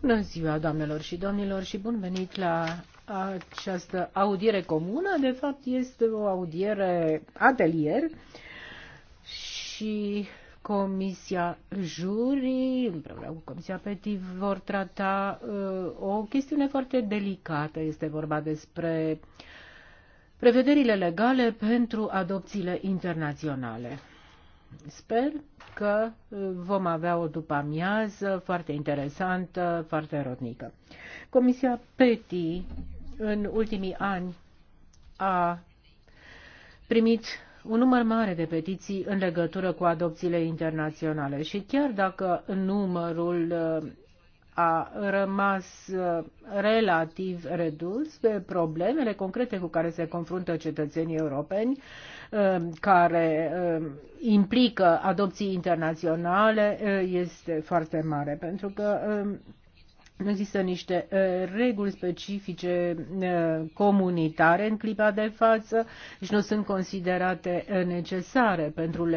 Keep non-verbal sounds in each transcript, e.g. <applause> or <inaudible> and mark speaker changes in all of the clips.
Speaker 1: Bună ziua, doamnelor și domnilor, și bun venit la această audiere comună. De fapt, este o audiere atelier și Comisia Juri, împreună cu Comisia Petit, vor trata uh, o chestiune foarte delicată. Este vorba despre prevederile legale pentru adopțiile internaționale. Sper că uh, vom avea o după-amiază foarte interesantă, foarte rodnică. Comisia PETI în ultimii ani a primit un număr mare de petiții în legătură cu adopțiile internaționale și chiar dacă numărul uh, a rămas uh, relativ redus pe problemele concrete cu care se confruntă cetățenii europeni, uh, care uh, implică adopții internaționale, este foarte mare, pentru că Există niște uh, reguli specifice uh, comunitare în clipa de față și deci nu sunt considerate uh, necesare pentru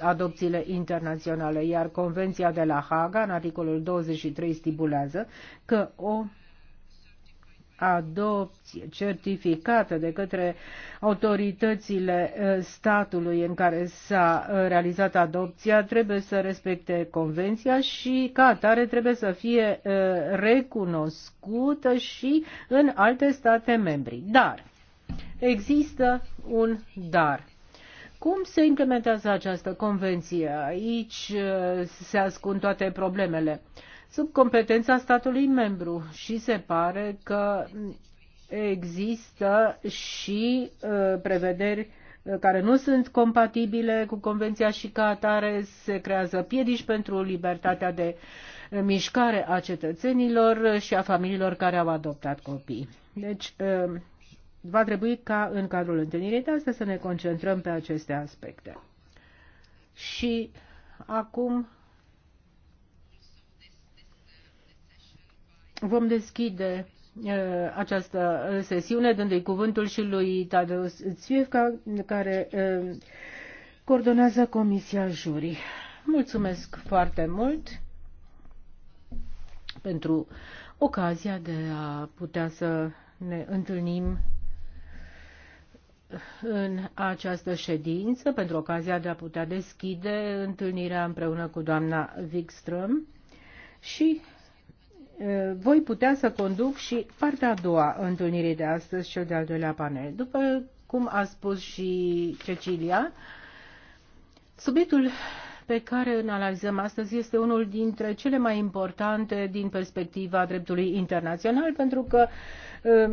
Speaker 1: adopțiile internaționale, iar Convenția de la Haga, în articolul 23, stipulează că o adopție certificată de către autoritățile statului în care s-a realizat adopția trebuie să respecte convenția și ca atare trebuie să fie recunoscută și în alte state membri. Dar există un dar. Cum se implementează această convenție? Aici se ascund toate problemele. Uh, sub competența statului membru și se pare că există și uh, prevederi uh, care nu sunt compatibile cu Convenția și ca atare se creează piedici pentru libertatea de uh, mișcare a cetățenilor și a familiilor care au adoptat copii. Deci, va trebui ca în cadrul întâlnirii de astăzi să ne concentrăm pe aceste aspecte. Și acum Vom deschide uh, această sesiune, dându-i cuvântul și lui Tadeusz Țvievca, care uh, coordonează Comisia Jurii. Mulțumesc foarte mult pentru ocazia de a putea să ne întâlnim în această ședință, pentru ocazia de a putea deschide întâlnirea împreună cu doamna Wikström și voi putea să conduc și partea a doua întâlnirii de astăzi, cel de-al doilea panel. După cum a spus și Cecilia, subiectul pe care îl analizăm astăzi este unul dintre cele mai importante din perspectiva dreptului internațional, pentru că um,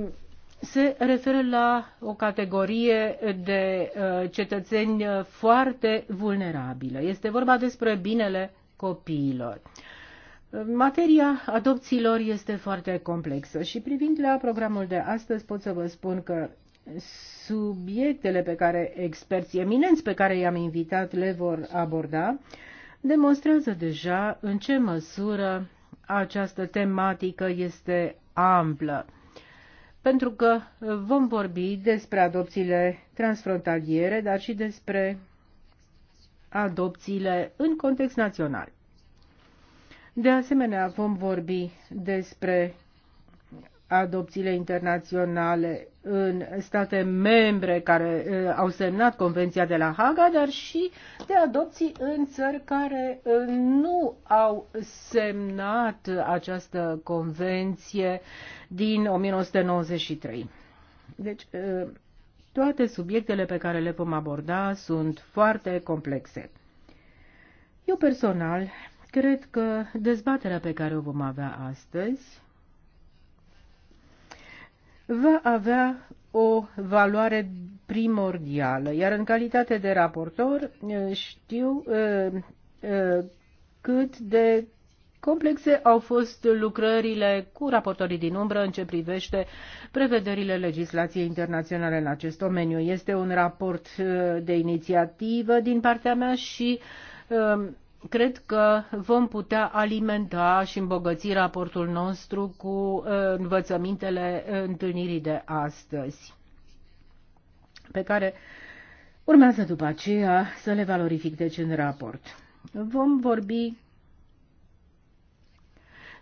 Speaker 1: se referă la o categorie de uh, cetățeni foarte vulnerabilă. Este vorba despre binele copiilor. Materia adopțiilor este foarte complexă și privind la programul de astăzi pot să vă spun că subiectele pe care experții eminenți pe care i-am invitat le vor aborda demonstrează deja în ce măsură această tematică este amplă. Pentru că vom vorbi despre adopțiile transfrontaliere, dar și despre adopțiile în context național. De asemenea, vom vorbi despre adopțiile internaționale în state membre care uh, au semnat Convenția de la Haga, dar și de adopții în țări care uh, nu au semnat această convenție din 1993. Deci, uh, toate subiectele pe care le vom aborda sunt foarte complexe. Eu personal Cred că dezbaterea pe care o vom avea astăzi va avea o valoare primordială, iar în calitate de raportor știu cât de complexe au fost lucrările cu raportorii din umbră în ce privește prevederile legislației internaționale în acest domeniu. Este un raport de inițiativă din partea mea și cred că vom putea alimenta și îmbogăți raportul nostru cu uh, învățămintele uh, întâlnirii de astăzi, pe care urmează după aceea să le valorific deci în raport. Vom vorbi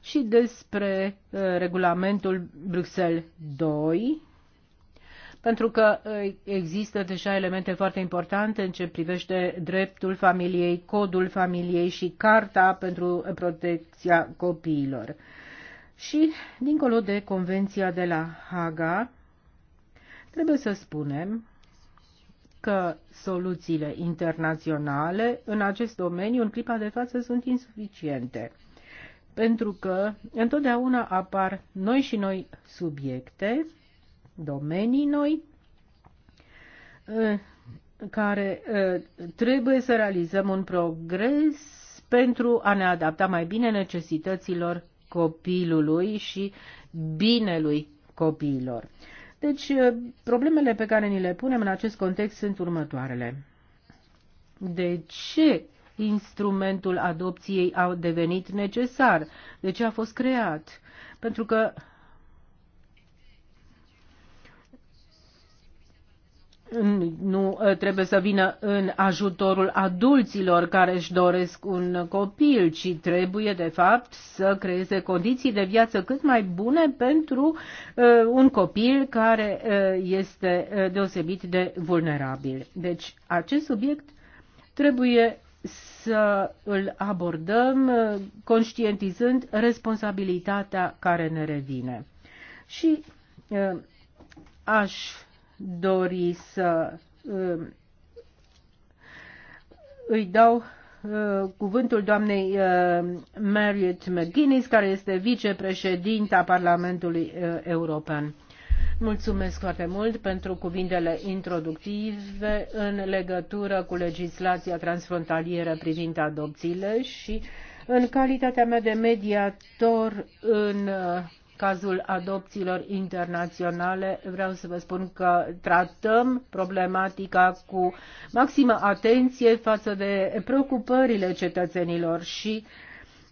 Speaker 1: și despre uh, regulamentul Bruxelles 2 pentru că ă, există deja elemente foarte importante în ce privește dreptul familiei, codul familiei și carta pentru protecția copiilor. Și, dincolo de Convenția de la Haga, trebuie să spunem că soluțiile internaționale în acest domeniu, în clipa de față, sunt insuficiente. Pentru că întotdeauna apar noi și noi subiecte domenii noi ă, care ă, trebuie să realizăm un progres pentru a ne adapta mai bine necesităților copilului și binelui copiilor. Deci, ă, problemele pe care ni le punem în acest context sunt următoarele. De ce instrumentul adopției a devenit necesar? De ce a fost creat? Pentru că nu ă, trebuie să vină în ajutorul adulților care își doresc un copil, ci trebuie, de fapt, să creeze condiții de viață cât mai bune pentru ă, un copil care ă, este deosebit de vulnerabil. Deci, acest subiect trebuie să îl abordăm conștientizând responsabilitatea care ne revine. Și aș dori să um, îi dau uh, cuvântul doamnei uh, Marriott McGuinness, care este vicepreședinta Parlamentului uh, European. Mulțumesc foarte mult pentru cuvintele introductive în legătură cu legislația transfrontalieră privind adopțiile și în calitatea mea de mediator în cazul adopțiilor internaționale, vreau să vă spun că tratăm problematica cu maximă atenție față de preocupările cetățenilor și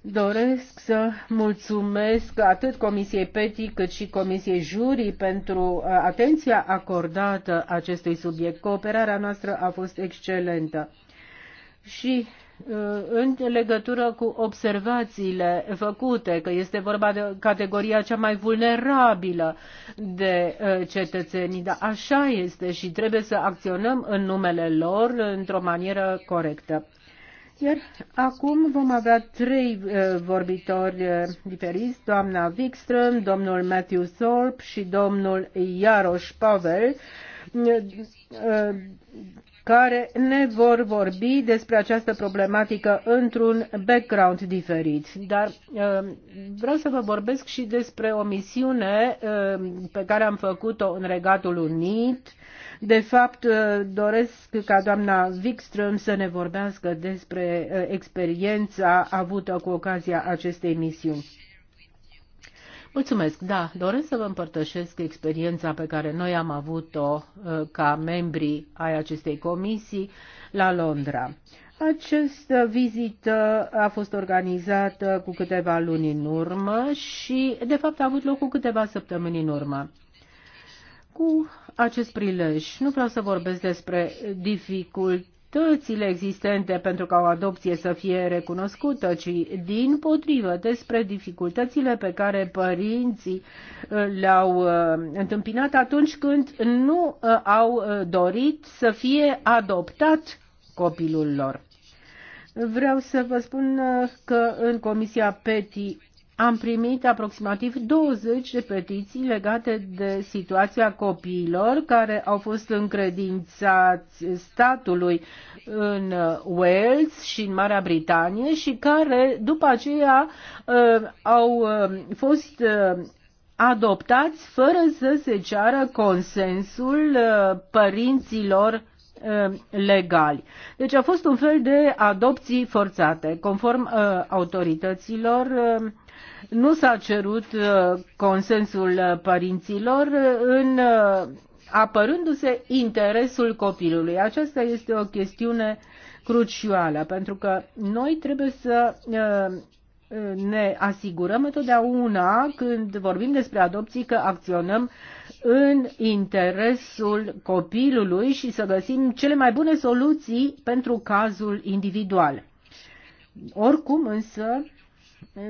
Speaker 1: doresc să mulțumesc atât Comisiei PETI cât și Comisiei Jurii pentru uh, atenția acordată acestui subiect. Cooperarea noastră a fost excelentă. Și Uh, în legătură cu observațiile făcute, că este vorba de categoria cea mai vulnerabilă de uh, cetățenii, dar așa este și trebuie să acționăm în numele lor într-o manieră corectă. Iar acum vom avea trei uh, vorbitori uh, diferiți, doamna Wikström, domnul Matthew Thorpe și domnul Iaroș Pavel. Uh, uh, care ne vor vorbi despre această problematică într-un background diferit. Dar uh, vreau să vă vorbesc și despre o misiune uh, pe care am făcut-o în Regatul Unit. De fapt, uh, doresc ca doamna Wikström să ne vorbească despre experiența avută cu ocazia acestei misiuni. Mulțumesc, da, doresc să vă împărtășesc experiența pe care noi am avut-o uh, ca membri ai acestei comisii la Londra. Această vizită a fost organizată cu câteva luni în urmă și, de fapt, a avut loc cu câteva săptămâni în urmă. Cu acest prilej, nu vreau să vorbesc despre dificult posibilitățile existente pentru ca o adopție să fie recunoscută, ci din potrivă despre dificultățile pe care părinții uh, le-au uh, întâmpinat atunci când nu uh, au dorit să fie adoptat copilul lor. Vreau să vă spun că în Comisia PETI am primit aproximativ 20 de petiții legate de situația copiilor care au fost încredințați statului în Wales și în Marea Britanie și care după aceea uh, au uh, fost uh, adoptați fără să se ceară consensul părinților legali. Deci a fost un fel de adopții forțate, conform autorităților nu s-a cerut uh, consensul uh, părinților uh, în apărându-se interesul copilului. Aceasta este o chestiune crucială, pentru că noi trebuie să ne asigurăm întotdeauna când vorbim despre adopții că acționăm în interesul copilului și să găsim cele mai bune soluții pentru cazul individual. Oricum însă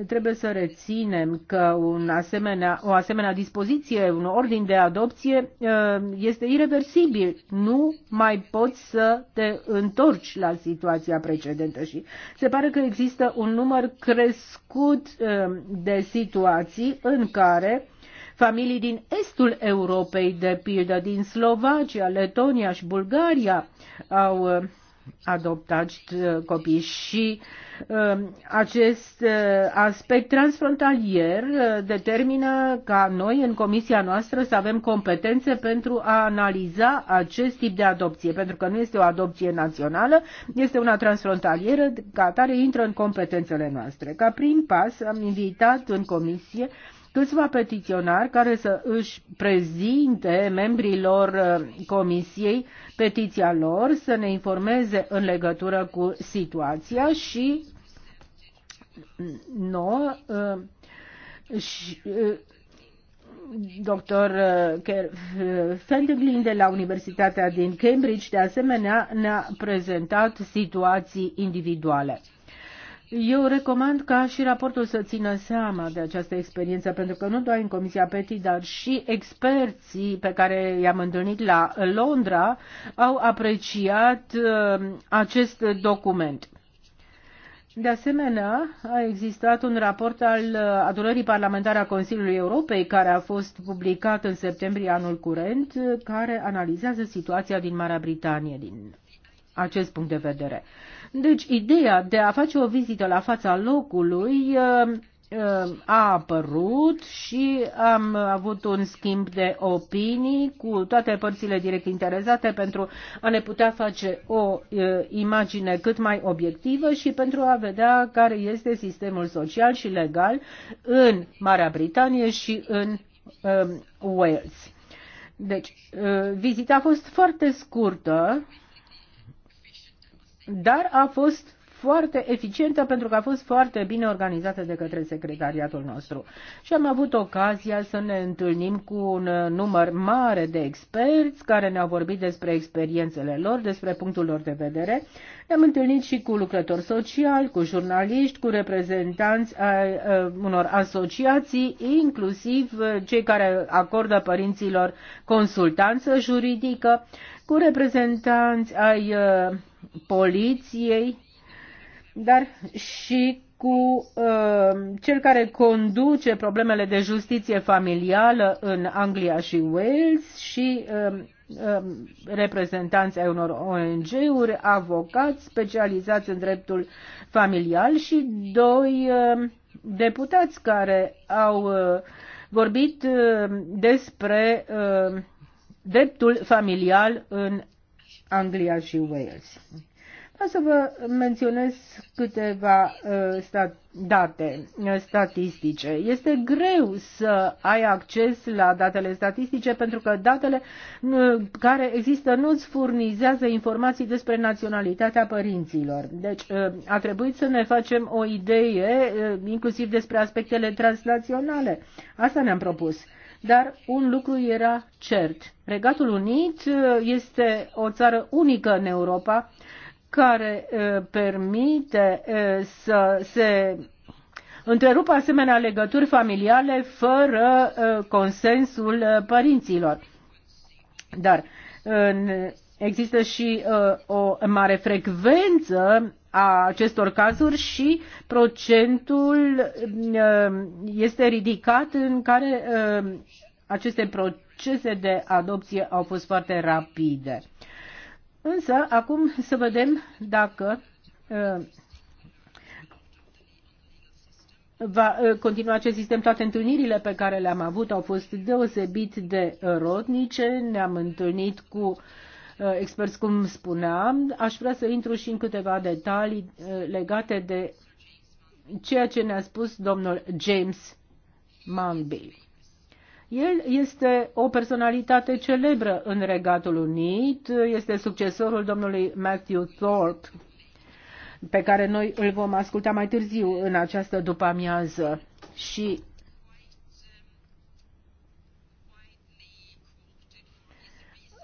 Speaker 1: trebuie să reținem că un asemenea, o asemenea dispoziție, un ordin de adopție uh, este irreversibil. Nu mai poți să te întorci la situația precedentă și se pare că există un număr crescut uh, de situații în care familii din estul Europei, de pildă din Slovacia, Letonia și Bulgaria, au uh, adoptați uh, copii și um, acest uh, aspect transfrontalier uh, determină ca noi în comisia noastră să avem competențe pentru a analiza acest tip de adopție, pentru că nu este o adopție națională, este una transfrontalieră, ca atare intră în competențele noastre. Ca prim pas am invitat în comisie câțiva petiționari care să își prezinte membrilor uh, comisiei petiția lor, să ne informeze în legătură cu situația și nouă uh, și uh, dr. Fendiglin de la Universitatea din Cambridge, de asemenea, ne-a prezentat situații individuale. Eu recomand ca și raportul să țină seama de această experiență, pentru că nu doar în Comisia PETI, dar și experții pe care i-am întâlnit la Londra au apreciat uh, acest document. De asemenea, a existat un raport al uh, adunării parlamentare a Consiliului Europei, care a fost publicat în septembrie anul curent, uh, care analizează situația din Marea Britanie din acest punct de vedere. Deci, ideea de a face o vizită la fața locului uh, uh, a apărut și am avut un schimb de opinii cu toate părțile direct interesate pentru a ne putea face o uh, imagine cât mai obiectivă și pentru a vedea care este sistemul social și legal în Marea Britanie și în um, Wales. Deci, vizita a fost foarte scurtă, dar a fost foarte eficientă pentru că a fost foarte bine organizată de către secretariatul nostru. Și am avut ocazia să ne întâlnim cu un uh, număr mare de experți care ne-au vorbit despre experiențele lor, despre punctul lor de vedere. Ne-am întâlnit și cu lucrători sociali, cu jurnaliști, cu reprezentanți ai uh, unor asociații, inclusiv uh, cei care acordă părinților consultanță juridică, cu reprezentanți ai poliției, dar și cu uh, cel care conduce problemele de justiție familială în Anglia și Wales și uh, um, uh, um, reprezentanți ai unor ONG-uri, avocați specializați în dreptul familial și doi uh, deputați care au uh, vorbit uh, despre uh, dreptul familial în Anglia și Wales. Vreau să vă menționez câteva uh, stat, date uh, statistice. Este greu să ai acces la datele statistice pentru că datele uh, care există nu îți furnizează informații despre naționalitatea părinților. Deci a trebuit să ne facem o idee inclusiv despre aspectele transnaționale. Asta ne-am propus dar un lucru era cert. Regatul Unit uh, este o țară unică în Europa care uh, permite uh, să se întrerupă asemenea legături familiale fără consensul părinților. Dar există și o mare frecvență a acestor cazuri și procentul uh, este ridicat în care uh, aceste procese de adopție au fost foarte rapide. Însă, acum să vedem dacă uh, va continua acest sistem. Toate întâlnirile pe care le-am avut au fost deosebit de rodnice. Ne-am întâlnit cu uh, Uh, experți, cum spuneam. Aș vrea să intru și în câteva detalii uh, legate de ceea ce ne-a spus domnul James Manby. El este o personalitate celebră în Regatul Unit, este succesorul domnului Matthew Thorpe, pe care noi îl vom asculta mai târziu în această după-amiază. Și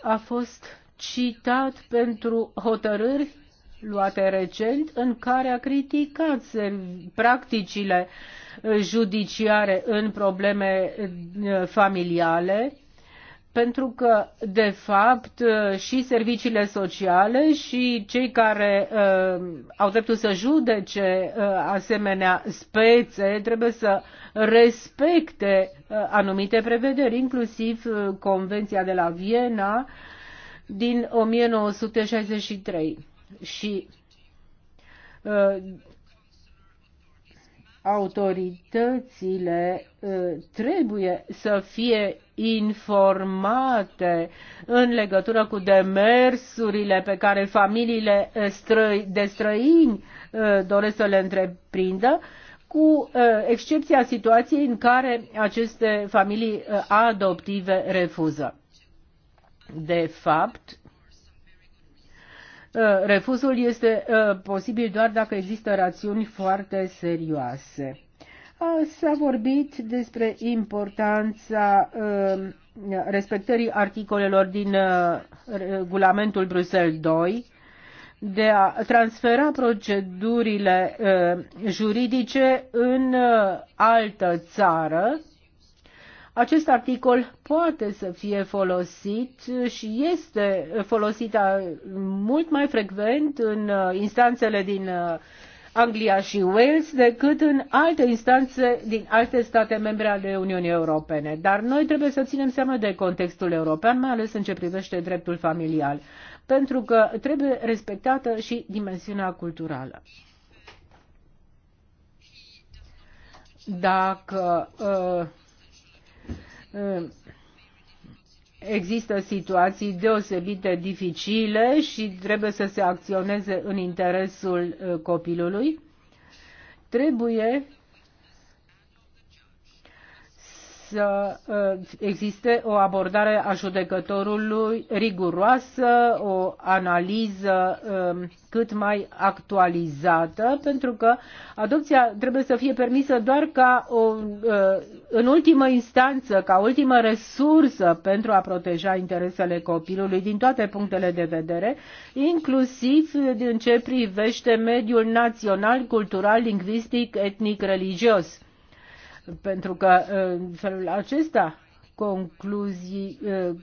Speaker 1: a fost citat pentru hotărâri luate recent în care a criticat practicile judiciare în probleme uh, familiale pentru că, de fapt, uh, și serviciile sociale și cei care uh, au dreptul să judece uh, asemenea spețe trebuie să respecte uh, anumite prevederi, inclusiv uh, Convenția de la Viena uh, din 1963 și uh, autoritățile uh, trebuie să fie informate în legătură cu demersurile pe care familiile uh, de străini uh, doresc să le întreprindă, cu uh, excepția situației în care aceste familii uh, adoptive refuză. De fapt, uh, refuzul este uh, posibil doar dacă există rațiuni foarte serioase. Uh, s-a vorbit despre importanța respectării articolelor din regulamentul Bruxelles II de a transfera procedurile juridice în altă țară acest articol poate să fie folosit și este folosit mult mai frecvent în uh, instanțele din uh, Anglia și Wales decât în alte instanțe din alte state membre ale Uniunii Europene. Dar noi trebuie să ținem seama de contextul european, mai ales în ce privește dreptul familial, pentru că trebuie respectată și dimensiunea culturală. Dacă uh, Există situații deosebite dificile și trebuie să se acționeze în interesul uh, copilului. Trebuie să uh, existe o abordare a judecătorului riguroasă, o analiză um, cât mai actualizată, pentru că adopția trebuie să fie permisă doar ca o, uh, în ultimă instanță, ca ultimă resursă pentru a proteja interesele copilului din toate punctele de vedere, inclusiv din ce privește mediul național, cultural, lingvistic, etnic, religios pentru că uh, în felul acesta concluzii uh,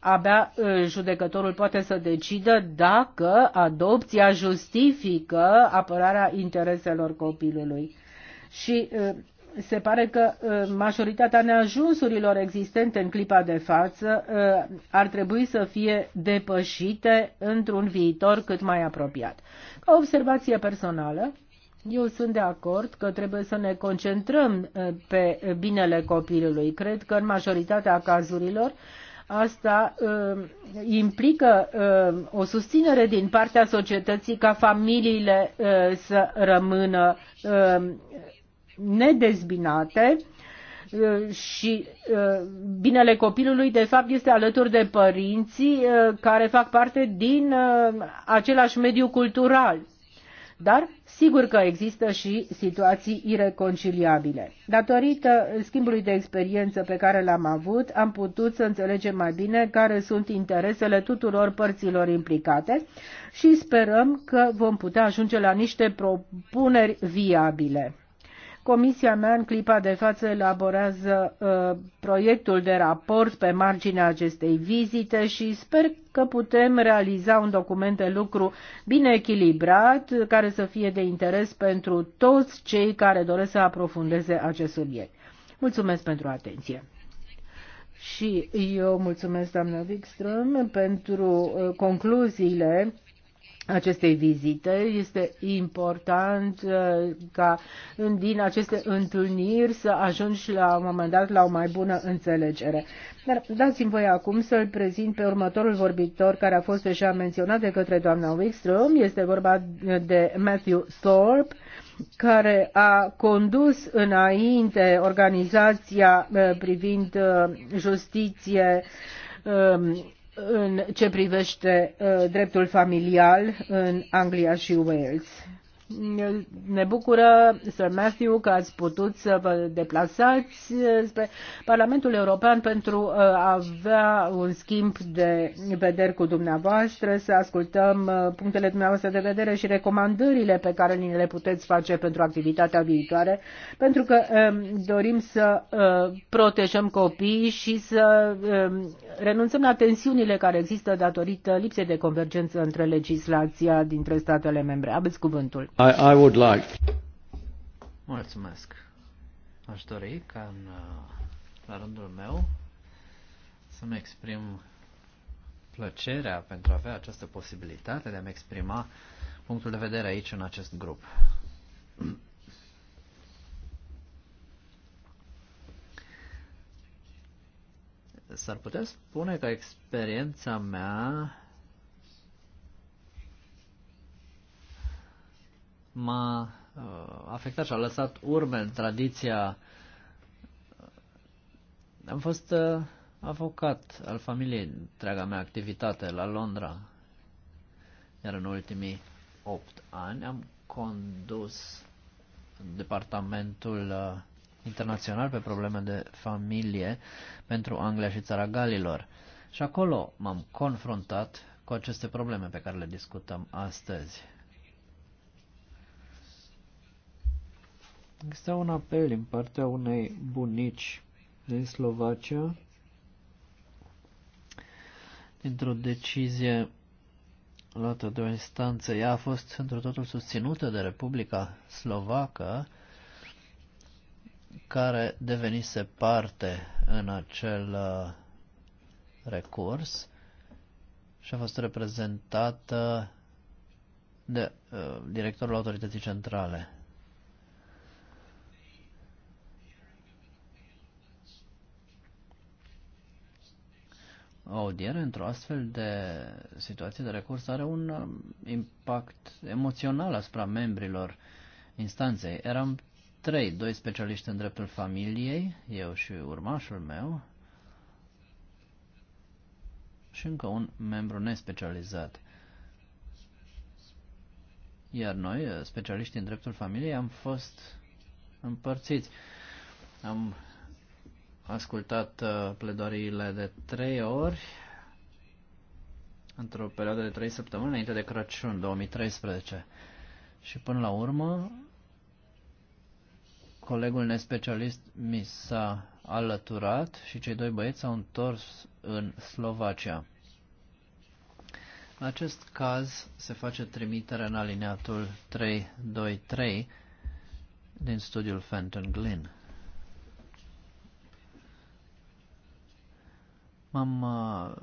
Speaker 1: abia uh, judecătorul poate să decidă dacă adopția justifică apărarea intereselor copilului. Și se pare că majoritatea neajunsurilor existente în clipa de față ar trebui să fie depășite într-un viitor cât mai apropiat. Ca observație personală, eu sunt de acord că trebuie să ne concentrăm eh, pe eh, binele copilului. Cred că în majoritatea cazurilor asta uh, implică uh, o susținere din partea societății ca familiile uh, să rămână uh, nedezbinate și binele copilului de fapt este alături de părinții care fac parte din același mediu cultural. Dar Sigur că există și situații ireconciliabile. Datorită schimbului de experiență pe care l-am avut, am putut să înțelegem mai bine care sunt interesele tuturor părților implicate și sperăm că vom putea ajunge la niște propuneri viabile. Comisia mea în clipa de față elaborează uh, proiectul de raport pe marginea acestei vizite și sper că putem realiza un document de lucru bine echilibrat, care să fie de interes pentru toți cei care doresc să aprofundeze acest subiect. Mulțumesc pentru atenție! Și eu mulțumesc, doamnă Wikström, pentru uh, concluziile acestei vizite. Este important uh, ca din aceste întâlniri să ajungi la un moment dat la o mai bună înțelegere. Dar dați-mi voi acum să-l prezint pe următorul vorbitor care a fost deja menționat de către doamna Wickström. Este vorba de Matthew Thorpe, care a condus înainte organizația uh, privind uh, justiție um, în ce privește uh, dreptul familial în Anglia și Wales. Ne bucură, Sir Matthew, că ați putut să vă deplasați uh, spre Parlamentul European pentru uh, a avea un schimb de vederi cu dumneavoastră, să ascultăm uh, punctele dumneavoastră de vedere și recomandările pe care ni le puteți face pentru activitatea viitoare, pentru că um, dorim să protejăm copiii și să um, renunțăm la tensiunile care există datorită lipsei de convergență între legislația dintre statele membre. Aveți cuvântul.
Speaker 2: I, I would like. Mulțumesc. Aș dori ca în, uh, la rândul meu să-mi exprim plăcerea pentru a avea această posibilitate de a-mi exprima punctul de vedere aici în acest grup. S-ar putea spune că experiența mea m-a uh, afectat și a lăsat urme în tradiția. Uh, am fost uh, avocat al familiei, întreaga mea activitate la Londra, iar în ultimii opt ani am condus departamentul internațional pe probleme de familie pentru Anglia și țara Galilor. Și acolo m-am confruntat cu aceste probleme pe care le discutăm astăzi. Există un apel din partea unei bunici din Slovacia dintr-o decizie luată de o instanță. Ea a fost într totul susținută de Republica Slovacă, care devenise parte în acel uh, recurs și a fost reprezentată de uh, directorul autorității centrale. audiere într-o astfel de situație de recurs are un um, impact emoțional asupra membrilor instanței. Eram trei, doi specialiști în dreptul familiei, eu și urmașul meu, și încă un membru nespecializat. Iar noi, uh, specialiștii în dreptul familiei, am fost împărțiți. Am ascultat uh, pledoariile de trei ori într-o perioadă de trei săptămâni înainte de Crăciun 2013. Și până la urmă, colegul nespecialist mi s-a alăturat și cei doi băieți s-au întors în Slovacia. În acest caz se face trimitere în alineatul 323 din studiul Fenton Glynn. M-am uh,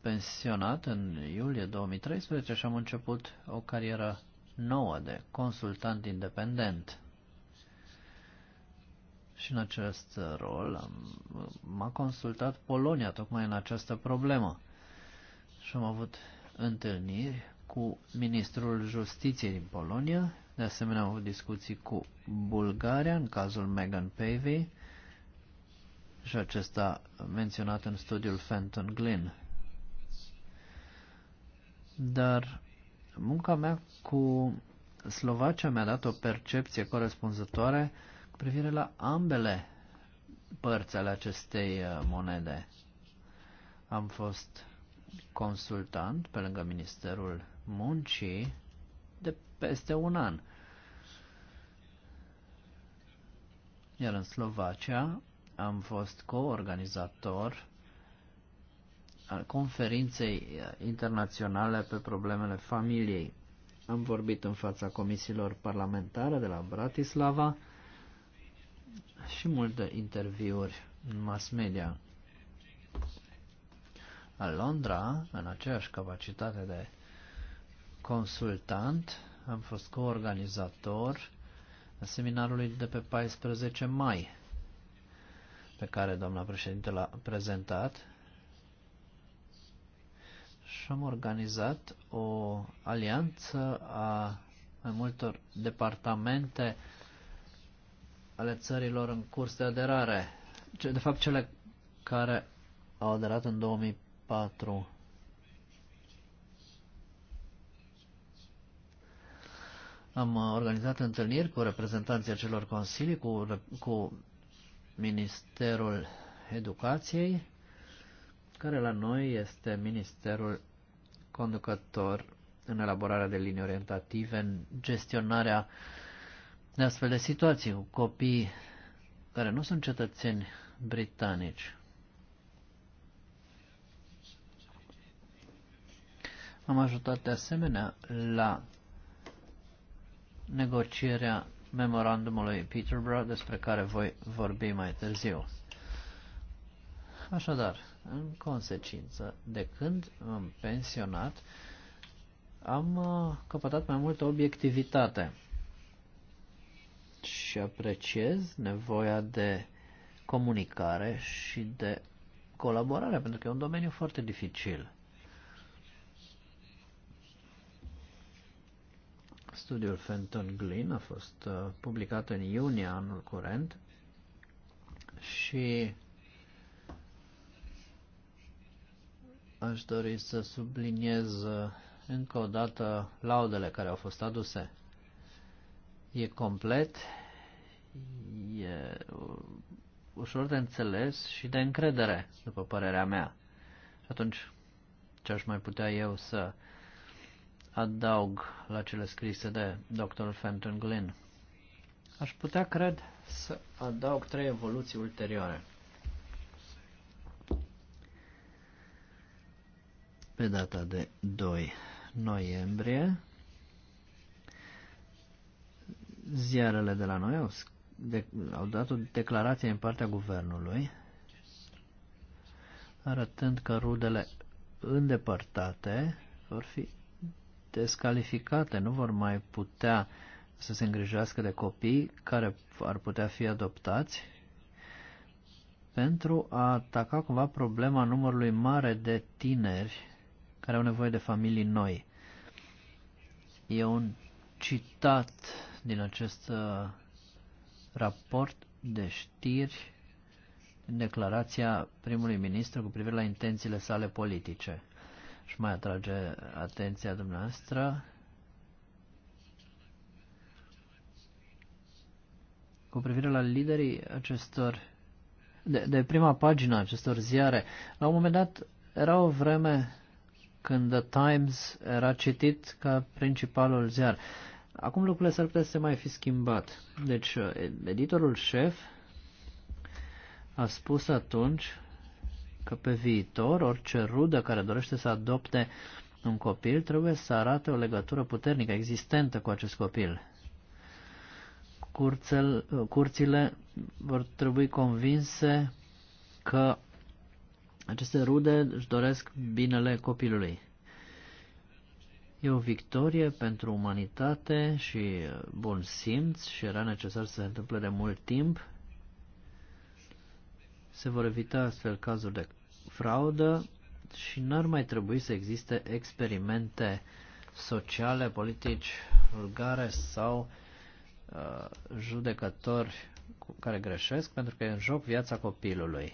Speaker 2: pensionat în iulie 2013 și am început o carieră nouă de consultant independent. Și în acest rol m-a consultat Polonia tocmai în această problemă. Și am avut întâlniri cu ministrul justiției din Polonia, de asemenea am avut discuții cu Bulgaria în cazul Megan Pavey, și acesta menționat în studiul Fenton Glynn. Dar munca mea cu Slovacia mi-a dat o percepție corespunzătoare cu privire la ambele părți ale acestei uh, monede. Am fost consultant pe lângă Ministerul Muncii de peste un an. Iar în Slovacia am fost coorganizator al conferinței internaționale pe problemele familiei. Am vorbit în fața comisiilor parlamentare de la Bratislava și multe interviuri în mass media. La Londra, în aceeași capacitate de consultant, am fost coorganizator a seminarului de pe 14 mai pe care doamna președinte l-a prezentat și am organizat o alianță a mai multor departamente ale țărilor în curs de aderare. De fapt, cele care au aderat în 2004. Am organizat întâlniri cu reprezentanții acelor consilii, cu, cu Ministerul Educației, care la noi este ministerul conducător în elaborarea de linii orientative, în gestionarea de astfel de situații cu copii care nu sunt cetățeni britanici. Am ajutat de asemenea la negocierea memorandumului Peterborough, despre care voi vorbi mai târziu. Așadar, în consecință, de când am pensionat, am uh, căpătat mai multă obiectivitate și apreciez nevoia de comunicare și de colaborare, pentru că e un domeniu foarte dificil. Studiul Fenton Glynn a fost uh, publicat în iunie anul curent și aș dori să subliniez uh, încă o dată laudele care au fost aduse. E complet, e uh, ușor de înțeles și de încredere, după părerea mea. Și atunci, ce aș mai putea eu să adaug la cele scrise de Dr. Fenton Glynn. Aș putea, cred, să adaug trei evoluții ulterioare. Pe data de 2 noiembrie, ziarele de la noi au, de, au dat o declarație în partea guvernului, arătând că rudele îndepărtate vor fi descalificate, nu vor mai putea să se îngrijească de copii care ar putea fi adoptați pentru a ataca cumva problema numărului mare de tineri care au nevoie de familii noi. E un citat din acest uh, raport de știri în declarația primului ministru cu privire la intențiile sale politice și mai atrage atenția dumneavoastră. Cu privire la liderii acestor, de, de prima pagină acestor ziare, la un moment dat era o vreme când The Times era citit ca principalul ziar. Acum lucrurile s-ar putea să se mai fi schimbat. Deci, eh, editorul șef a spus atunci că pe viitor orice rudă care dorește să adopte un copil trebuie să arate o legătură puternică existentă cu acest copil. Curțel, curțile vor trebui convinse că aceste rude își doresc binele copilului. E o victorie pentru umanitate și bun simț și era necesar să se întâmple de mult timp. Se vor evita astfel cazuri de fraudă și n-ar mai trebui să existe experimente sociale, politici vulgare sau uh, judecători care greșesc pentru că e în joc viața copilului.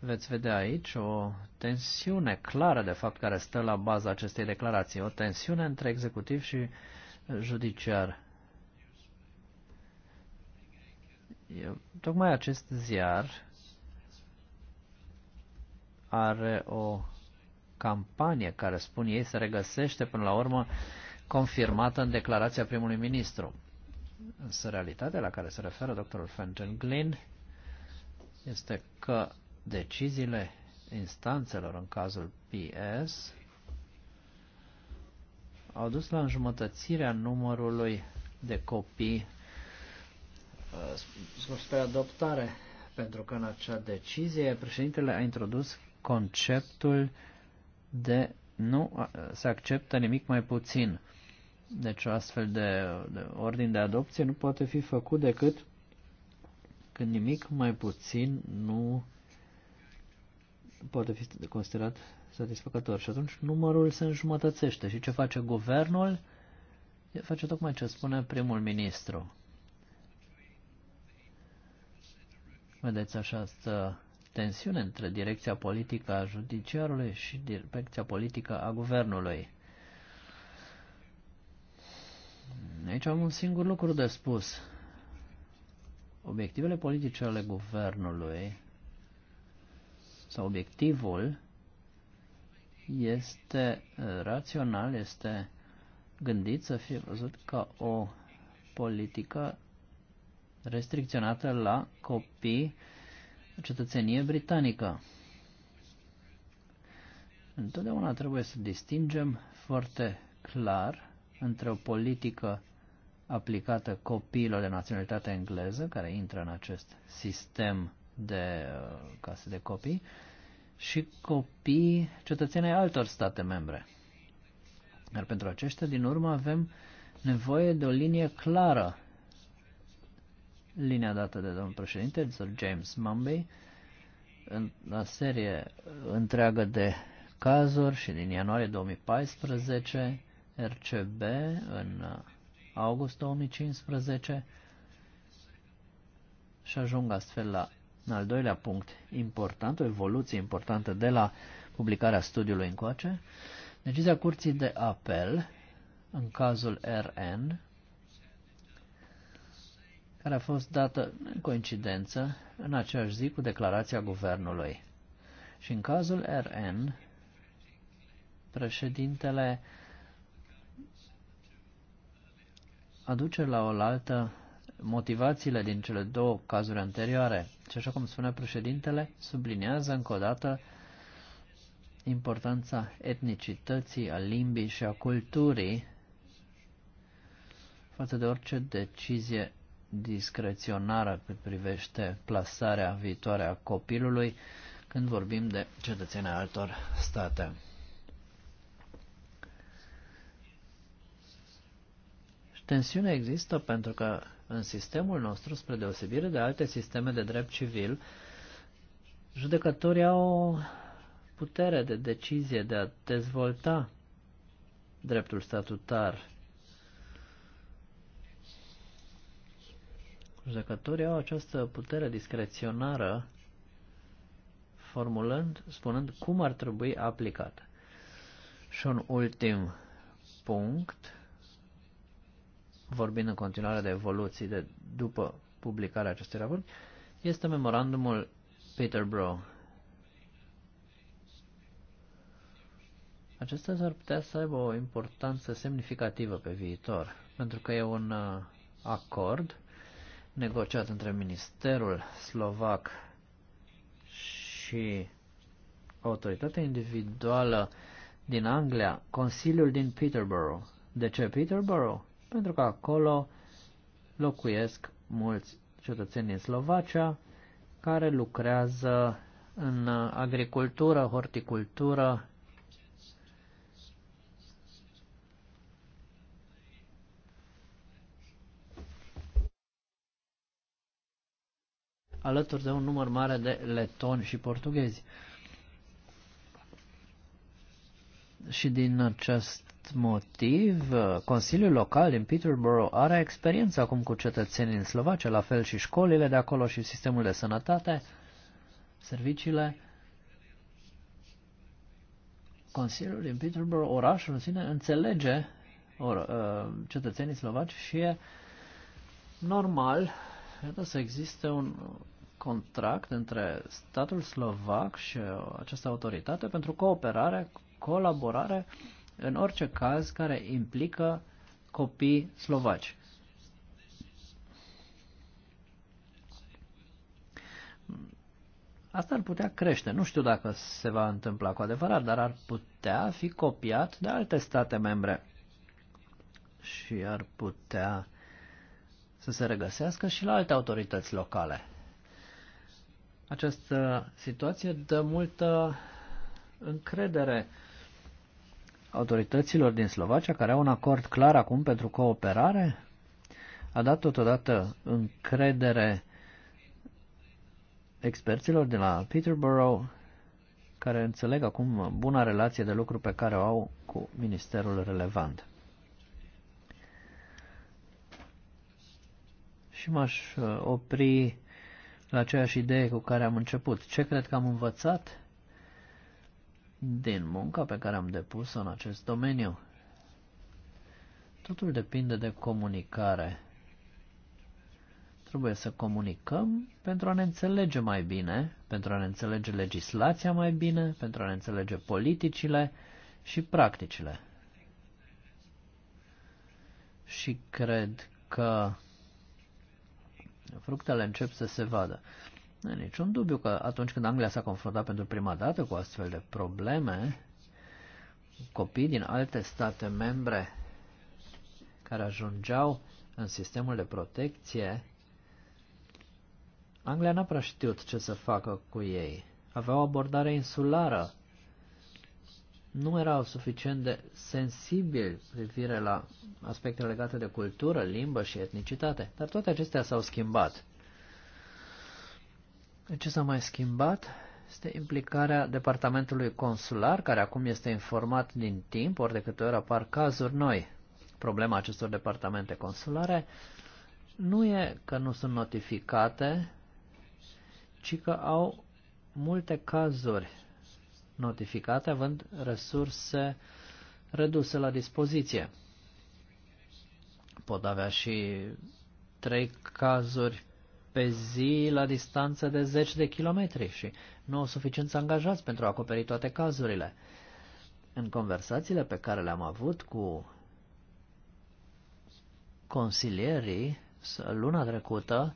Speaker 2: veți vedea aici o tensiune clară, de fapt, care stă la baza acestei declarații, o tensiune între executiv și judiciar. tocmai acest ziar are o campanie care, spun ei, se regăsește până la urmă confirmată în declarația primului ministru. Însă realitatea la care se referă doctorul Fenton Glynn este că deciziile instanțelor în cazul PS au dus la înjumătățirea numărului de copii Uh, spre adoptare, pentru că în acea decizie președintele a introdus conceptul de nu se acceptă nimic mai puțin. Deci o astfel de, de ordin de adopție nu poate fi făcut decât când nimic mai puțin nu poate fi considerat satisfăcător. Și atunci numărul se înjumătățește. Și ce face guvernul? Face tocmai ce spune primul ministru. Vedeți această tensiune între direcția politică a judiciarului și direcția politică a guvernului. Aici am un singur lucru de spus. Obiectivele politice ale guvernului sau obiectivul este rațional, este gândit să fie văzut ca o politică restricționată la copii cetățenie britanică. Întotdeauna trebuie să distingem foarte clar între o politică aplicată copiilor de naționalitate engleză, care intră în acest sistem de uh, case de copii, și copii cetățenii altor state membre. Dar pentru aceștia, din urmă, avem nevoie de o linie clară linia dată de domnul președinte, Sir James Mumby, în la serie întreagă de cazuri și din ianuarie 2014, RCB în august 2015 și ajung astfel la în al doilea punct important, o evoluție importantă de la publicarea studiului încoace, decizia Curții de Apel în cazul RN care a fost dată în coincidență în aceeași zi cu declarația guvernului. Și în cazul RN, președintele aduce la oaltă motivațiile din cele două cazuri anterioare. Și așa cum spune președintele, subliniază încă o dată importanța etnicității, a limbii și a culturii față de orice decizie discreționară pe privește plasarea viitoare a copilului când vorbim de cetățenii altor state. tensiunea există pentru că în sistemul nostru, spre deosebire de alte sisteme de drept civil, judecătorii au putere de decizie de a dezvolta dreptul statutar judecătorii au această putere discreționară formulând, spunând cum ar trebui aplicată. Și un ultim punct, vorbind în continuare de evoluții de după publicarea acestui raport, este memorandumul Peterborough. Acesta s-ar putea să aibă o importanță semnificativă pe viitor, pentru că e un uh, acord negociat între Ministerul Slovac și autoritatea individuală din Anglia, Consiliul din Peterborough. De ce Peterborough? Pentru că acolo locuiesc mulți cetățeni din Slovacia care lucrează în agricultură, horticultură alături de un număr mare de letoni și portughezi. Și din acest motiv, Consiliul Local din Peterborough are experiență acum cu cetățenii în Slovacia, la fel și școlile de acolo și sistemul de sănătate, serviciile. Consiliul din Peterborough, orașul în sine, înțelege or, uh, cetățenii slovaci și e normal să existe un contract între statul slovac și această autoritate pentru cooperare, colaborare, în orice caz care implică copii slovaci. Asta ar putea crește. Nu știu dacă se va întâmpla cu adevărat, dar ar putea fi copiat de alte state membre și ar putea să se regăsească și la alte autorități locale. Această situație dă multă încredere autorităților din Slovacia, care au un acord clar acum pentru cooperare, a dat totodată încredere experților din la Peterborough, care înțeleg acum buna relație de lucru pe care o au cu ministerul relevant. Și m-aș uh, opri la aceeași idee cu care am început. Ce cred că am învățat din munca pe care am depus-o în acest domeniu? Totul depinde de comunicare. Trebuie să comunicăm pentru a ne înțelege mai bine, pentru a ne înțelege legislația mai bine, pentru a ne înțelege politicile și practicile. Și cred că fructele încep să se vadă. Nu e niciun dubiu că atunci când Anglia s-a confruntat pentru prima dată cu astfel de probleme, copii din alte state membre care ajungeau în sistemul de protecție, Anglia n-a prea știut ce să facă cu ei. Avea o abordare insulară nu erau suficient de sensibili privire la aspectele legate de cultură, limbă și etnicitate, dar toate acestea s-au schimbat. Ce s-a mai schimbat este implicarea departamentului consular, care acum este informat din timp, ori de câte ori apar cazuri noi. Problema acestor departamente consulare nu e că nu sunt notificate, ci că au multe cazuri notificate, având resurse reduse la dispoziție. Pot avea și trei cazuri pe zi la distanță de 10 de kilometri și nu au să angajați pentru a acoperi toate cazurile. În conversațiile pe care le-am avut cu consilierii luna trecută,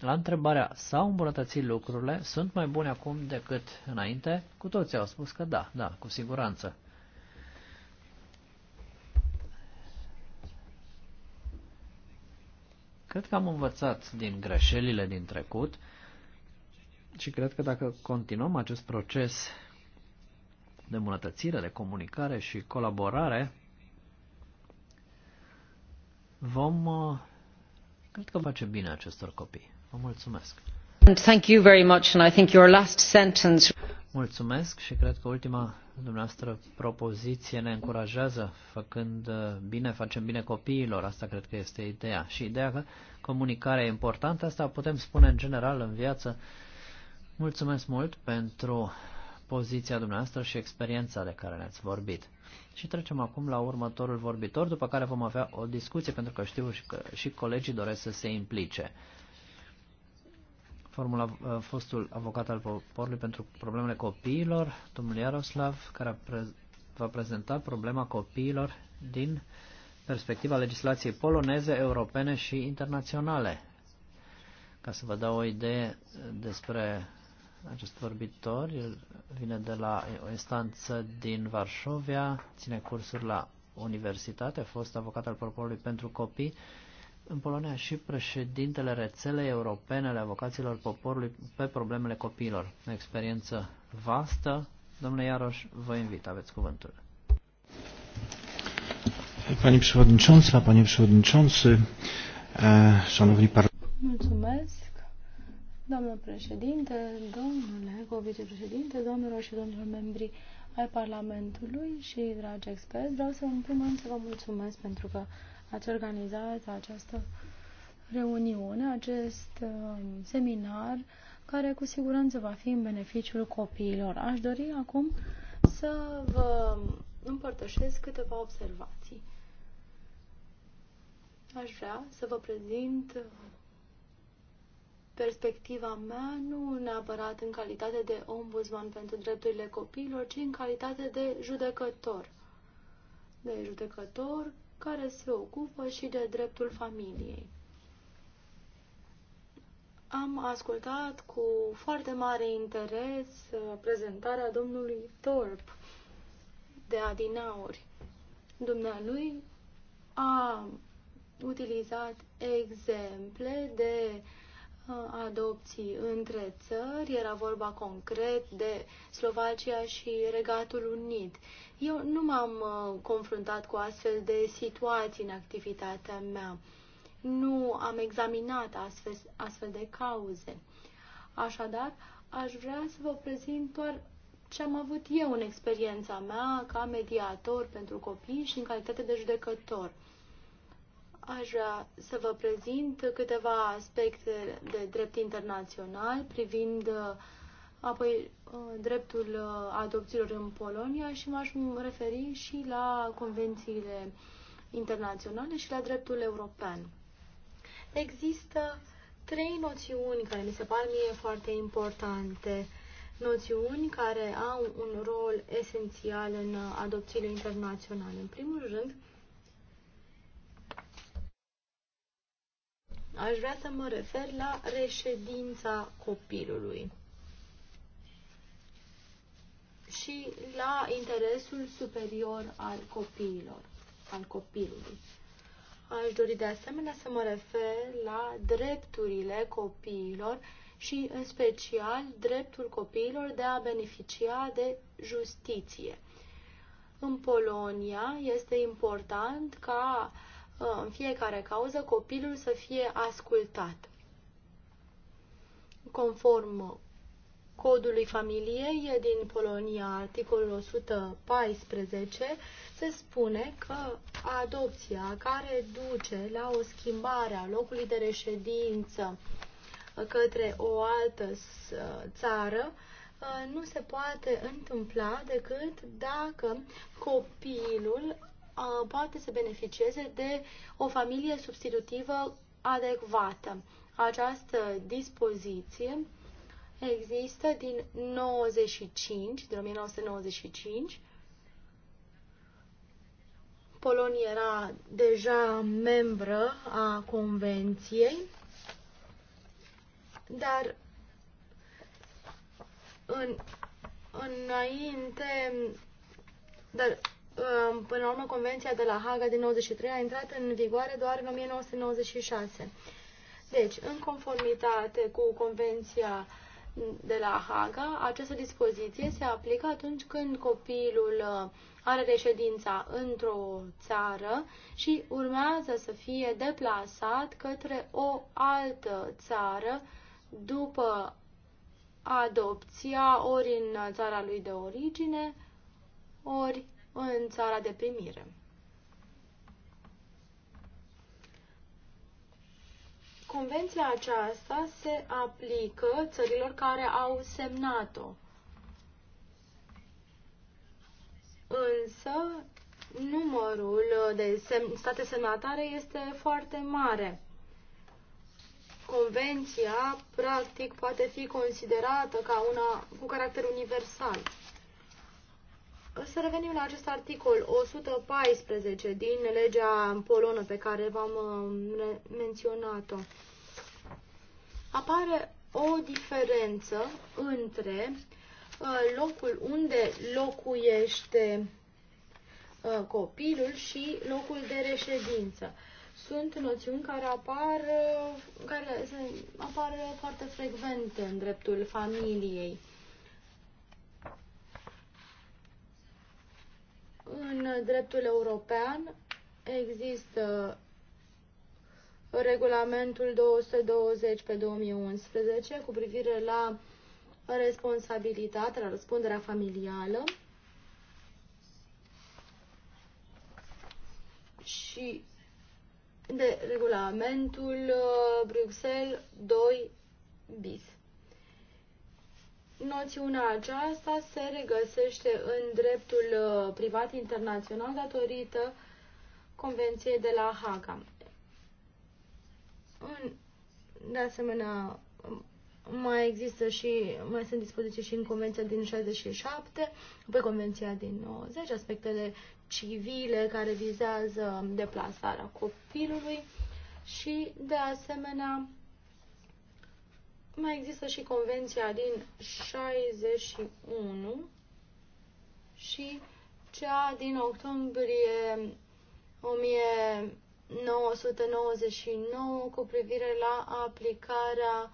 Speaker 2: la întrebarea s-au îmbunătățit lucrurile, sunt mai bune acum decât înainte, cu toții au spus că da, da, cu siguranță. Cred că am învățat din greșelile din trecut și cred că dacă continuăm acest proces de îmbunătățire, de comunicare și colaborare, vom, uh, cred că face bine acestor copii. Vă mulțumesc.
Speaker 1: Thank you very much and I think your last sentence
Speaker 2: Mulțumesc și cred că ultima dumneavoastră propoziție ne încurajează, făcând uh, bine, facem bine copiilor, asta cred că este ideea. Și ideea că comunicarea e importantă, asta putem spune în general în viață. Mulțumesc mult pentru poziția dumneavoastră și experiența de care ne-ați vorbit. Și trecem acum la următorul vorbitor, după care vom avea o discuție, pentru că știu că și colegii doresc să se implice formul uh, fostul avocat al poporului pentru problemele copiilor, domnul Iaroslav, care pre- va prezenta problema copiilor din perspectiva legislației poloneze, europene și internaționale. Ca să vă dau o idee despre acest vorbitor, el vine de la o instanță din Varșovia, ține cursuri la universitate, a fost avocat al poporului pentru copii în Polonia și președintele rețelei europene ale avocaților poporului pe problemele copiilor. O experiență vastă. Domnule Iaroș, vă invit, aveți cuvântul.
Speaker 1: Pani Przewodnicząca,
Speaker 2: Panie Przewodniczący, Szanowni par... Mulțumesc,
Speaker 3: domnule președinte, domnule co-vicepreședinte, domnilor și domnilor membri ai Parlamentului și dragi experți, vreau să în primul rând să vă mulțumesc pentru că ați organizat această reuniune, acest uh, seminar, care cu siguranță va fi în beneficiul copiilor. Aș dori acum să vă împărtășesc câteva observații. Aș vrea să vă prezint perspectiva mea, nu neapărat în calitate de ombudsman pentru drepturile copiilor, ci în calitate de judecător. De judecător care se ocupă și de dreptul familiei. Am ascultat cu foarte mare interes uh, prezentarea domnului Thorpe de Adinauri. Dumnealui a utilizat exemple de uh, adopții între țări, era vorba concret de Slovacia și Regatul Unit. Eu nu m-am uh, confruntat cu astfel de situații în activitatea mea. Nu am examinat astfel, astfel de cauze. Așadar, aș vrea să vă prezint doar ce am avut eu în experiența mea ca mediator pentru copii și în calitate de judecător. Aș vrea să vă prezint câteva aspecte de drept internațional privind uh, apoi uh, dreptul uh, adopțiilor în Polonia și m-aș referi și la convențiile internaționale și la dreptul european. Există trei noțiuni care mi se par mie foarte importante. Noțiuni care au un rol esențial în adopțiile internaționale. În primul rând, aș vrea să mă refer la reședința copilului și la interesul superior al copiilor, al copilului. Aș dori de asemenea să mă refer la drepturile copiilor și în special dreptul copiilor de a beneficia de justiție. În Polonia este important ca uh, în fiecare cauză copilul să fie ascultat. Conform codului familiei din Polonia, articolul 114, se spune că adopția care duce la o schimbare a locului de reședință către o altă țară ă, nu se poate întâmpla decât dacă copilul ă, poate să beneficieze de o familie substitutivă adecvată. Această dispoziție există din 95, din 1995. Polonia era deja membră a convenției, dar în, înainte, dar uh, până la urmă convenția de la Haga din 93 a intrat în vigoare doar în 1996. Deci, în conformitate cu convenția uh, de la Haga, această dispoziție se aplică atunci când copilul uh, are reședința într-o țară și urmează să fie deplasat către o altă țară după adopția ori în țara lui de origine, ori în țara de primire. Convenția aceasta se aplică țărilor care au semnat-o. Însă, numărul de sem state semnatare este foarte mare. Convenția, practic, poate fi considerată ca una cu caracter universal. Să revenim la acest articol 114 din legea polonă pe care v-am uh, menționat-o. Apare o diferență între uh, locul unde locuiește uh, copilul și locul de reședință. Sunt noțiuni care apar, care apar foarte frecvent în dreptul familiei. În dreptul european există regulamentul 220 pe 2011 cu privire la responsabilitatea, la răspunderea familială și de regulamentul uh, Bruxelles 2 bis. Noțiunea aceasta se regăsește în dreptul uh, privat internațional datorită Convenției de la Haga. De asemenea, mai există și, mai sunt dispoziții și în Convenția din 67, pe Convenția din 90, aspectele civile care vizează deplasarea copilului și, de asemenea, mai există și convenția din 61 și cea din octombrie 1999 cu privire la aplicarea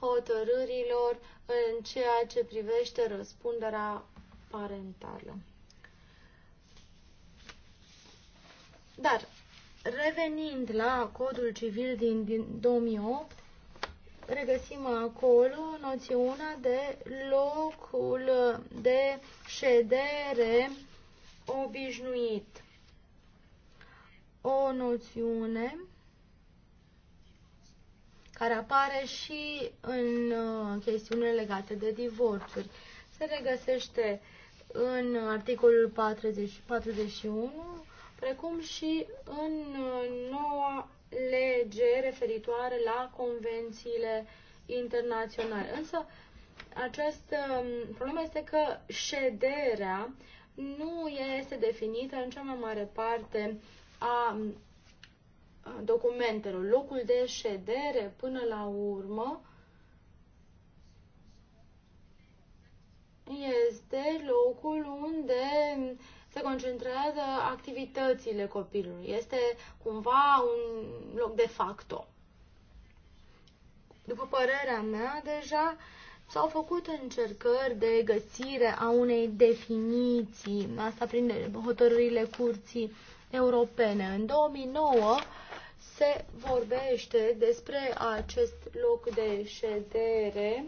Speaker 3: hotărârilor în ceea ce privește răspunderea parentală. Dar, revenind la codul civil din, din 2008, regăsim acolo noțiunea de locul de ședere obișnuit. O noțiune care apare și în uh, chestiunile legate de divorțuri. Se regăsește în articolul 40, 41, precum și în uh, noua lege referitoare la convențiile internaționale. Însă, această um, problemă este că șederea nu este definită în cea mai mare parte a documentelor. Locul de ședere, până la urmă, este locul unde se concentrează activitățile copilului. Este cumva un loc de facto. După părerea mea, deja s-au făcut încercări de găsire a unei definiții, asta prin hotărârile curții europene. În 2009 se vorbește despre acest loc de ședere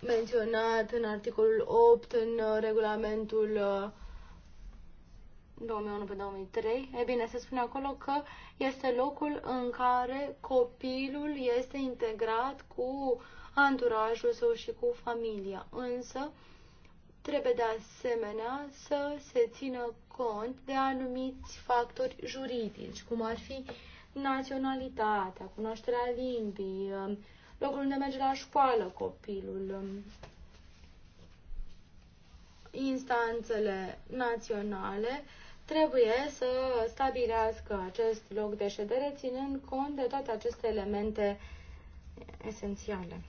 Speaker 3: menționat în articolul 8, în uh, regulamentul 2001 uh, 2003, e bine, se spune acolo că este locul în care copilul este integrat cu anturajul său și cu familia. Însă, trebuie de asemenea să se țină cont de anumiți factori juridici, cum ar fi naționalitatea, cunoașterea limbii, um, locul unde merge la școală copilul. Um, instanțele naționale trebuie să stabilească acest loc de ședere, ținând cont de toate aceste elemente esențiale.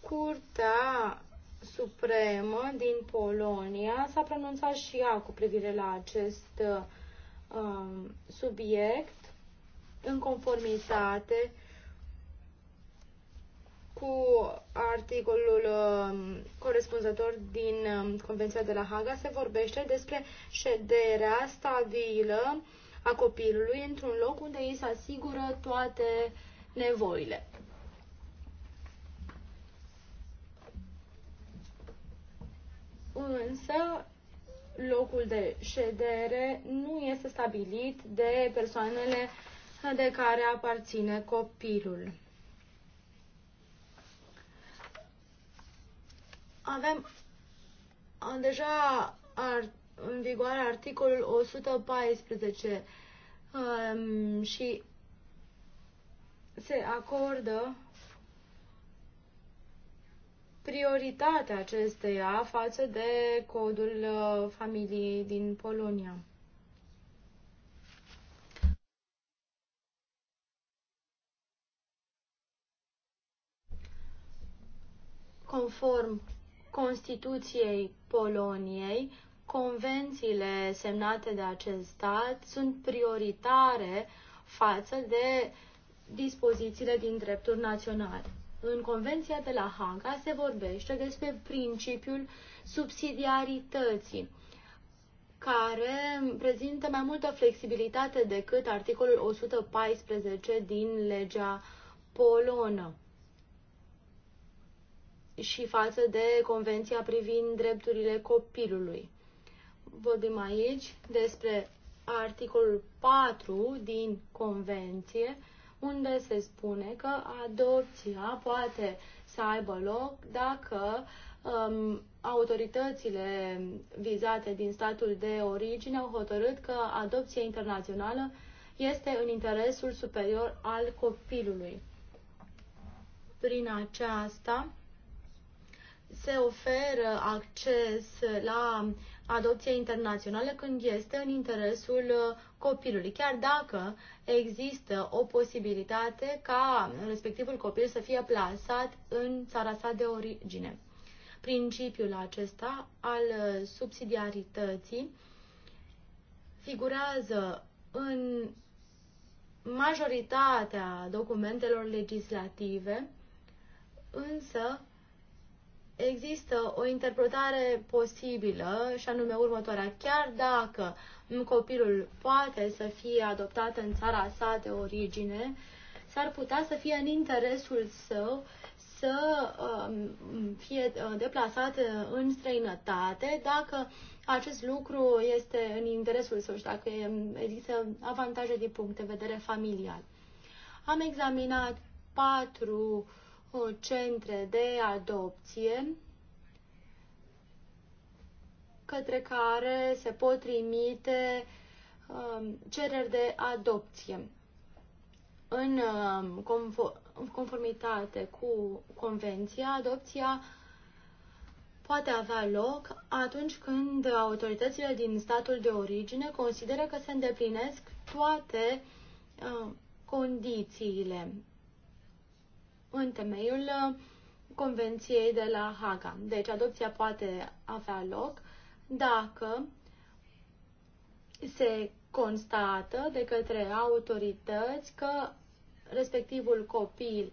Speaker 3: Curtea Supremă din Polonia s-a pronunțat și ea cu privire la acest uh, subiect în conformitate cu articolul um, corespunzător din um, Convenția de la Haga se vorbește despre șederea stabilă a copilului într-un loc unde îi se asigură toate nevoile. Însă, locul de ședere nu este stabilit de persoanele uh, de care aparține copilul. Avem deja ar, în vigoare articolul 114 um, și se acordă prioritatea acesteia față de codul uh, familiei din Polonia. Conform Constituției Poloniei, convențiile semnate de acest stat sunt prioritare față de dispozițiile din dreptul național. În Convenția de la Haga se vorbește despre principiul subsidiarității, care prezintă mai multă flexibilitate decât articolul 114 din legea polonă și față de Convenția privind drepturile copilului. Vorbim aici despre articolul 4 din Convenție, unde se spune că adopția poate să aibă loc dacă um, autoritățile vizate din statul de origine au hotărât că adopția internațională este în interesul superior al copilului. Prin aceasta, se oferă acces la adopție internațională când este în interesul copilului, chiar dacă există o posibilitate ca respectivul copil să fie plasat în țara sa de origine. Principiul acesta al subsidiarității figurează în majoritatea documentelor legislative, însă există o interpretare posibilă și anume următoarea. Chiar dacă copilul poate să fie adoptat în țara sa de origine, s-ar putea să fie în interesul său să um, fie uh, deplasat uh, în străinătate dacă acest lucru este în interesul său și dacă um, există avantaje din punct de vedere familial. Am examinat patru uh, Uh, centre de adopție către care se pot trimite um, cereri de adopție. Um, în conformitate cu convenția, adopția poate avea loc atunci când autoritățile din statul de origine consideră că se îndeplinesc toate uh, condițiile în temeiul uh, Convenției de la Haga. Deci adopția poate avea loc dacă se constată de către autorități că respectivul copil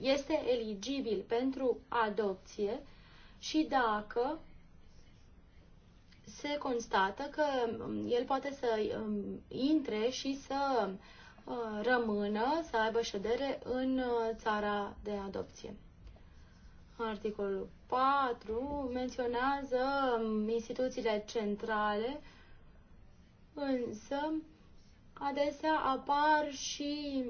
Speaker 3: este eligibil pentru adopție și dacă se constată că um, el poate să um, intre și să Uh, rămână, să aibă ședere în uh, țara de adopție. Articolul 4 menționează um, instituțiile centrale, însă adesea apar și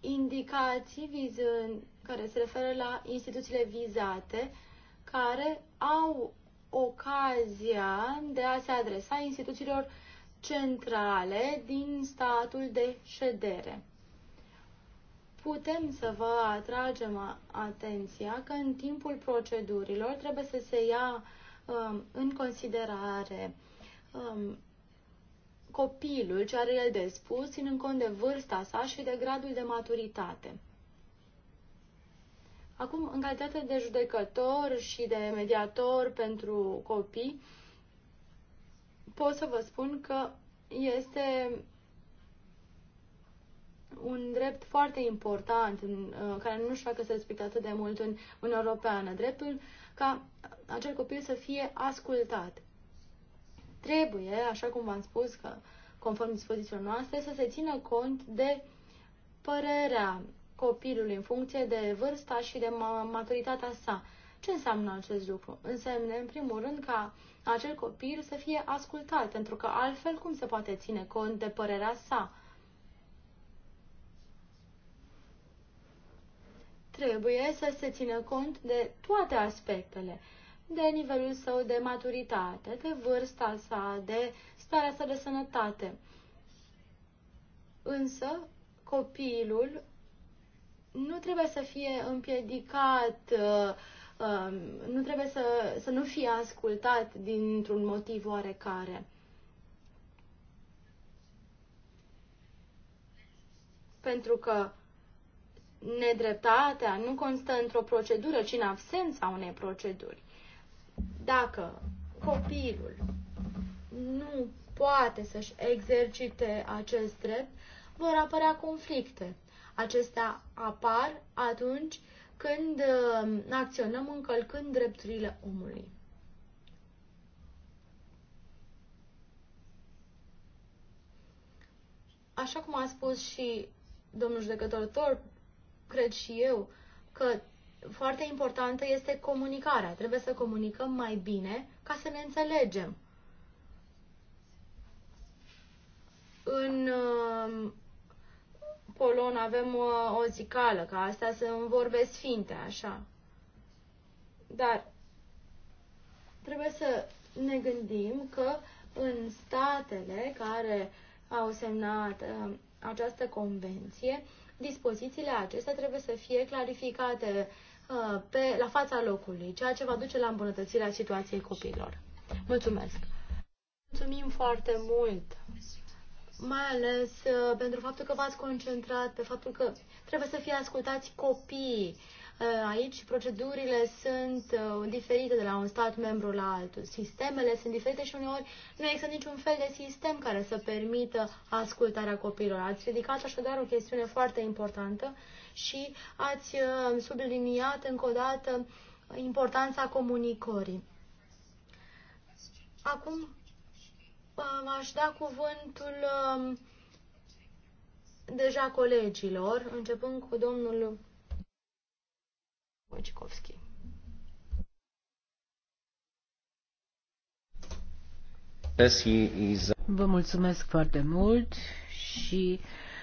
Speaker 3: indicații vizând, care se referă la instituțiile vizate, care au ocazia de a se adresa instituțiilor centrale din statul de ședere. Putem să vă atragem atenția că în timpul procedurilor trebuie să se ia um, în considerare um, copilul, ce are el de spus, ținând cont de vârsta sa și de gradul de maturitate. Acum, în calitate de judecător și de mediator pentru copii, pot să vă spun că este un drept foarte important, uh, care nu știu dacă se respectă atât de mult în Uniunea Europeană, dreptul ca acel copil să fie ascultat. Trebuie, așa cum v-am spus, că conform dispozițiilor noastre, să se țină cont de părerea copilului în funcție de vârsta și de maturitatea sa. Ce înseamnă acest lucru? Înseamnă, în primul rând, ca acel copil să fie ascultat, pentru că altfel cum se poate ține cont de părerea sa? Trebuie să se țină cont de toate aspectele, de nivelul său de maturitate, de vârsta sa, de starea sa de sănătate. Însă, copilul nu trebuie să fie împiedicat, uh, um, nu trebuie să, să nu fie ascultat dintr-un motiv oarecare. Pentru că nedreptatea nu constă într-o procedură, ci în absența unei proceduri. Dacă copilul nu poate să-și exercite acest drept, vor apărea conflicte Acestea apar atunci când uh, acționăm încălcând drepturile omului. Așa cum a spus și domnul judecător Tor, cred și eu că foarte importantă este comunicarea. Trebuie să comunicăm mai bine ca să ne înțelegem. În uh, colon avem o, uh, o zicală, ca astea sunt vorbe sfinte, așa. Dar trebuie să ne gândim că în statele care au semnat uh, această convenție, dispozițiile acestea trebuie să fie clarificate uh, pe, la fața locului, ceea ce va duce la îmbunătățirea situației copiilor. Mulțumesc! Mulțumim foarte mult! mai ales uh, pentru faptul că v-ați concentrat pe faptul că trebuie să fie ascultați copiii. Uh, aici procedurile sunt uh, diferite de la un stat membru la altul. Sistemele sunt diferite și uneori nu există niciun fel de sistem care să permită ascultarea copiilor. Ați ridicat așadar o chestiune foarte importantă și ați subliniat încă o dată importanța comunicării. Acum, aș da cuvântul um, deja colegilor, începând cu domnul
Speaker 1: Wojciechowski. Vă mulțumesc foarte mult și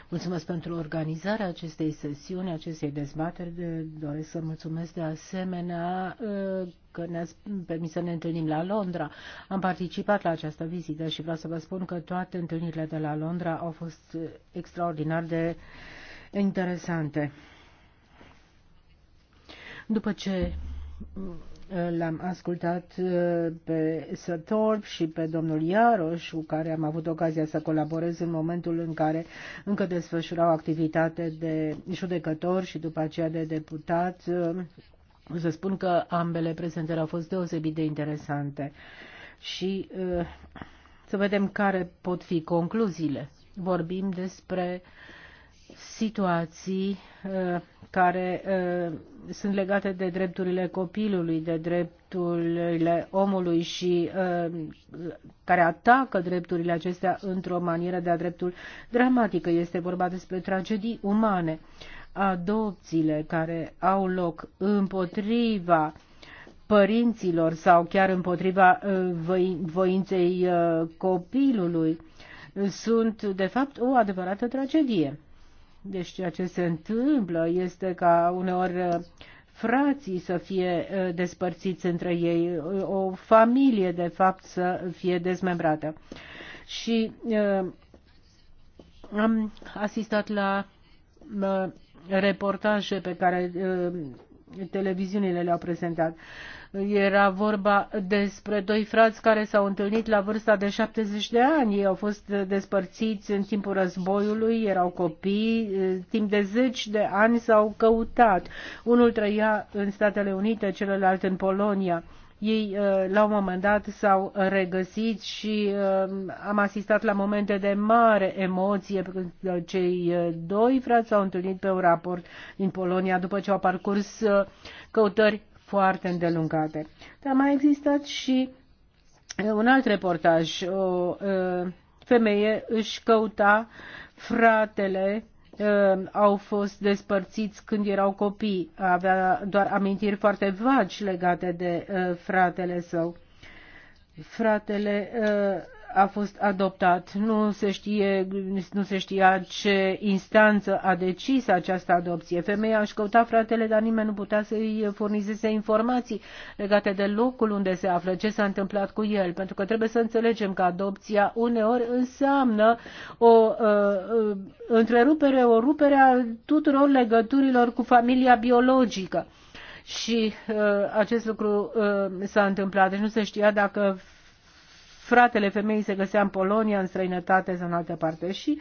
Speaker 1: mulțumesc pentru organizarea acestei sesiuni, acestei dezbateri. Doresc să mulțumesc de asemenea uh, că ne-ați permis să ne întâlnim la Londra. Am participat la această vizită și vreau să vă spun că toate întâlnirile de la Londra au fost eh, extraordinar de interesante. După ce eh, l-am ascultat eh, pe Sătorp și pe domnul Iaroș, cu care am avut ocazia să colaborez în momentul în care încă desfășurau activitate de judecător și după aceea de deputat să spun că ambele prezentări au fost deosebit de interesante și uh, să vedem care pot fi concluziile. Vorbim despre situații uh, care uh, sunt legate de drepturile copilului, de drepturile omului și care atacă drepturile acestea într-o manieră de-a dreptul dramatică. Este vorba despre tragedii umane adopțiile care au loc împotriva părinților sau chiar împotriva uh, voinței uh, copilului sunt, de fapt, o adevărată tragedie. Deci ceea ce se întâmplă este ca uneori uh, frații să fie despărțiți între ei, o familie, de fapt, să fie dezmembrată. Și am asistat la reportaje pe care uh, televiziunile le-au prezentat. Era vorba despre doi frați care s-au întâlnit la vârsta de 70 de ani. Ei au fost uh, despărțiți în timpul războiului, erau copii, uh, timp de zeci de ani s-au căutat. Unul trăia în Statele Unite, celălalt în Polonia. Ei uh, la un moment dat s-au regăsit și uh, am asistat la momente de mare emoție când cei uh, doi frați s-au întâlnit pe un raport din Polonia după ce au parcurs căutări foarte îndelungate. Dar mai existat și un alt reportaj. O femeie își căuta fratele Uh, au fost despărțiți când erau copii. Avea doar amintiri foarte vagi legate de uh, fratele său. Fratele uh, a fost adoptat. Nu se, știe, nu se știa ce instanță a decis această adopție. Femeia își căuta fratele, dar nimeni nu putea să-i furnizeze informații legate de locul unde se află, ce s-a întâmplat cu el, pentru că trebuie să înțelegem că adopția uneori înseamnă o uh, întrerupere, o rupere a tuturor legăturilor cu familia biologică și uh, acest lucru uh, s-a întâmplat. Deci nu se știa dacă fratele femeii se găsea în Polonia, în străinătate sau în altă parte. Și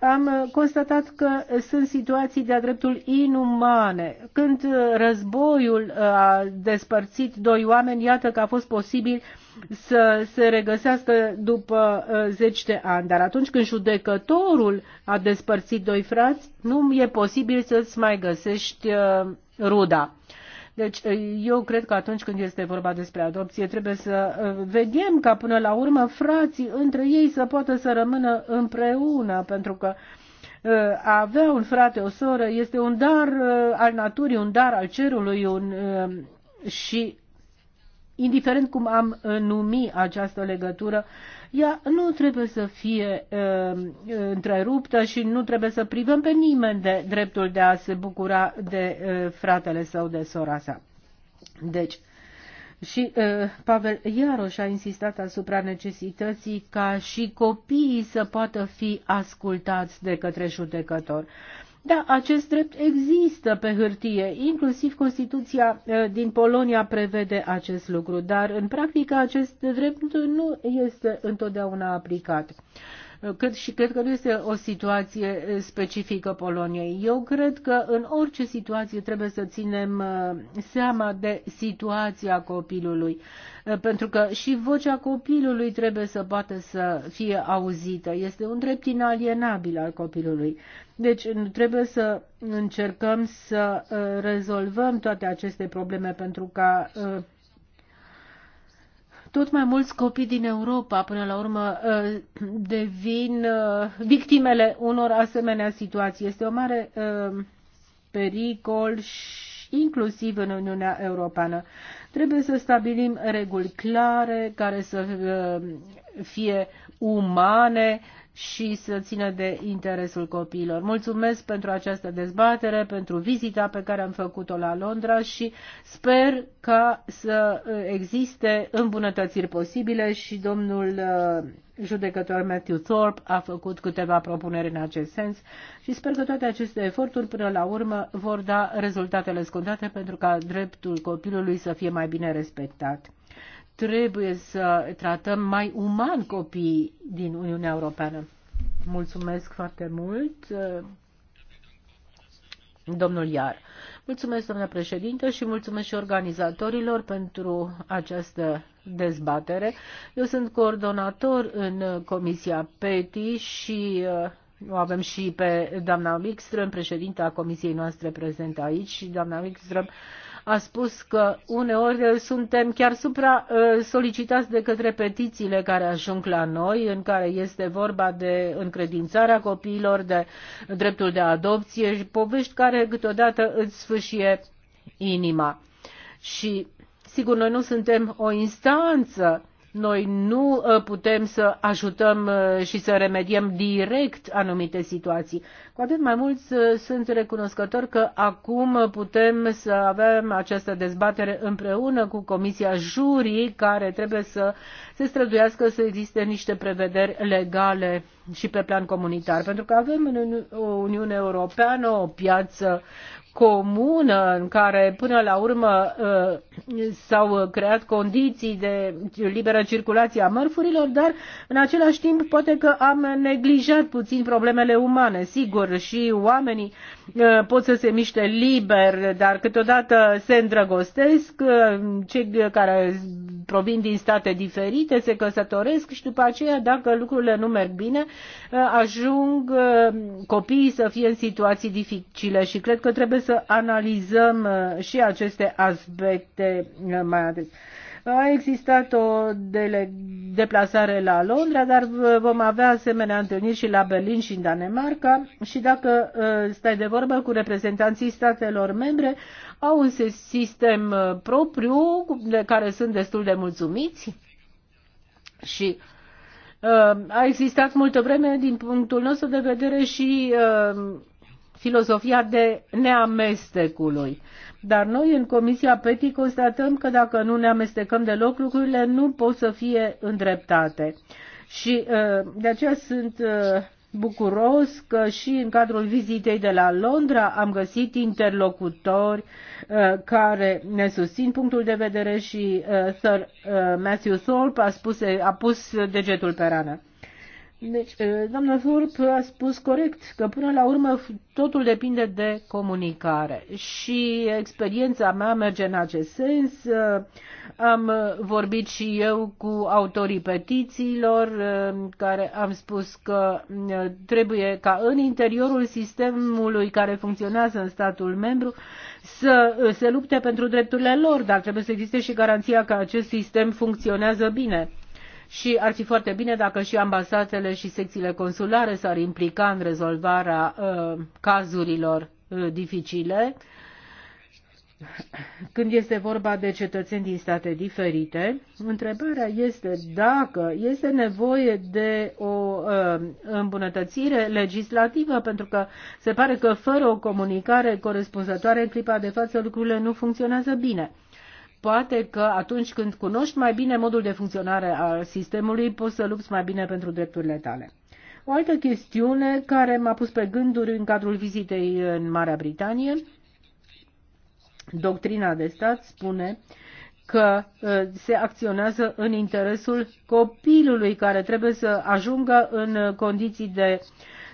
Speaker 1: am uh, constatat că sunt situații de-a dreptul inumane. Când uh, războiul uh, a despărțit doi oameni, iată că a fost posibil să se regăsească după zeci de ani. Dar atunci când judecătorul a despărțit doi frați, nu e posibil să-ți mai găsești ruda. Deci eh, eu cred că atunci când este vorba despre adopție trebuie să eh, vedem ca până la urmă frații între ei să poată să rămână împreună pentru că eh, a avea un frate, o soră este un dar al naturii, un dar al cerului un, și indiferent cum am numi această legătură, ea nu trebuie să fie uh, întreruptă și nu trebuie să privăm pe nimeni de dreptul de a se bucura de uh, fratele sau de sora sa. Deci, și uh, Pavel Iaroș a insistat asupra necesității ca și copiii să poată fi ascultați de către judecător. Uh, da, acest drept există pe hârtie, inclusiv Constituția eh, din Polonia prevede acest lucru, dar în practică acest drept nu este întotdeauna aplicat. Eh, Cât și cred că nu este o situație eh, specifică Poloniei. Eu cred că în orice situație trebuie să ținem seama de situația copilului, pentru că și vocea copilului trebuie să poată să fie auzită. Este un drept inalienabil al copilului. Deci trebuie să încercăm să uh, rezolvăm toate aceste probleme pentru ca uh, tot mai mulți copii din Europa, până la urmă, uh, devin victimele unor asemenea situații. Este o mare pericol și inclusiv în Uniunea Europeană. Trebuie să stabilim reguli clare care să fie umane, și să țină de interesul copiilor. Mulțumesc pentru această dezbatere, pentru vizita pe care am făcut-o la Londra și sper ca să uh, existe îmbunătățiri posibile și domnul uh, judecător Matthew Thorpe a făcut câteva propuneri în acest sens și sper că toate aceste eforturi până la urmă vor da rezultatele scontate pentru ca dreptul copilului să fie mai bine respectat. Trebuie să tratăm mai uman copiii din Uniunea Europeană. Mulțumesc foarte mult. Uh, domnul Iar. Mulțumesc, domnule președinte, și mulțumesc și organizatorilor pentru această dezbatere. Eu sunt coordonator în Comisia PETI și uh, o avem și pe doamna Wikström, președinta Comisiei noastre prezentă aici, și doamna Wikström a spus că uneori uh, suntem chiar supra uh, solicitați de către petițiile care ajung la noi, în care este vorba de încredințarea copiilor, de dreptul de adopție și povești care câteodată îți sfâșie inima. Și sigur, noi nu suntem o instanță, noi nu uh, putem să ajutăm uh, și să remediem direct anumite situații. Cu atât mai mult uh, sunt recunoscători că acum putem să avem această dezbatere împreună cu Comisia Jurii, care trebuie să se străduiască să existe niște prevederi legale și pe plan comunitar, pentru că avem în Uniunea Europeană o piață comună în care până la urmă uh, s-au creat condiții de liberă circulație a mărfurilor, dar în același timp poate că am neglijat puțin problemele umane. Sigur, și oamenii uh, Uh, pot să se miște liber, dar câteodată se îndrăgostesc, uh, cei care provin din state diferite se căsătoresc și după aceea, dacă lucrurile nu merg bine, uh, ajung copiii să fie în situații dificile și cred că trebuie să analizăm și aceste aspecte mai ades. A existat o deplasare la Londra, dar vom avea asemenea întâlniri și la Berlin și în Danemarca și dacă ă, stai de vorbă cu reprezentanții statelor membre, au un sistem ă, propriu de care sunt destul de mulțumiți și ă, a existat multă vreme din punctul nostru de vedere și filozofia de neamestecului. Dar noi în Comisia PETI constatăm că dacă nu ne amestecăm deloc, lucrurile nu pot să fie îndreptate. Și uh, de aceea sunt uh, bucuros că și în cadrul vizitei de la Londra am găsit interlocutori uh, care ne susțin punctul de vedere și Sir Matthew Thorpe a, spus, a pus degetul pe rană. Deci, eh, doamna Thorp a spus corect că până la urmă totul depinde de comunicare și experiența mea merge în acest sens. Eh, am vorbit și eu cu autorii petițiilor eh, care am spus că trebuie ca în interiorul sistemului care funcționează în statul membru să se lupte pentru drepturile lor, dar trebuie să existe și garanția că acest sistem funcționează bine și ar fi foarte bine dacă și ambasadele și secțiile consulare s-ar implica în rezolvarea uh, cazurilor uh, dificile. Când este vorba de cetățeni din state diferite, întrebarea este dacă este nevoie de o uh, îmbunătățire legislativă, pentru că se pare că fără o comunicare corespunzătoare în clipa de față lucrurile nu funcționează bine poate că atunci când cunoști mai bine modul de funcționare al sistemului, poți să lupți mai bine pentru drepturile tale. O altă chestiune care m-a pus pe gânduri în cadrul vizitei în Marea Britanie, doctrina de stat spune că uh, se acționează în interesul copilului care trebuie să ajungă în condiții de uh,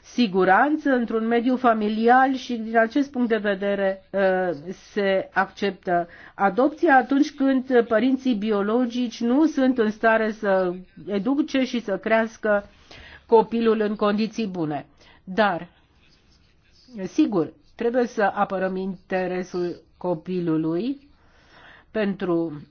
Speaker 1: siguranță într-un mediu familial și din acest punct de vedere uh, se acceptă adopția atunci când părinții biologici nu sunt în stare să educe și să crească copilul în condiții bune. Dar, sigur, trebuie să apărăm interesul copilului pentru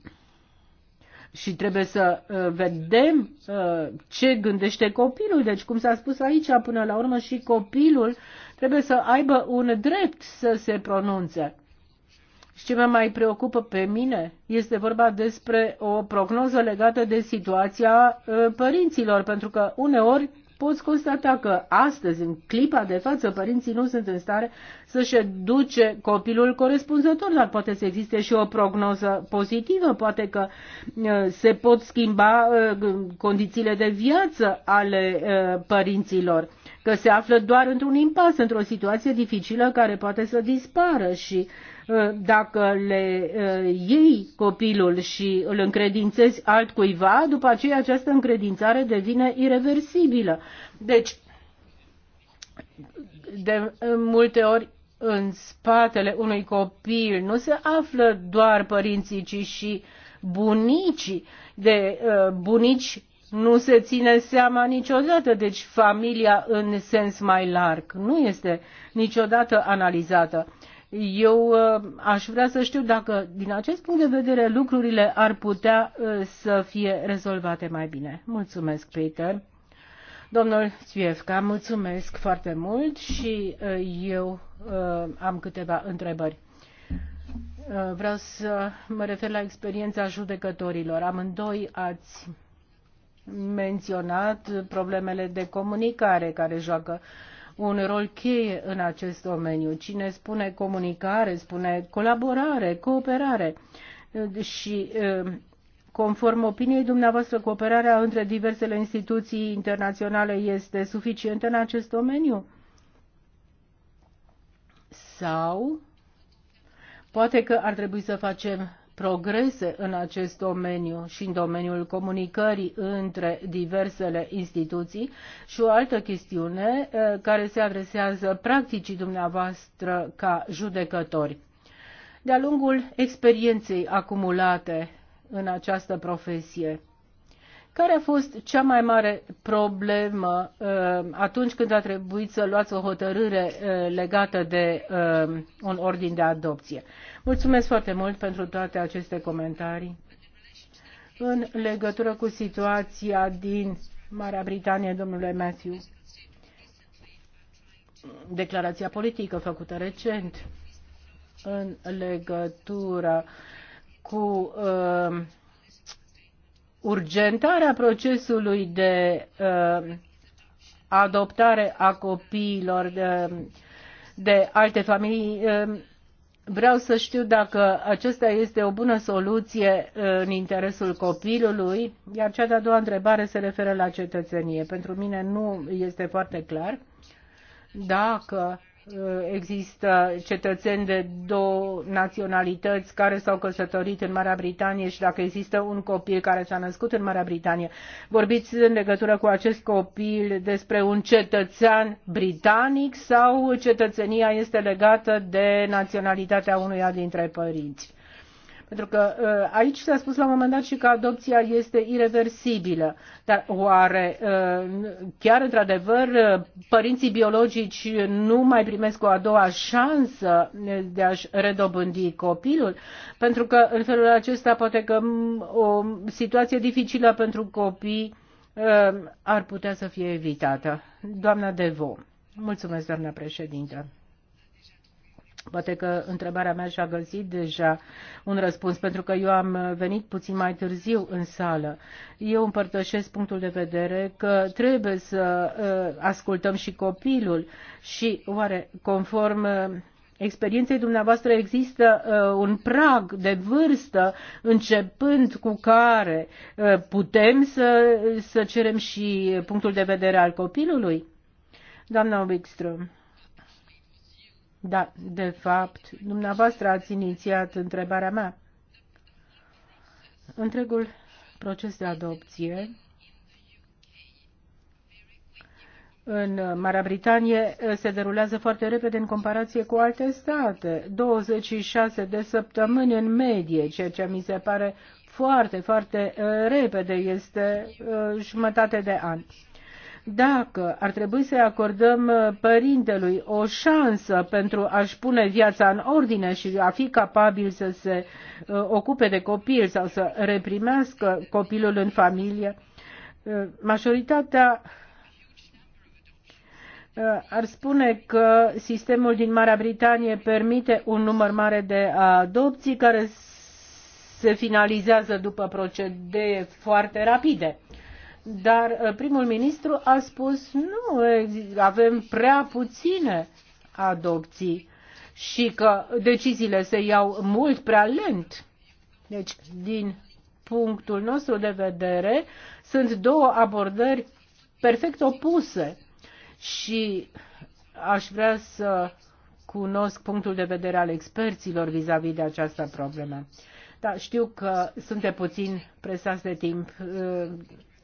Speaker 1: și trebuie să uh, vedem uh, ce gândește copilul. Deci, cum s-a spus aici, până la urmă și copilul trebuie să aibă un drept să se pronunțe. Și ce mă mai preocupă pe mine este vorba despre o prognoză legată de situația uh, părinților, pentru că uneori poți constata că astăzi, în clipa de față, părinții nu sunt în stare să-și duce copilul corespunzător, dar poate să existe și o prognoză pozitivă, poate că uh, se pot schimba uh, condițiile de viață ale uh, părinților, că se află doar într-un impas, într-o situație dificilă care poate să dispară și uh, Uh, dacă le uh, iei copilul și îl încredințezi altcuiva, după aceea această încredințare devine irreversibilă. Deci, de multe ori în spatele unui copil nu se află doar părinții, ci și bunicii. De uh, bunici nu se ține seama niciodată, deci familia în sens mai larg nu este niciodată analizată. Eu uh, aș vrea să știu dacă, din acest punct de vedere, lucrurile ar putea uh, să fie rezolvate mai bine. Mulțumesc, Peter. Domnul Țiefca, mulțumesc foarte mult și uh, eu am câteva întrebări. Vreau să mă refer la experiența judecătorilor. Amândoi ați menționat problemele de comunicare care joacă uh, un rol cheie în acest domeniu. Cine spune comunicare, spune colaborare, cooperare. Și um, conform opiniei dumneavoastră, cooperarea între diversele instituții internaționale este suficientă în acest domeniu? Sau poate că ar trebui să facem progrese în acest domeniu și în domeniul comunicării între diversele instituții și o altă chestiune eh, care se adresează practicii dumneavoastră ca judecători. De-a lungul experienței acumulate în această profesie, care a fost cea mai mare problemă eh, atunci când a trebuit să luați o hotărâre eh, legată de un ordin de adopție? Mulțumesc foarte mult pentru toate aceste comentarii. În legătură cu situația din Marea Britanie, domnule Matthew, declarația politică făcută recent în legătură cu uh, urgentarea procesului de uh, adoptare a copiilor de, de alte familii uh, Vreau să știu dacă acesta este o bună soluție în interesul copilului, iar cea de-a doua întrebare se referă la cetățenie. Pentru mine nu este foarte clar dacă Uh, există cetățeni de două naționalități care s-au căsătorit în Marea Britanie și dacă există un copil care s-a născut în Marea Britanie. Vorbiți în legătură cu acest copil despre un cetățean britanic sau cetățenia este legată de naționalitatea unuia dintre părinți? Pentru că uh, aici s-a spus la un moment dat și că adopția este irreversibilă. Dar oare uh, chiar într-adevăr uh, părinții biologici nu mai primesc o a doua șansă de a-și redobândi copilul? Pentru că în felul acesta poate că mm, o situație dificilă pentru copii ar putea să fie evitată. Doamna Devo. Mulțumesc, doamna președintă. Poate că întrebarea mea și-a găsit deja un răspuns, pentru că eu am venit puțin mai târziu în sală. Eu împărtășesc punctul de vedere că trebuie să uh, ascultăm și copilul și oare conform uh, experienței dumneavoastră există uh, un prag de vârstă începând cu care uh, putem să, să cerem și punctul de vedere al copilului? Doamna Wickström. Da, de fapt, dumneavoastră ați inițiat întrebarea mea. Întregul proces de adopție în Marea Britanie se derulează foarte repede în comparație cu alte state. 26 de săptămâni în medie, ceea ce mi se pare foarte, foarte repede, este uh, jumătate de an dacă ar trebui să-i acordăm uh, părintelui o șansă pentru a-și pune viața în ordine și a fi capabil să se uh, ocupe de copil sau să reprimească copilul în familie, uh, majoritatea ar spune că sistemul din Marea Britanie permite un număr mare de adopții care se finalizează după procedee foarte rapide. Dar uh, primul ministru a spus, nu, avem prea puține adopții și că deciziile se iau mult prea lent. Deci, din punctul nostru de vedere, sunt două abordări perfect opuse și aș vrea să cunosc punctul de vedere al experților vis-a-vis -vis de această problemă. Da, știu că suntem puțin presați de timp. Uh,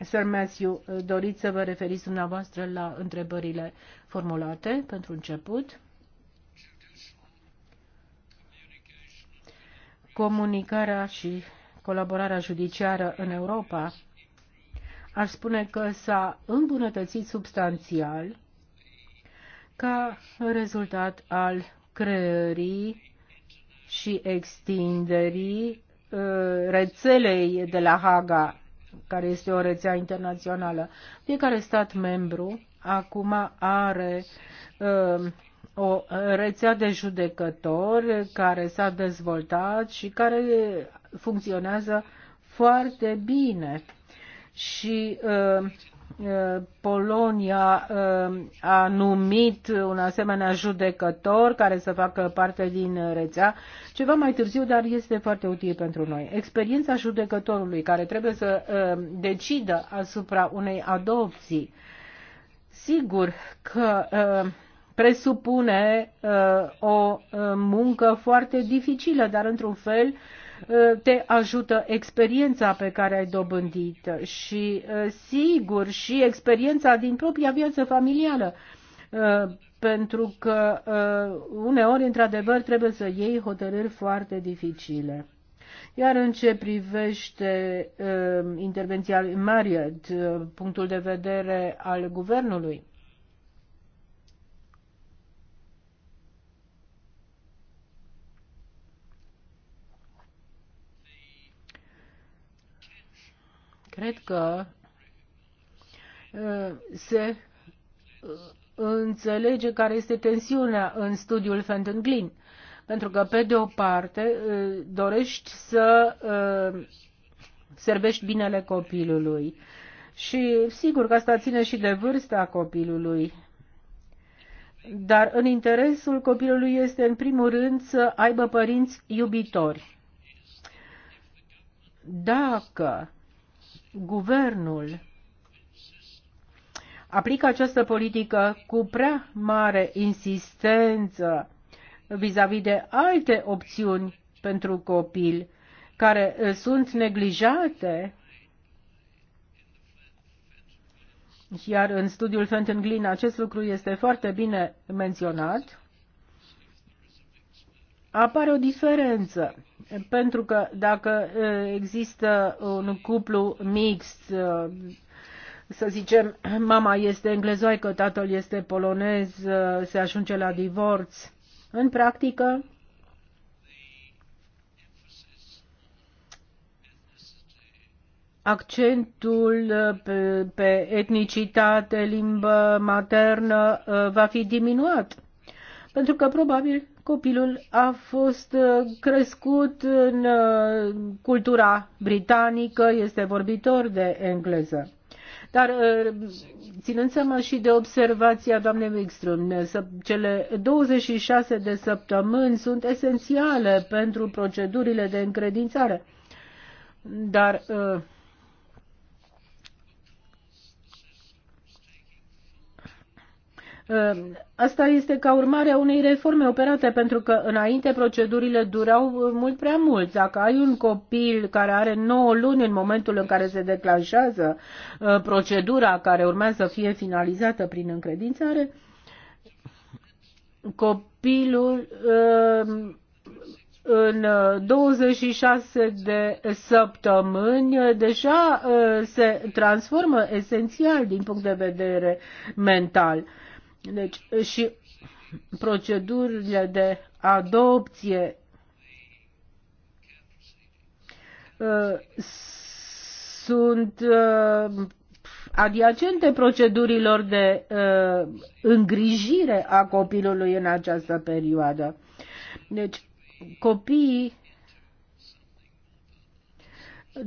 Speaker 1: Sir Matthew, doriți să vă referiți dumneavoastră la întrebările formulate pentru început? Comunicarea și colaborarea judiciară în Europa, ar spune că s-a îmbunătățit substanțial ca rezultat al creării și extinderii uh, rețelei de la Haga care este o rețea internațională. Fiecare stat membru acum are uh, o rețea de judecători care s-a dezvoltat și care funcționează foarte bine. Și uh, Uh, Polonia uh, a numit un asemenea judecător care să facă parte din rețea ceva mai târziu, dar este foarte util pentru noi. Experiența judecătorului care trebuie să uh, decidă asupra unei adopții, sigur că presupune o muncă foarte dificilă, dar într-un fel Eh, te ajută experiența pe care ai dobândit și eh, sigur și experiența din propria viață familială eh, pentru că uneori, într-adevăr, trebuie să iei hotărâri foarte dificile. Iar în ce privește uh, intervenția lui Marriott, uh, punctul de vedere al guvernului,
Speaker 2: Cred că
Speaker 1: uh, se uh, înțelege care este tensiunea în studiul Fenton Glynn. Pentru că, pe de o parte, uh, dorești să servești binele copilului. Și sigur că asta ține și de vârsta copilului. Dar în interesul copilului este, în primul rând, să aibă părinți iubitori. Dacă guvernul aplică această politică cu prea mare insistență vis-a-vis -vis de alte opțiuni pentru copil care eh, sunt neglijate. Iar în studiul Fenton Glin acest lucru este foarte bine menționat apare o diferență. Pentru că dacă există un cuplu mixt, să zicem, mama este englezoică, tatăl este polonez, se ajunge la divorț, în practică, accentul pe, pe etnicitate, limbă maternă va fi diminuat. Pentru că probabil Copilul a fost uh, crescut în uh, cultura britanică, este vorbitor de engleză. Dar uh, ținând seama și de observația doamnei Wigström, cele 26 de săptămâni sunt esențiale pentru procedurile de încredințare. Dar Ehm, asta este ca urmare a unei reforme operate, pentru că înainte procedurile durau uh, mult prea mult. Dacă ai un copil care are 9 luni în momentul în care se declanșează uh, procedura care urmează să fie finalizată prin încredințare, copilul ehm, în 26 uh, de săptămâni deja se transformă esențial din punct de vedere mental. Deci și procedurile de adopție uh, sunt uh, adiacente procedurilor de uh, îngrijire a copilului în această perioadă. Deci copiii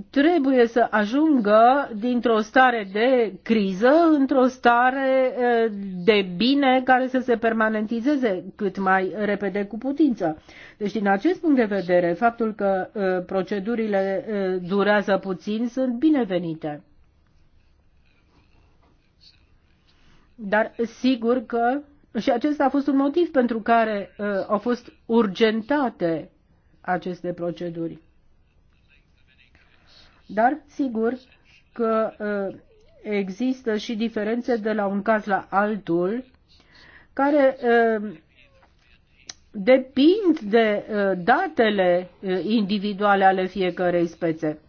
Speaker 1: trebuie să ajungă dintr-o stare de criză într-o stare de bine care să se permanentizeze cât mai repede cu putință. Deci, din acest punct de vedere, faptul că procedurile durează puțin sunt binevenite. Dar sigur că și acesta a fost un motiv pentru care uh, au fost urgentate aceste proceduri. Dar, sigur, că uh, există și diferențe de la un caz la altul care uh, depind de uh, datele individuale ale fiecărei spețe.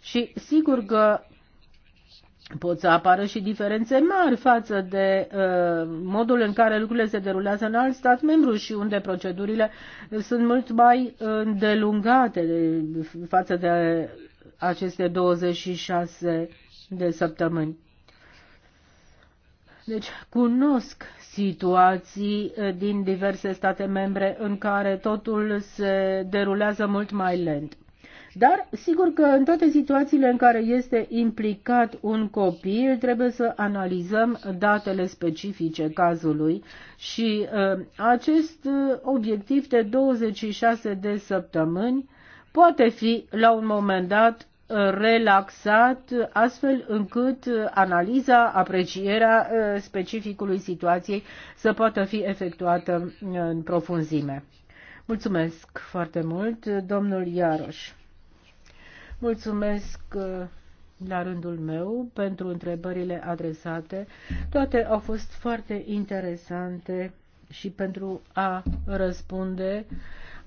Speaker 1: Și sigur că pot să apară și diferențe mari față de uh, modul în care lucrurile se derulează în alt stat membru și unde procedurile sunt mult mai îndelungate față de aceste 26 de săptămâni. Deci cunosc situații eh, din diverse state membre în care totul se derulează mult mai lent. Dar sigur că în toate situațiile în care este implicat un copil trebuie să analizăm datele specifice cazului și uh, acest eh, obiectiv de 26 de săptămâni poate fi la un moment dat relaxat, astfel încât analiza, aprecierea uh, specificului situației să poată fi efectuată în profunzime. Mulțumesc foarte mult, domnul Iaroș. Mulțumesc uh, la rândul meu pentru întrebările adresate. Toate au fost foarte interesante și pentru a răspunde uh,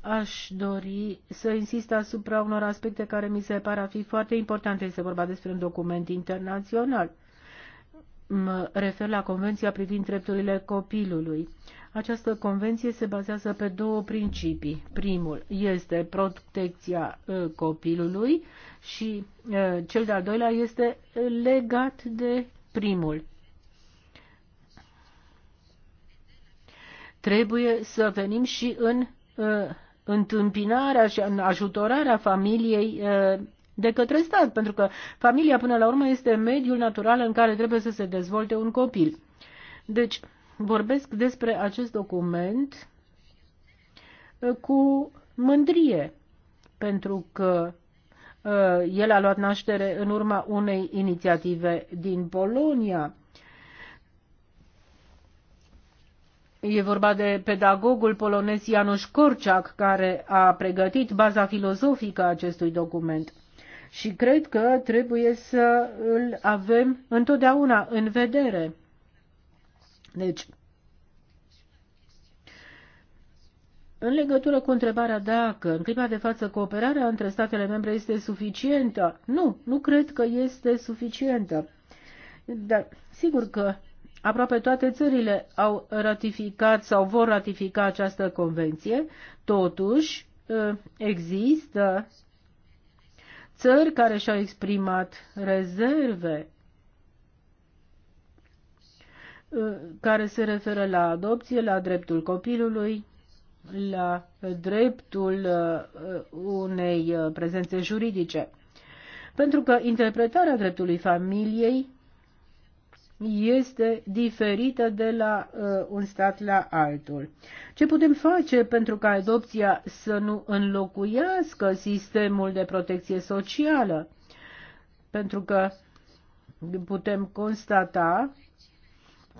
Speaker 1: aș dori să insist asupra unor aspecte care mi se par a fi foarte importante. Este vorba despre un document internațional. Mă refer la Convenția privind drepturile copilului. Această convenție se bazează pe două principii. Primul este protecția ă, copilului și ă, cel de-al doilea este legat de primul. Trebuie să venim și în ă, întâmpinarea și în ajutorarea familiei de către stat, pentru că familia până la urmă este mediul natural în care trebuie să se dezvolte un copil. Deci, vorbesc despre acest document cu mândrie, pentru că el a luat naștere în urma unei inițiative din Polonia E vorba de pedagogul polonez Janusz Korczak, care a pregătit baza filozofică a acestui document. Și cred că trebuie să îl avem întotdeauna în vedere. Deci, În legătură cu întrebarea dacă, în clipa de față, cooperarea între statele membre este suficientă, nu, nu cred că este suficientă. Dar sigur că Aproape toate țările au ratificat sau vor ratifica această convenție, totuși ă, există țări care și-au exprimat rezerve ă, care se referă la adopție, la dreptul copilului, la dreptul ă, unei prezențe juridice. Pentru că interpretarea dreptului familiei este diferită de la uh, un stat la altul. Ce putem face pentru ca adopția să nu înlocuiască sistemul de protecție socială? Pentru că putem constata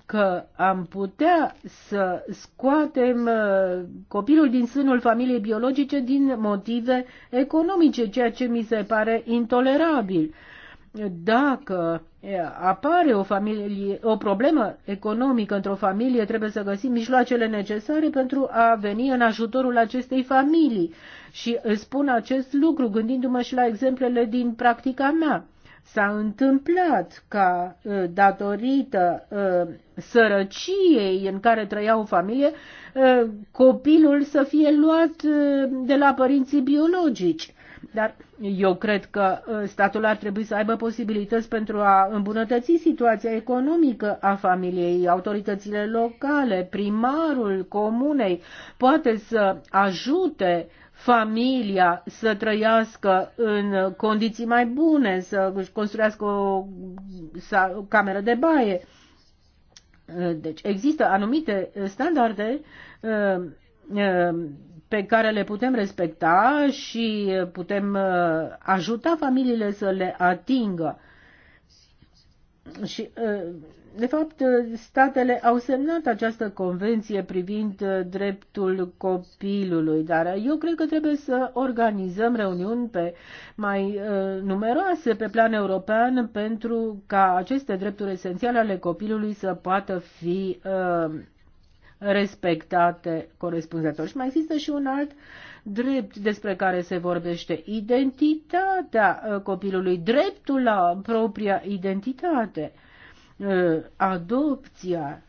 Speaker 1: că am putea să scoatem uh, copilul din sânul familiei biologice din motive economice, ceea ce mi se pare intolerabil. Dacă apare o, familie, o problemă economică într-o familie, trebuie să găsim mijloacele necesare pentru a veni în ajutorul acestei familii. Și spun acest lucru gândindu-mă și la exemplele din practica mea. S-a întâmplat ca, datorită sărăciei în care trăia o familie, copilul să fie luat de la părinții biologici dar eu cred că uh, statul ar trebui să aibă posibilități pentru a îmbunătăți situația economică a familiei. Autoritățile locale, primarul comunei poate să ajute familia să trăiască în condiții mai bune, să își construiască o, o cameră de baie. Uh, deci există anumite standarde uh, pe care le putem respecta și putem uh, ajuta familiile să le atingă. Și, uh, de fapt, uh, statele au semnat această convenție privind dreptul copilului, dar eu cred că trebuie să organizăm reuniuni pe mai numeroase pe plan european pentru ca aceste drepturi esențiale ale copilului să poată fi respectate corespunzător. Și mai există și un alt drept despre care se vorbește, identitatea uh, copilului, dreptul la propria identitate, uh, adopția.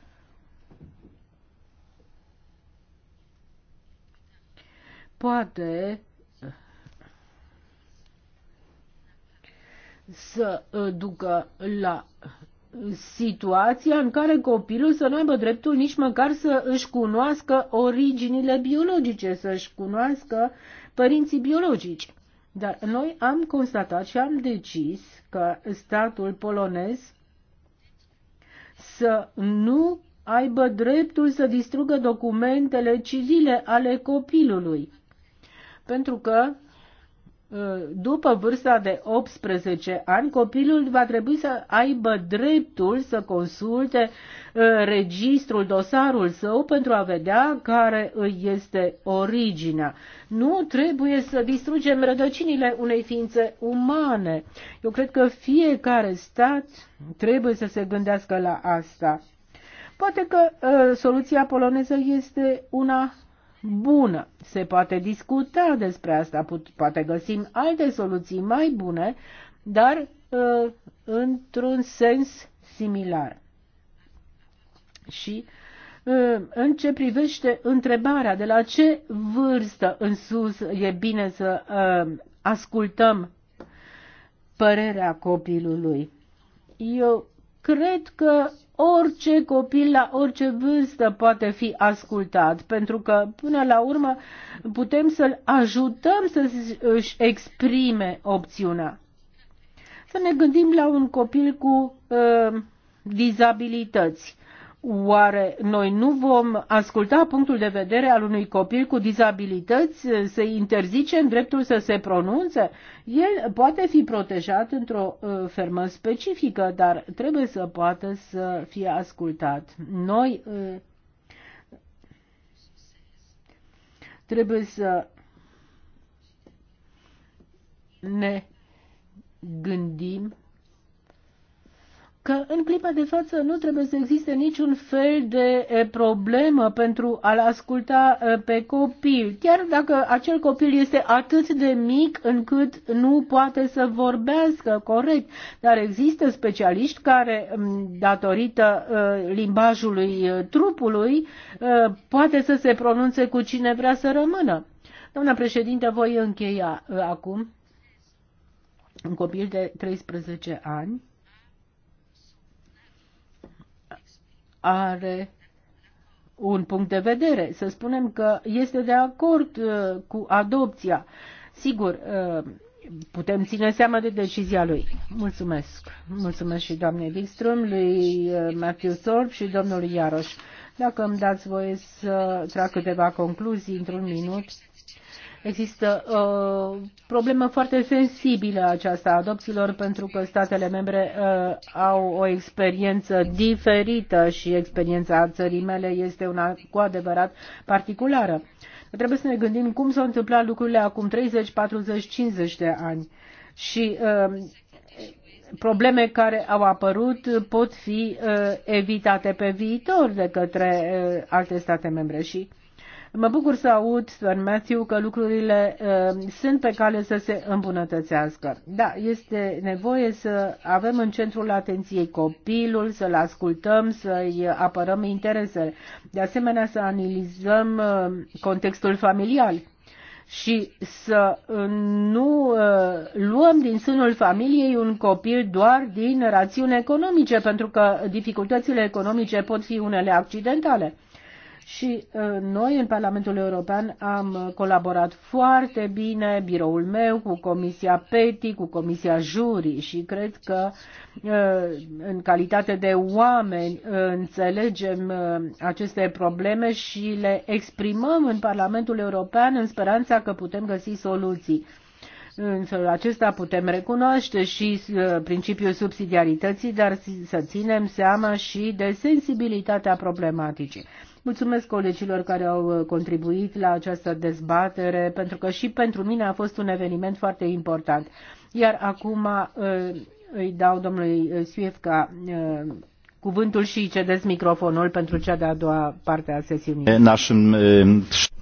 Speaker 1: Poate uh, să ducă la situația în care copilul să nu aibă dreptul nici măcar să își cunoască originile biologice, să își cunoască părinții biologici. Dar noi am constatat și am decis că statul polonez să nu aibă dreptul să distrugă documentele civile ale copilului, pentru că după vârsta de 18 ani, copilul va trebui să aibă dreptul să consulte uh, registrul, dosarul său pentru a vedea care îi este originea. Nu trebuie să distrugem rădăcinile unei ființe umane. Eu cred că fiecare stat trebuie să se gândească la asta. Poate că uh, soluția poloneză este una bună. Se poate discuta despre asta, poate găsim alte soluții mai bune, dar uh, într-un sens similar. Și uh, în ce privește întrebarea de la ce vârstă în sus e bine să uh, ascultăm părerea copilului, eu cred că orice copil la orice vârstă poate fi ascultat, pentru că până la urmă putem să-l ajutăm să își exprime opțiunea. Să ne gândim la un copil cu uh, dizabilități. Oare noi nu vom asculta punctul de vedere al unui copil cu dizabilități, să-i interzicem dreptul să se pronunțe? El poate fi protejat într-o uh, fermă specifică, dar trebuie să poată să fie ascultat. Noi uh, trebuie să ne gândim că în clipa de față nu trebuie să existe niciun fel de problemă pentru a-l asculta pe copil, chiar dacă acel copil este atât de mic încât nu poate să vorbească corect, dar există specialiști care, datorită limbajului trupului, poate să se pronunțe cu cine vrea să rămână. Doamna președinte, voi încheia acum. Un copil de 13 ani are un punct de vedere. Să spunem că este de acord uh, cu adopția. Sigur, uh, putem ține seama de decizia lui. Mulțumesc. Mulțumesc și doamnei Wikström, lui uh, Matthew Sorb și domnului Iaroș. Dacă îmi dați voie să trag câteva concluzii într-un minut, Există o uh, problemă foarte sensibilă aceasta a adopțiilor pentru că statele membre uh, au o experiență diferită și experiența țării mele este una cu adevărat particulară. Trebuie să ne gândim cum s-au întâmplat lucrurile acum 30, 40, 50 de ani și uh, probleme care au apărut pot fi evitate pe viitor de către alte state membre și uh, Mă bucur să aud, Sven Matthew, că lucrurile uh, sunt pe cale să se îmbunătățească. Da, este nevoie să avem în centrul atenției copilul, să-l ascultăm, să-i apărăm interesele. De asemenea, să analizăm uh, contextul familial și să uh, nu uh, luăm din sânul familiei un copil doar din rațiuni economice, pentru că dificultățile economice pot fi unele accidentale și uh, noi în Parlamentul European am uh, colaborat foarte bine, biroul meu cu Comisia PETI, cu Comisia Juri și cred că uh, în calitate de oameni înțelegem aceste probleme și le exprimăm în Parlamentul European în speranța că putem găsi soluții. În felul acesta putem recunoaște și principiul subsidiarității, dar să ținem seama și de sensibilitatea problematicii. Mulțumesc colegilor care au uh, contribuit la această dezbatere, pentru că și pentru mine a fost un eveniment foarte important. Iar acum uh, îi dau domnului uh, Suiefca cuvântul și cedez microfonul pentru cea de-a doua parte a sesiunii.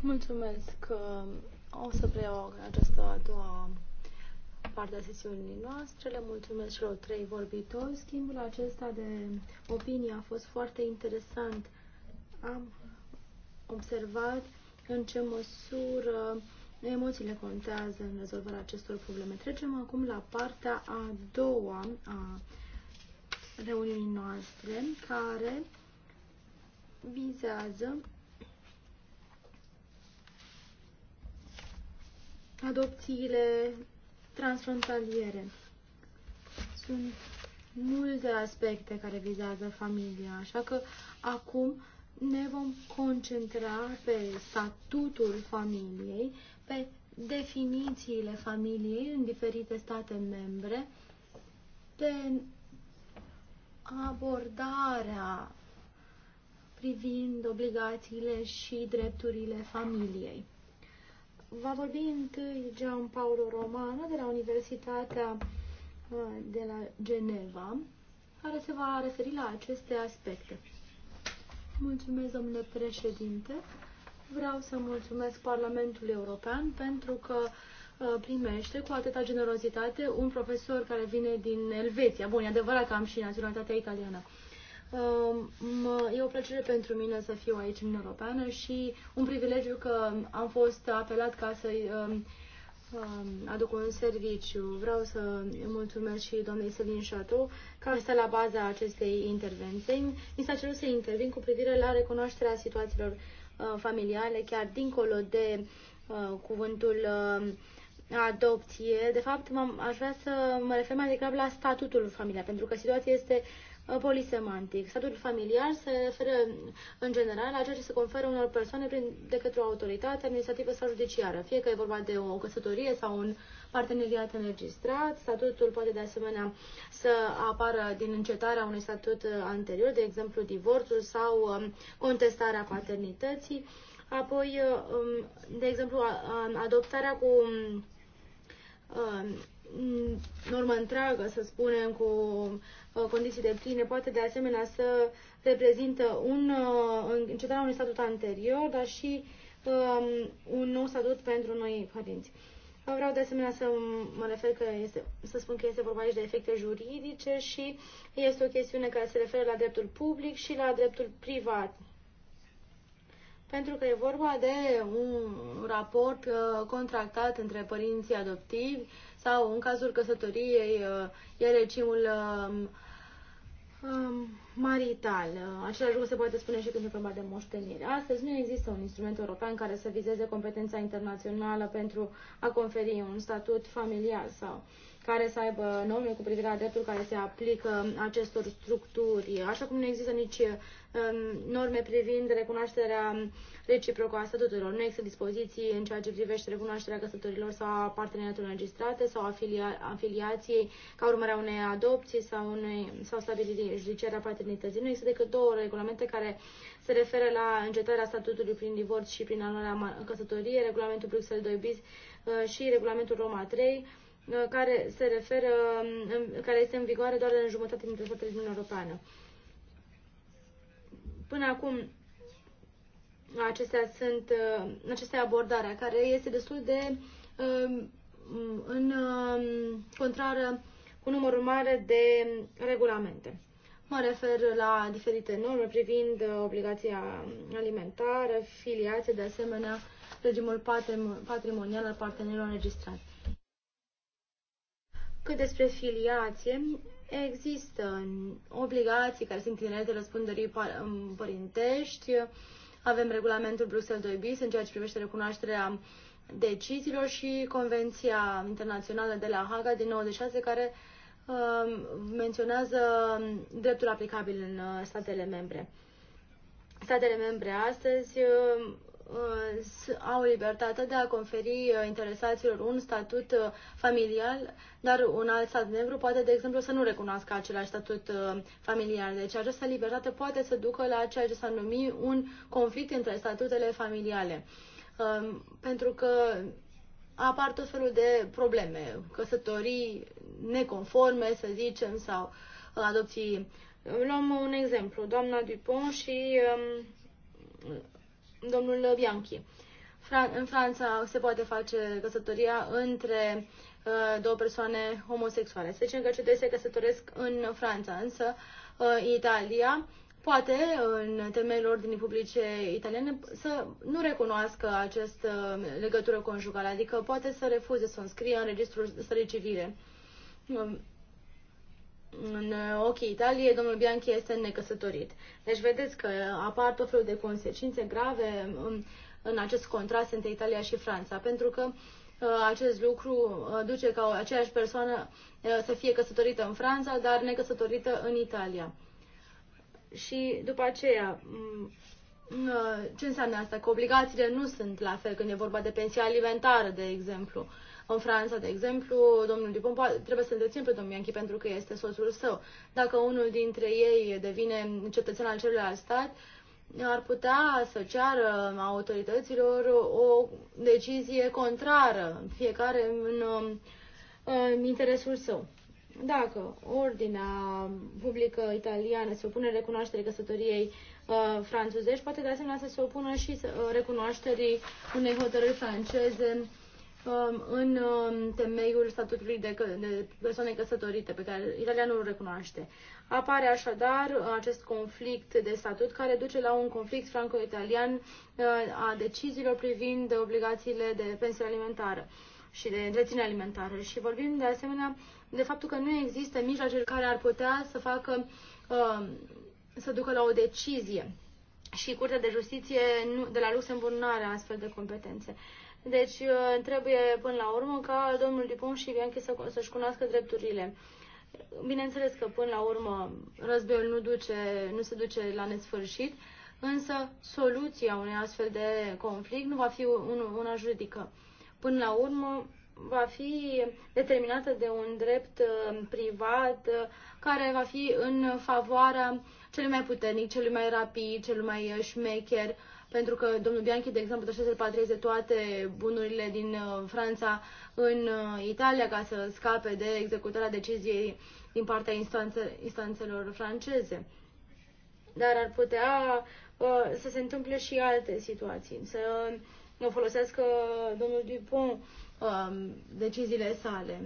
Speaker 3: Mulțumesc. O să preiau această a doua parte a sesiunii noastre. Le mulțumesc celor trei vorbitori. Schimbul acesta de opinie a fost foarte interesant am observat în ce măsură emoțiile contează în rezolvarea acestor probleme. Trecem acum la partea a doua a reuniunii noastre, care vizează adopțiile transfrontaliere. Sunt multe aspecte care vizează familia, așa că acum ne vom concentra pe statutul familiei, pe definițiile familiei în diferite state membre, pe abordarea privind obligațiile și drepturile familiei. Va vorbi întâi Gian Paolo Romano de la Universitatea uh, de la Geneva, care se va referi la aceste aspecte. Mulțumesc, domnule președinte. Vreau să mulțumesc Parlamentului European pentru că uh, primește cu atâta generozitate un profesor care vine din Elveția. Bun, e adevărat că am și naționalitatea italiană. Uh, e o plăcere pentru mine să fiu aici în Europeană și un privilegiu că am fost apelat ca să-i uh, Um, aduc un serviciu. Vreau să mulțumesc și doamnei Selin Chateau, care stă la baza acestei intervenții. Mi s-a cerut să intervin cu privire la recunoașterea situațiilor uh, familiale, chiar dincolo de uh, cuvântul uh, adopție. De fapt, aș vrea să mă refer mai degrabă la statutul familiei, pentru că situația este Uh, polisemantic. Statul familiar se referă în general la ceea ce se conferă unor persoane prin, de către o autoritate administrativă sau judiciară, fie că e vorba de o căsătorie sau un parteneriat înregistrat. Statutul poate de asemenea să apară din încetarea unui statut uh, anterior, de exemplu divorțul sau um, contestarea paternității. Apoi, uh, um, de exemplu, adoptarea cu um, Mm, normă întreagă, să spunem, cu uh, condiții de pline, poate de asemenea să reprezintă un, uh, încetarea unui statut anterior, dar și um, un nou statut pentru noi părinți. Vreau de asemenea să mă refer că este, să spun că este vorba aici de efecte juridice și este o chestiune care se referă la dreptul public și la dreptul privat. Pentru că e vorba de un raport uh, contractat între părinții adoptivi sau în cazul căsătoriei uh, e regimul um, um, marital. Uh, același lucru se poate spune și când e vorba de moștenire. Astăzi nu există un instrument european care să vizeze competența internațională pentru a conferi un statut familial sau uh, care să aibă norme cu privire la dreptul care se aplică acestor structuri, așa cum nu există nici um, norme privind recunoașterea reciprocă a statutelor. Nu există dispoziții în ceea ce privește recunoașterea căsătorilor sau a parteneriatului înregistrate sau afilia, afiliației ca urmare a unei adopții sau, unei, sau stabilirii judiciare a paternității. Nu există decât două regulamente care se referă la încetarea statutului prin divorț și prin anularea căsătoriei, regulamentul Bruxelles 2 bis uh, și regulamentul Roma 3 Uh, care se referă, um, care este în vigoare doar în jumătate dintre statele din Europeană. Până acum, acestea sunt, uh, acestea abordarea, care este destul de um, în um, contrară cu numărul mare de regulamente. Mă refer la diferite norme privind uh, obligația alimentară, filiație, de asemenea regimul patrimonial al partenerilor înregistrați. Cât despre filiație, există obligații care sunt inerente răspunderii părintești, avem regulamentul Bruxelles 2 bis în ceea ce privește recunoașterea deciziilor și Convenția Internațională de la Haga din 96 care uh, menționează dreptul aplicabil în uh, statele membre. Statele membre astăzi um, Uh, au libertatea de a conferi uh, interesaților un statut uh, familial, dar un alt stat membru poate, de exemplu, să nu recunoască același statut familial. Deci această libertate poate să ducă la ceea ce s a numit un conflict între statutele familiale. Um, pentru că apar tot felul de probleme, căsătorii neconforme, să zicem, sau adopții. Luăm un exemplu, doamna Dupont și um, domnul Bianchi. Fran- în Franța se poate face căsătoria între uh, două persoane homosexuale. Se zice că cei se căsătoresc în Franța, însă uh, Italia poate, în temeiul ordinii publice italiene, să nu recunoască această uh, legătură conjugală, adică poate să refuze să o înscrie în registrul stării civile. Um, în uh, ochii Italiei, domnul Bianchi este necăsătorit. Deci vedeți că apar tot felul de consecințe grave um, în acest contrast între Italia și Franța, pentru că uh, acest lucru uh, duce ca aceeași persoană să fie căsătorită în Franța, dar necăsătorită în Italia. Și după aceea, um, ce înseamnă asta? Că obligațiile nu sunt la fel când e vorba de pensia alimentară, de exemplu. În Franța, de exemplu, domnul Dupont trebuie să-l dețin pe domnul Bianchi pentru că este soțul său. Dacă unul dintre ei devine cetățean al celuilalt stat, ar putea să ceară autorităților o decizie contrară, fiecare în, în interesul său. Dacă ordinea publică italiană se opune recunoașterii căsătoriei uh, franțuzești, poate de asemenea să se opună și uh, recunoașterii unei hotărâri franceze Um, în um, temeiul statutului de, de persoane căsătorite, pe care Italia nu îl recunoaște. Apare așadar acest conflict de statut care duce la un conflict franco-italian uh, a deciziilor privind obligațiile de pensie alimentară și de întreținere alimentară. Și vorbim de asemenea de faptul că nu există mijloace care ar putea să facă um, să ducă la o decizie. Și Curtea de Justiție de la Luxemburg nu are astfel de competențe. Deci uh, trebuie până la urmă ca domnul Dupont și Bianchi să, să-și cunoască drepturile. Bineînțeles că până la urmă războiul nu, duce, nu se duce la nesfârșit, însă soluția unui astfel de conflict nu va fi una juridică. Până la urmă va fi determinată de un drept uh, privat uh, care va fi în favoarea celui mai puternic, celui mai rapid, celui mai șmecher, pentru că domnul Bianchi, de exemplu, trebuie să repatrieze toate bunurile din uh, Franța în uh, Italia ca să scape de executarea deciziei din partea instanță, instanțelor franceze. Dar ar putea uh, să se întâmple și alte situații, să nu folosească domnul Dupont um, deciziile sale.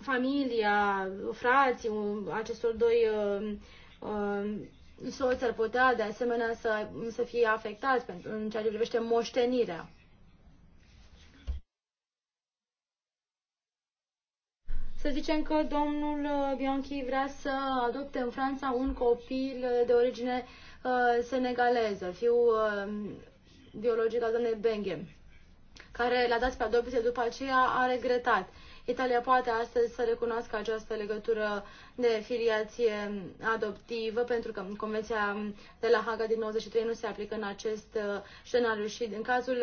Speaker 3: Familia, frații acestor doi uh, Um, soț ar putea de asemenea să, să fie afectat pentru, în ceea ce privește moștenirea. Să zicem că domnul uh, Bianchi vrea să adopte în Franța un copil de origine uh, senegaleză, fiul uh, biologic al doamnei Benghem, care l-a dat pe adopție după aceea a regretat. Uh, Italia poate astăzi să recunoască această legătură de filiație adoptivă, pentru că Convenția de la Haga din 93 nu se aplică în acest uh, scenariu și în cazul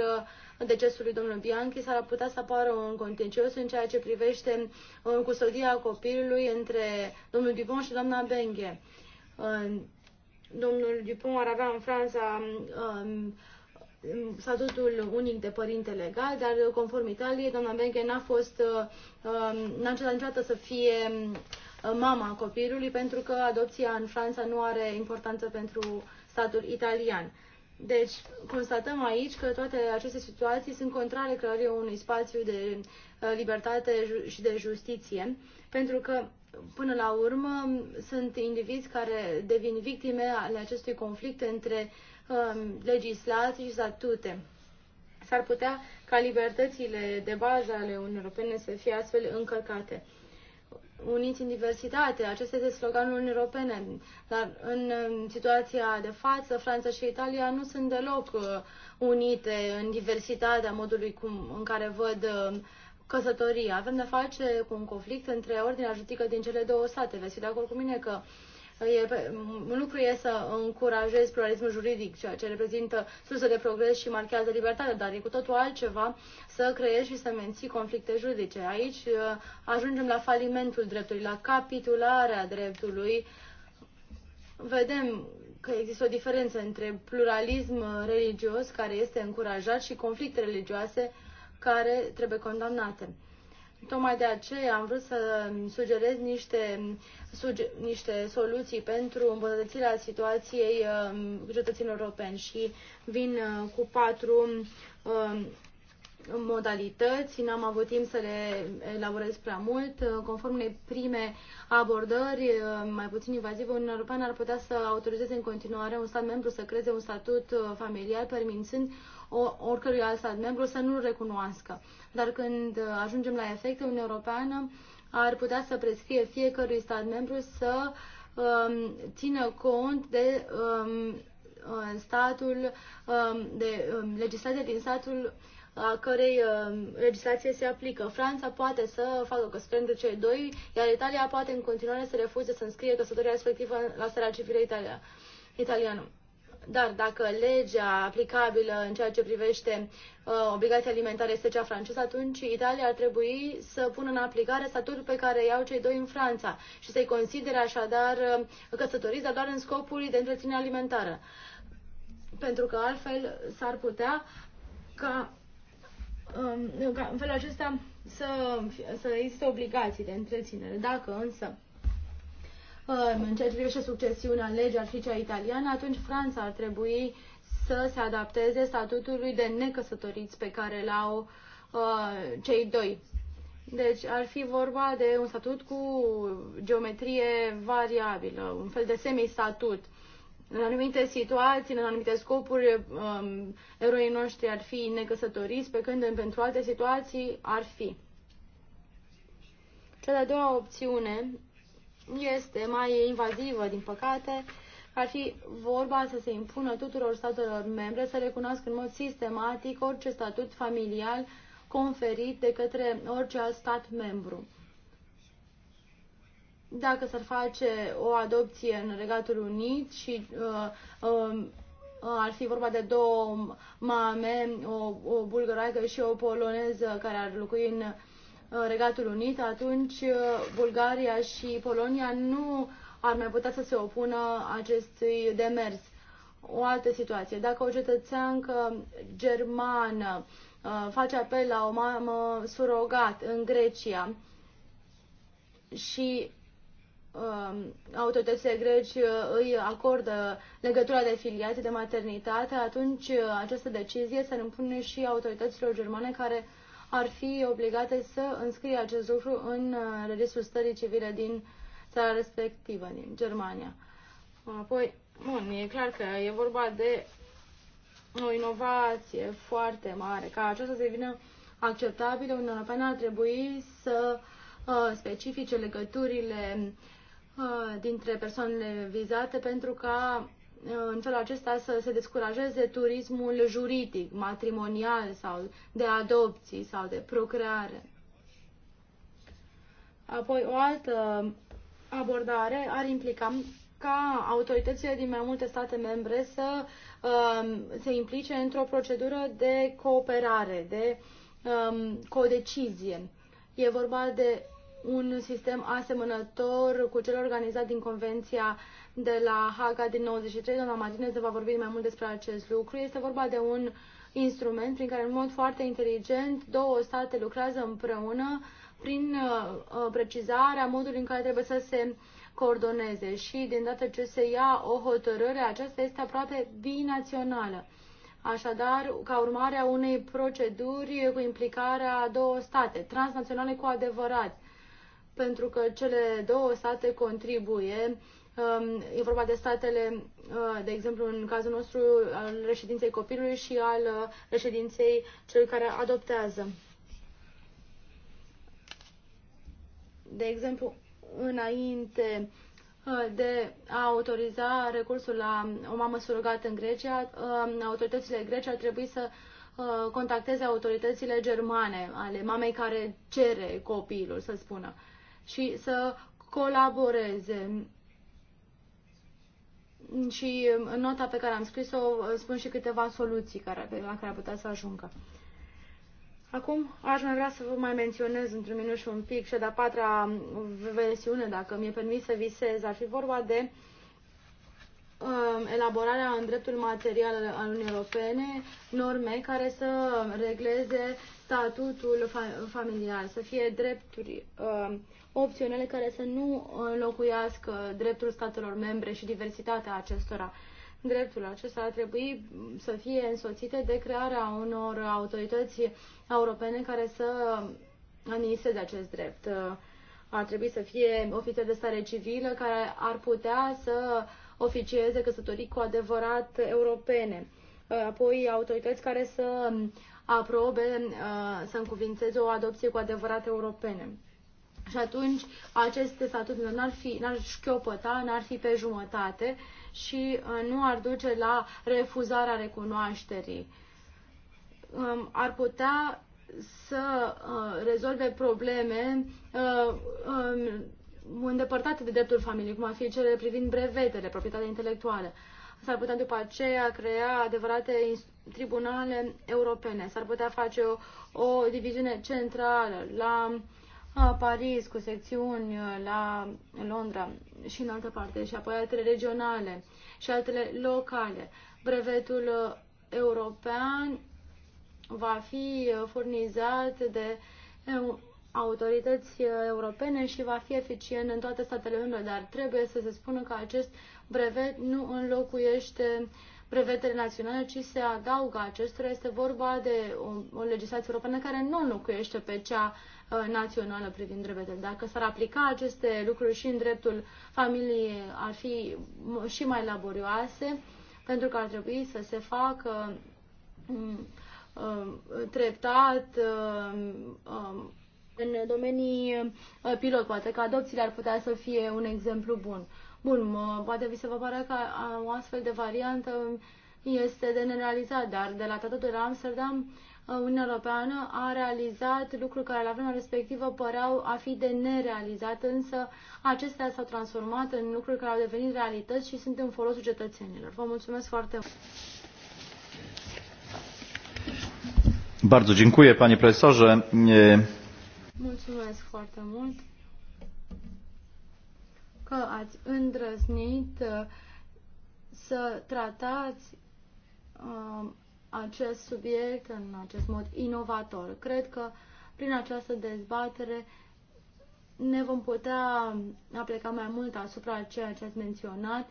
Speaker 3: uh, decesului domnului Bianchi s-ar putea să apară un contencios în ceea ce privește uh, custodia copilului între domnul Dupont și doamna Benghe. Domnul Dupont ar avea în Franța um, statutul unic de părinte legal, dar conform Italiei, doamna Benche n-a fost, um, n-a încercat niciodată să fie uh, mama copilului, pentru că adopția în Franța nu are importanță pentru statul italian. Deci, constatăm aici că toate aceste situații sunt contrare clarie unui spațiu de uh, libertate și de justiție, pentru că, până la urmă, sunt indivizi care devin victime ale acestui conflict între uh, Um, legislații și statute. S-ar putea ca libertățile de bază ale Uniunii Europene să fie astfel încălcate. Uniți în diversitate, acesta este sloganul Uniunii Europene, dar în situația de față, Franța și Italia nu sunt deloc uh, unite în diversitatea modului cum, în care văd um, căsătoria. Avem de face cu un conflict între ordinea juridică din cele două state. Veți fi de acord cu mine că E, un lucru e să încurajezi pluralismul juridic, ceea ce reprezintă sursă de progres și marchează libertatea, dar e cu totul altceva să creezi și să menții conflicte juridice. Aici ajungem la falimentul dreptului, la capitularea dreptului. Vedem că există o diferență între pluralism religios, care este încurajat, și conflicte religioase, care trebuie condamnate. Tocmai de aceea am vrut să sugerez niște, suge, niște soluții pentru îmbunătățirea situației um, cetățenilor europeni și vin uh, cu patru um, modalități, n-am avut timp să le elaborez prea mult. Uh, conform unei prime abordări, uh, mai puțin invazivă, Uniunea Europeană ar putea să autorizeze în continuare un stat membru să creeze un statut familial, permițând oricărui alt stat membru să nu-l recunoască. Dar când ajungem la efecte, Uniunea Europeană ar putea să prescrie fiecărui stat membru să um, țină cont de um, uh, statul, um, de um, legislația din statul a cărei uh, legislație se aplică. Franța poate să facă căsătorie între cei doi, iar Italia poate în continuare să refuze să înscrie căsătoria respectivă la starea civilă italiană. Dar dacă legea aplicabilă în ceea ce privește uh, obligația alimentară este cea franceză, atunci Italia ar trebui să pună în aplicare statutul pe care iau cei doi în Franța și să-i considere așadar uh, căsătoriți, dar doar în scopul de întreținere alimentară. Pentru că altfel s-ar putea ca, um, ca în felul acesta să, să existe obligații de întreținere. Dacă însă în ceea ce privește succesiunea, legii ar fi cea italiană, atunci Franța ar trebui să se adapteze statutului de necăsătoriți pe care l-au uh, cei doi. Deci ar fi vorba de un statut cu geometrie variabilă, un fel de semi-statut. În anumite situații, în anumite scopuri, um, eroii noștri ar fi necăsătoriți, pe când pentru alte situații ar fi. Cea de-a doua opțiune este mai invazivă, din păcate, ar fi vorba să se impună tuturor statelor membre să recunoască în mod sistematic orice statut familial conferit de către orice alt stat membru. Dacă s-ar face o adopție în Regatul Unit și uh, uh, ar fi vorba de două mame, o, o bulgăroaică și o poloneză care ar locui în uh, Uh, Regatul Unit, atunci uh, Bulgaria și Polonia nu ar mai putea să se opună acestui demers. O altă situație, dacă o cetățeancă germană uh, face apel la o mamă surogat în Grecia și um, autoritățile greci îi acordă legătura de filiație, de maternitate, atunci această decizie se impune și autorităților germane care ar fi obligate să înscrie acest lucru în uh, registrul stării civile din țara respectivă, din Germania. Apoi, bun, e clar că e vorba de o inovație foarte mare. Ca aceasta să devină acceptabilă, Uniunea Europeană ar trebui să uh, specifice legăturile uh, dintre persoanele vizate pentru ca în felul acesta să se descurajeze turismul juridic, matrimonial sau de adopții sau de procreare. Apoi o altă
Speaker 1: abordare
Speaker 3: ar implica ca autoritățile din mai multe state membre să um, se implice într-o procedură de cooperare, de um, codecizie. E vorba de un sistem asemănător cu cel organizat din Convenția uh, de la Haga din 93. Doamna Martinez va vorbi mai mult despre acest lucru. Este vorba de un instrument prin care, în mod foarte inteligent, două state lucrează împreună prin uh, uh, precizarea modului în care trebuie să se coordoneze și, din dată ce se ia o hotărâre, aceasta este aproape binațională. Așadar, ca urmare a unei proceduri cu implicarea a două state, transnaționale cu adevărat, pentru că cele două state contribuie Um, e vorba de statele, uh, de exemplu, în cazul nostru, al reședinței copilului și al uh, reședinței celui care adoptează. De exemplu, înainte uh, de a autoriza recursul la o mamă surogată în Grecia, um, autoritățile grece ar trebui să contacteze autoritățile germane ale mamei care cere copilul, să spună, și să colaboreze și în nota pe care am scris-o spun și câteva soluții care, la care putea să ajungă. Acum aș mai vrea să vă mai menționez într-un minut și un pic și de-a patra versiune, dacă mi-e permis să visez, ar fi vorba de uh, elaborarea în dreptul material al Uniunii Europene norme care să regleze statutul fa- familial, să fie drepturi uh, opțiunile care să nu înlocuiască dreptul statelor membre și diversitatea acestora. Dreptul acesta ar trebui să fie însoțite de crearea unor autorități europene care să administreze acest drept. Ar trebui să fie ofițeri de stare civilă care ar putea să oficieze căsătorii cu adevărat europene. Apoi autorități care să aprobe, să încuvințeze o adopție cu adevărat europene. Și atunci acest statut n-ar fi, n-ar șchiopăta, n-ar fi pe jumătate și uh, nu ar duce la refuzarea recunoașterii. Um, ar putea să uh, rezolve probleme uh, um, îndepărtate de dreptul familiei, cum ar fi cele privind brevetele, proprietatea intelectuală. S-ar putea după aceea crea adevărate tribunale europene, s-ar putea face o, o diviziune centrală la uh, Paris, cu secțiuni uh, la Londra și în altă parte, și apoi altele regionale și altele locale. Brevetul uh, european va fi uh, furnizat de autorități europene și va fi eficient în toate statele membre, dar trebuie să se spună că acest brevet nu înlocuiește uh, prevederi naționale ci se adaugă acestora. Este vorba de o, o legislație europeană care nu înlocuiește pe cea uh, națională privind dreptele. Dacă s-ar aplica aceste lucruri și în dreptul familiei, ar fi și mai laborioase, pentru că ar trebui să se facă uh, treptat uh, um, în domenii pilot. Poate că adopțiile ar putea să fie un exemplu bun. Bun, mă, poate vi se va părea că o astfel de variantă este de nerealizat, dar de la tratatul de la Amsterdam, Uniunea Europeană a realizat lucruri care la vremea respectivă păreau a fi de nerealizat, însă acestea s-au transformat în lucruri care au devenit realități și sunt în folosul cetățenilor. Vă mulțumesc foarte mult!
Speaker 1: Bardzo dziękuję, panie profesorze.
Speaker 3: Mulțumesc foarte mult că ați îndrăznit uh, să tratați uh, acest subiect în acest mod inovator. Cred că prin această dezbatere ne vom putea apleca mai mult asupra ceea ce ați menționat.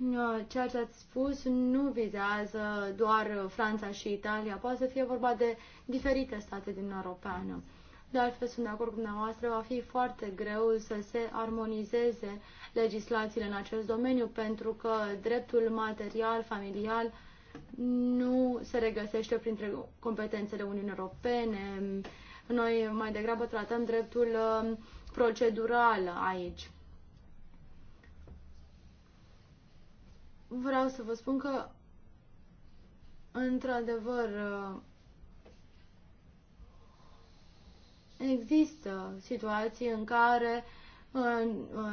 Speaker 3: Uh, ceea ce ați spus nu vizează doar Franța și Italia, poate să fie vorba de diferite state din Europeană. De altfel, sunt de acord cu dumneavoastră, va fi foarte greu să se armonizeze legislațiile în acest domeniu, pentru că dreptul material, familial, nu se regăsește printre competențele Uniunii Europene. Noi mai degrabă tratăm dreptul um, procedural aici. Vreau să vă spun că, într-adevăr, uh, există situații în care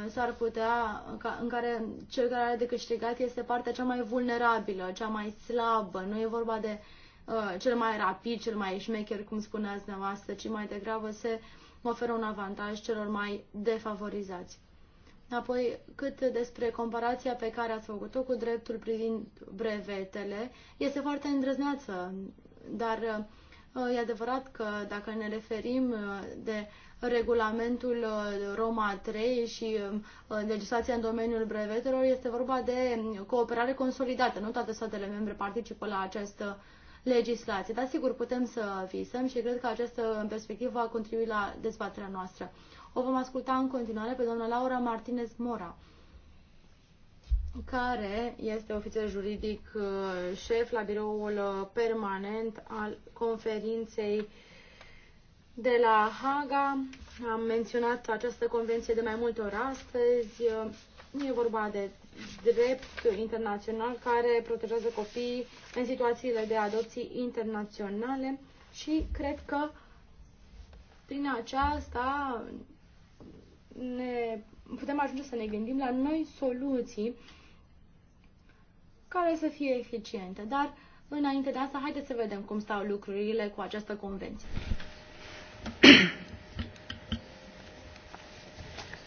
Speaker 3: s-ar putea, în care cel care are de câștigat este partea cea mai vulnerabilă, cea mai slabă. Nu e vorba de uh, cel mai rapid, cel mai șmecher, cum spuneați dumneavoastră, ci mai degrabă se oferă un avantaj celor mai defavorizați. Apoi, cât despre comparația pe care ați făcut-o cu dreptul privind brevetele, este foarte îndrăzneață, dar uh, Uh, e adevărat că dacă ne referim uh, de regulamentul uh, Roma 3 și um, legislația în domeniul brevetelor, este vorba de um, cooperare consolidată. Nu toate statele membre participă la această legislație. Dar sigur, putem să visăm și cred că această um, perspectivă va contribui la dezbaterea noastră. O vom asculta în continuare pe doamna Laura Martinez Mora care este ofițer juridic uh, șef la biroul uh, permanent al conferinței de la Haga. Am menționat această convenție de mai multe ori astăzi. Uh, e vorba de drept internațional care protejează copiii în situațiile de adopții internaționale și cred că prin aceasta ne putem ajunge să ne gândim la noi soluții care să fie eficiente. Dar, înainte de asta, haideți să vedem cum stau lucrurile cu această convenție. <clears throat>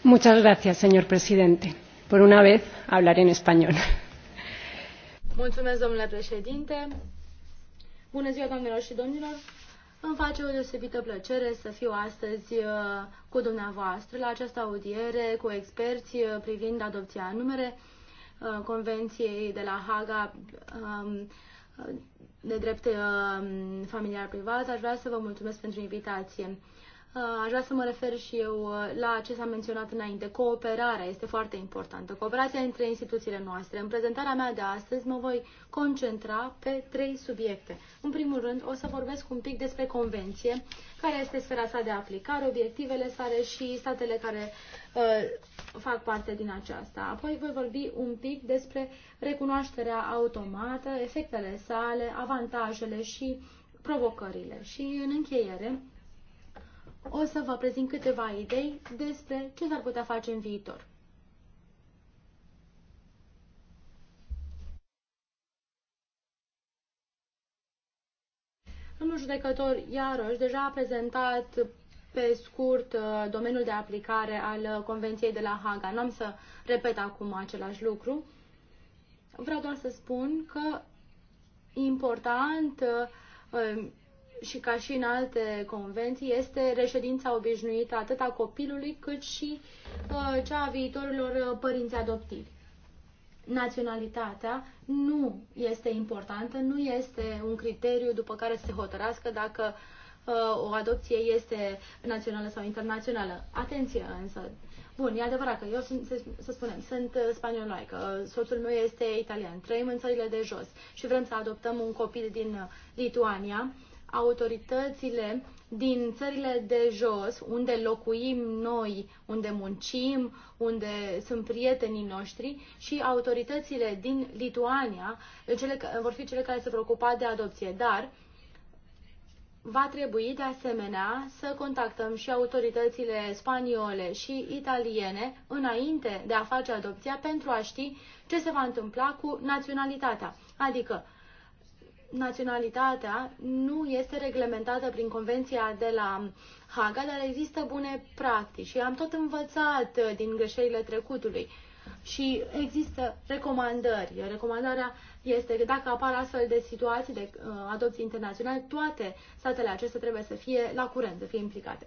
Speaker 1: Muchas gracias, señor presidente. Por una vez hablaré en español.
Speaker 3: Mulțumesc, domnule președinte. Bună ziua, doamnelor și domnilor. Îmi face o deosebită plăcere să fiu astăzi uh, cu dumneavoastră la această audiere cu experți uh, privind adopția numere Uh, convenției de la Haga um, uh, de drept uh, familiar privat. Aș vrea să vă mulțumesc pentru invitație. Uh, aș vrea să mă refer și eu uh, la ce s-a menționat înainte. Cooperarea este foarte importantă. Cooperația între instituțiile noastre. În prezentarea mea de astăzi mă voi concentra pe trei subiecte. În primul rând, o să vorbesc un pic despre convenție, care este sfera sa de aplicare, obiectivele sale și statele care uh, fac parte din aceasta. Apoi voi vorbi un pic despre recunoașterea automată, efectele sale, avantajele și provocările. Și în încheiere, o să vă prezint câteva idei despre ce s-ar putea face în viitor. Domnul judecător, iarăși, deja a prezentat pe scurt uh, domeniul de aplicare al uh, Convenției de la Haga. Nu am să repet acum același lucru. Vreau doar să spun că important uh, și ca și în alte convenții, este reședința obișnuită atât a copilului cât și uh, cea a viitorilor uh, părinți adoptivi. Naționalitatea nu este importantă, nu este un criteriu după care să se hotărască dacă uh, o adopție este națională sau internațională. Atenție însă! Bun, e adevărat că eu sunt, să spunem, sunt uh, spanioloică, uh, soțul meu este italian, trăim în țările de jos și vrem să adoptăm un copil din Lituania autoritățile din țările de jos, unde locuim noi, unde muncim, unde sunt prietenii noștri și autoritățile din Lituania cele, vor fi cele care se vor ocupa de adopție. Dar va trebui de asemenea să contactăm și autoritățile spaniole și italiene înainte de a face adopția pentru a ști ce se va întâmpla cu naționalitatea. Adică naționalitatea nu este reglementată prin Convenția de la Haga, dar există bune practici și am tot învățat uh, din greșelile trecutului. Și există recomandări. Recomandarea este că dacă apar astfel de situații de uh, adopții internaționale, toate statele acestea trebuie să fie la curent, să fie implicate.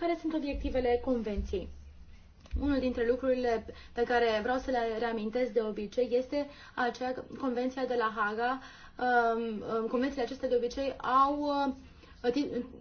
Speaker 3: Care sunt obiectivele convenției? Unul dintre lucrurile pe care vreau să le reamintesc de obicei este acea convenția de la Haga Um, um, convențiile acestea de obicei au uh,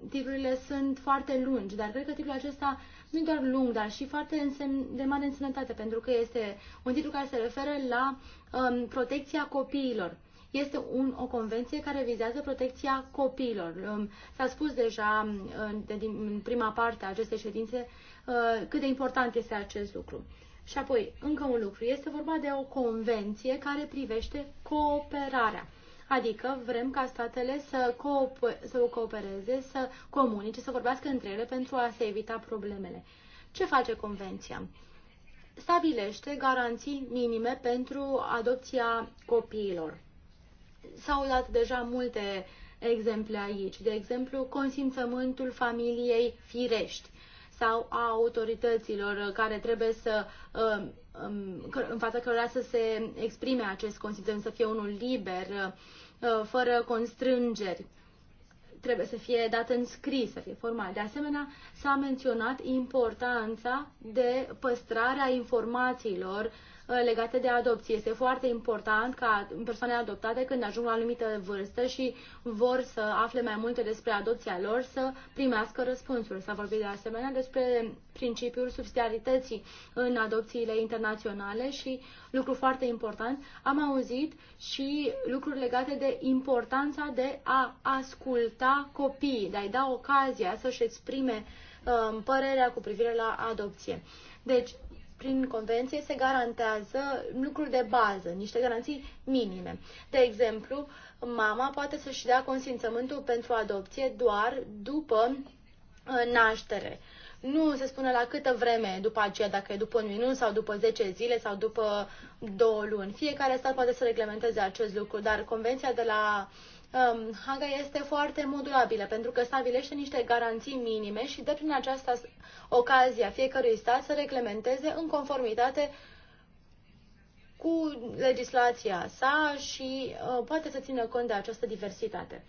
Speaker 3: titlurile sunt foarte lungi, dar cred că titlul acesta nu doar lung, dar și foarte de mare însemnătate, pentru că este un titlu care se referă la um, protecția copiilor. Este un, o convenție care vizează protecția copiilor. Um, s-a spus deja um, de, din prima parte a acestei ședințe uh, cât de important este acest lucru. Și apoi, încă un lucru, este vorba de o convenție care privește cooperarea. Adică vrem ca statele să, coop- să coopereze, să comunice, să vorbească între ele pentru a se evita problemele. Ce face convenția? Stabilește garanții minime pentru adopția copiilor. S-au dat deja multe exemple aici, de exemplu consimțământul familiei firești sau a autorităților care trebuie să um, um, în fața cărora să se exprime acest consimțământ, să fie unul liber, Uh, fără constrângeri. Trebuie să fie dat în scris, să fie formal. De asemenea, s-a menționat importanța de păstrarea informațiilor uh, Uh, legate de adopție. Este foarte important ca persoane adoptate când ajung la anumită vârstă și vor să afle mai multe despre adopția lor să primească răspunsuri. S-a vorbit de asemenea despre principiul subsidiarității în adopțiile internaționale și, lucru foarte important, am auzit și lucruri legate de importanța de a asculta copiii, de a-i da ocazia să-și exprime uh, părerea cu privire la adopție. Deci, prin convenție se garantează lucruri de bază, niște garanții minime. De exemplu, mama poate să-și dea consimțământul pentru adopție doar după uh, naștere. Nu se spune la câtă vreme după aceea, dacă e după un minut sau după 10 zile sau după două luni. Fiecare stat poate să reglementeze acest lucru, dar convenția de la uh, um, Haga este foarte modulabilă pentru că stabilește niște garanții minime și dă prin această ocazia fiecărui stat să reglementeze în conformitate cu legislația sa și uh, poate să țină cont de această diversitate.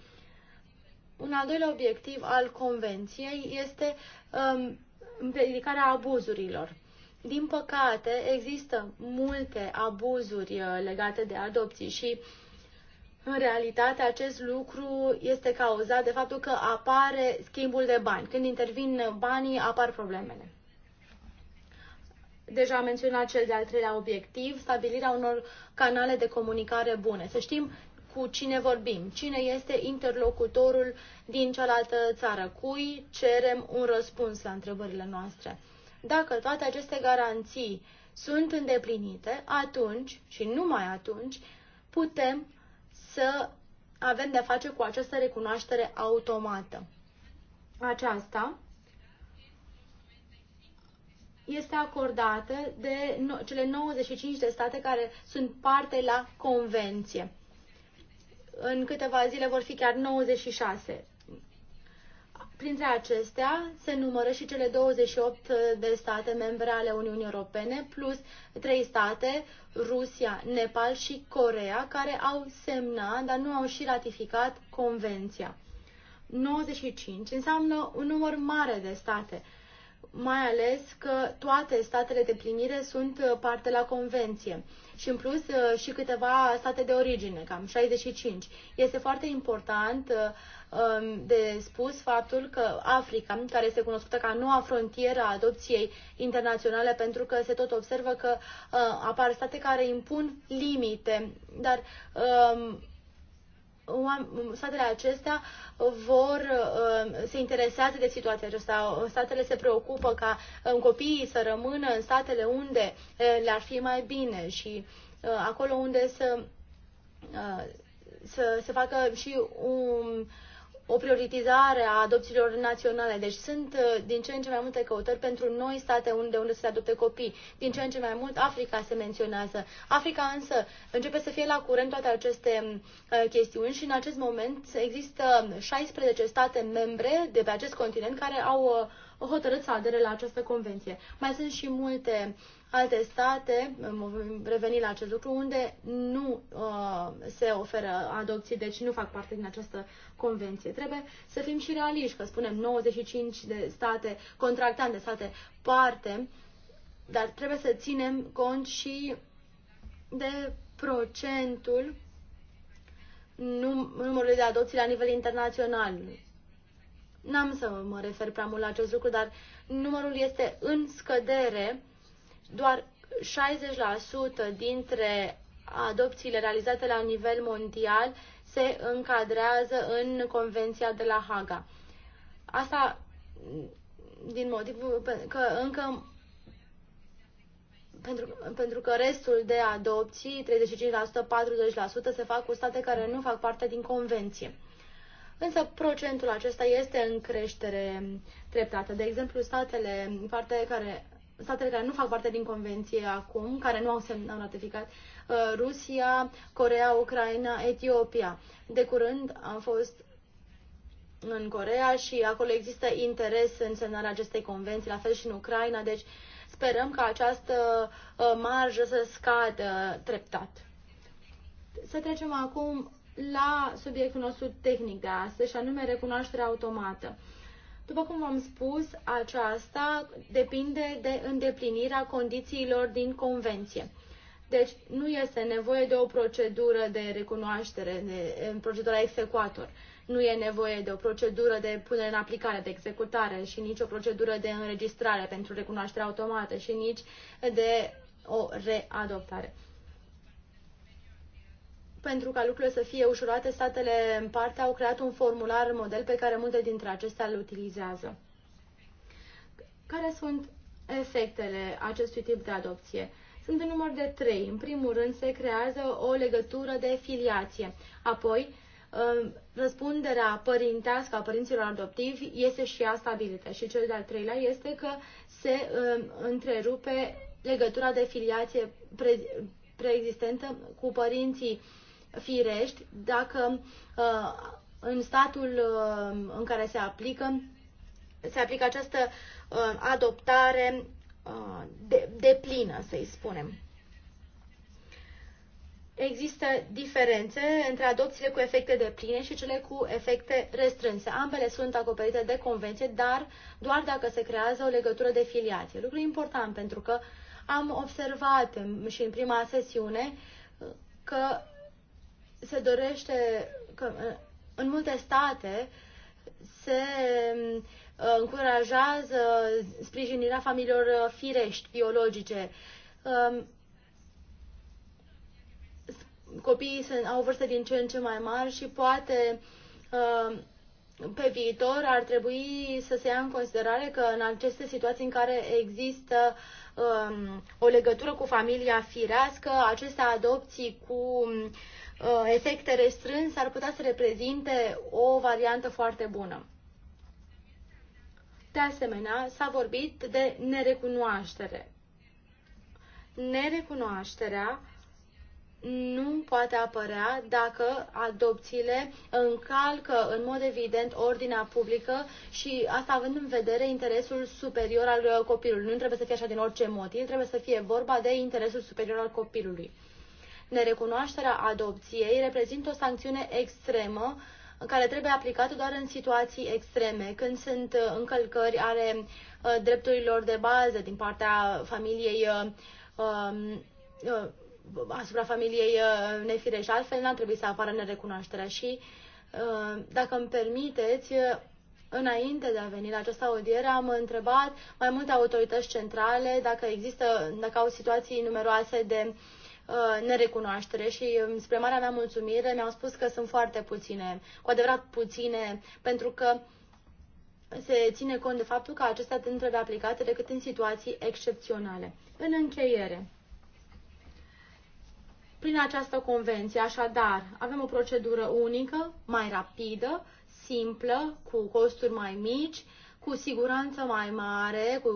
Speaker 3: Un al doilea obiectiv al convenției este um, împiedicarea abuzurilor. Din păcate, există multe abuzuri uh, legate de adopții și uh, în realitate acest lucru este cauzat de faptul că apare schimbul de bani. Când intervin banii, apar problemele. Deja am menționat cel de-al treilea obiectiv, stabilirea unor canale de comunicare bune. Să știm cu cine vorbim, cine este interlocutorul din cealaltă țară, cui cerem un răspuns la întrebările noastre. Dacă toate aceste garanții sunt îndeplinite, atunci și numai atunci putem să avem de-a face cu această recunoaștere automată. Aceasta este acordată de cele 95 de state care sunt parte la convenție. În câteva zile vor fi chiar 96. Printre acestea se numără și cele 28 de state membre ale Uniunii Europene, plus trei state, Rusia, Nepal și Corea, care au semnat, dar nu au și ratificat convenția. 95 înseamnă un număr mare de state, mai ales că toate statele de primire sunt parte la convenție și în plus uh, și câteva state de origine, cam 65. Este foarte important uh, um, de spus faptul că Africa, care este cunoscută ca noua frontieră a adopției internaționale, pentru că se tot observă că uh, apar state care impun limite, dar um, statele acestea vor, uh, se interesează de situația aceasta. Statele se preocupă ca uh, copiii să rămână în statele unde uh, le-ar fi mai bine și acolo unde să, să se facă și un o prioritizare a adopțiilor naționale. Deci sunt uh, din ce în ce mai multe căutări pentru noi state unde, unde se adopte copii. Din ce în ce mai mult Africa se menționează. Africa însă începe să fie la curent toate aceste mm, uh, chestiuni și în acest moment există 16 state membre de pe acest continent care au uh, hotărât să adere la această convenție. Mai sunt și multe uh, alte state, reveni la acest lucru, unde nu uh, se oferă adopții, deci nu fac parte din această convenție. Trebuie să fim și realiști, că spunem 95 de state, contractante de state parte, dar trebuie să ținem cont și de procentul num numărului de adopții la nivel internațional. N-am să mă refer prea mult la acest lucru, dar numărul este în scădere doar 60% dintre adopțiile realizate la nivel mondial se încadrează în Convenția de la Haga. Asta din motivul că încă pentru, pentru că restul de adopții, 35%, 40%, se fac cu state care nu fac parte din convenție. Însă procentul acesta este în creștere treptată. De exemplu, statele parte care statele care nu fac parte din convenție acum, care nu au semnat, ratificat, uh, Rusia, Corea, Ucraina, Etiopia. De curând am fost în Corea și acolo există interes în semnarea acestei convenții, la fel și în Ucraina, deci sperăm ca această uh, marjă să scadă treptat. Să trecem acum la subiectul nostru tehnic de astăzi, și anume recunoașterea automată. După cum am spus, aceasta depinde de îndeplinirea condițiilor din convenție. Deci nu este nevoie de o procedură de recunoaștere, de procedura execuator. Nu e nevoie de o procedură de punere în aplicare, de executare și nici o procedură de înregistrare pentru recunoaștere automată și nici de o readoptare pentru ca lucrurile să fie ușurate, statele în parte au creat un formular model pe care multe dintre acestea îl utilizează. Care sunt efectele acestui tip de adopție? Sunt în număr de trei. În primul rând, se creează o legătură de filiație. Apoi, um, răspunderea părintească a părinților adoptivi este și ea stabilită. Și cel de-al treilea este că se um, întrerupe legătura de filiație pre preexistentă cu părinții firești dacă uh, în statul uh, în care se aplică se aplică această uh, adoptare de, de plină, să-i spunem. Există diferențe între adopțiile cu efecte de pline și cele cu efecte restrânse. Ambele sunt acoperite de convenție, dar doar dacă se creează o legătură de filiație. Lucru important pentru că am observat um, și în prima sesiune că se dorește că în multe state se uh, încurajează sprijinirea familiilor uh, firești, biologice. Um, copiii sunt, au vârste din ce în ce mai mari și poate um, pe viitor ar trebui să se ia în considerare că în aceste situații în care există um, o legătură cu familia firească, aceste adopții cu uh, Uh, efecte restrâns ar putea să reprezinte o variantă foarte bună. De asemenea, s-a vorbit de nerecunoaștere. Nerecunoașterea nu poate apărea dacă adopțiile încalcă în mod evident ordinea publică și asta având în vedere interesul superior al copilului. Nu trebuie să fie așa din orice motiv, trebuie să fie vorba de interesul superior al copilului. Nerecunoașterea adopției reprezintă o sancțiune extremă care trebuie aplicată doar în situații extreme, când sunt uh, încălcări ale uh, drepturilor de bază din partea familiei uh, um, asupra familiei nefirești. Altfel n-ar trebui să apară nerecunoașterea și dacă îmi permiteți, Înainte de a veni la această audiere, am întrebat mai multe autorități centrale dacă există, dacă au situații numeroase de uh, Uh, nerecunoaștere și um, spre marea mea mulțumire mi-au spus că sunt foarte puține, cu adevărat puține, pentru că se ține cont de faptul că acestea nu trebuie aplicate decât în situații excepționale. În încheiere, prin această convenție, așadar, avem o procedură unică, mai rapidă, simplă, cu costuri mai mici, cu siguranță mai mare, cu,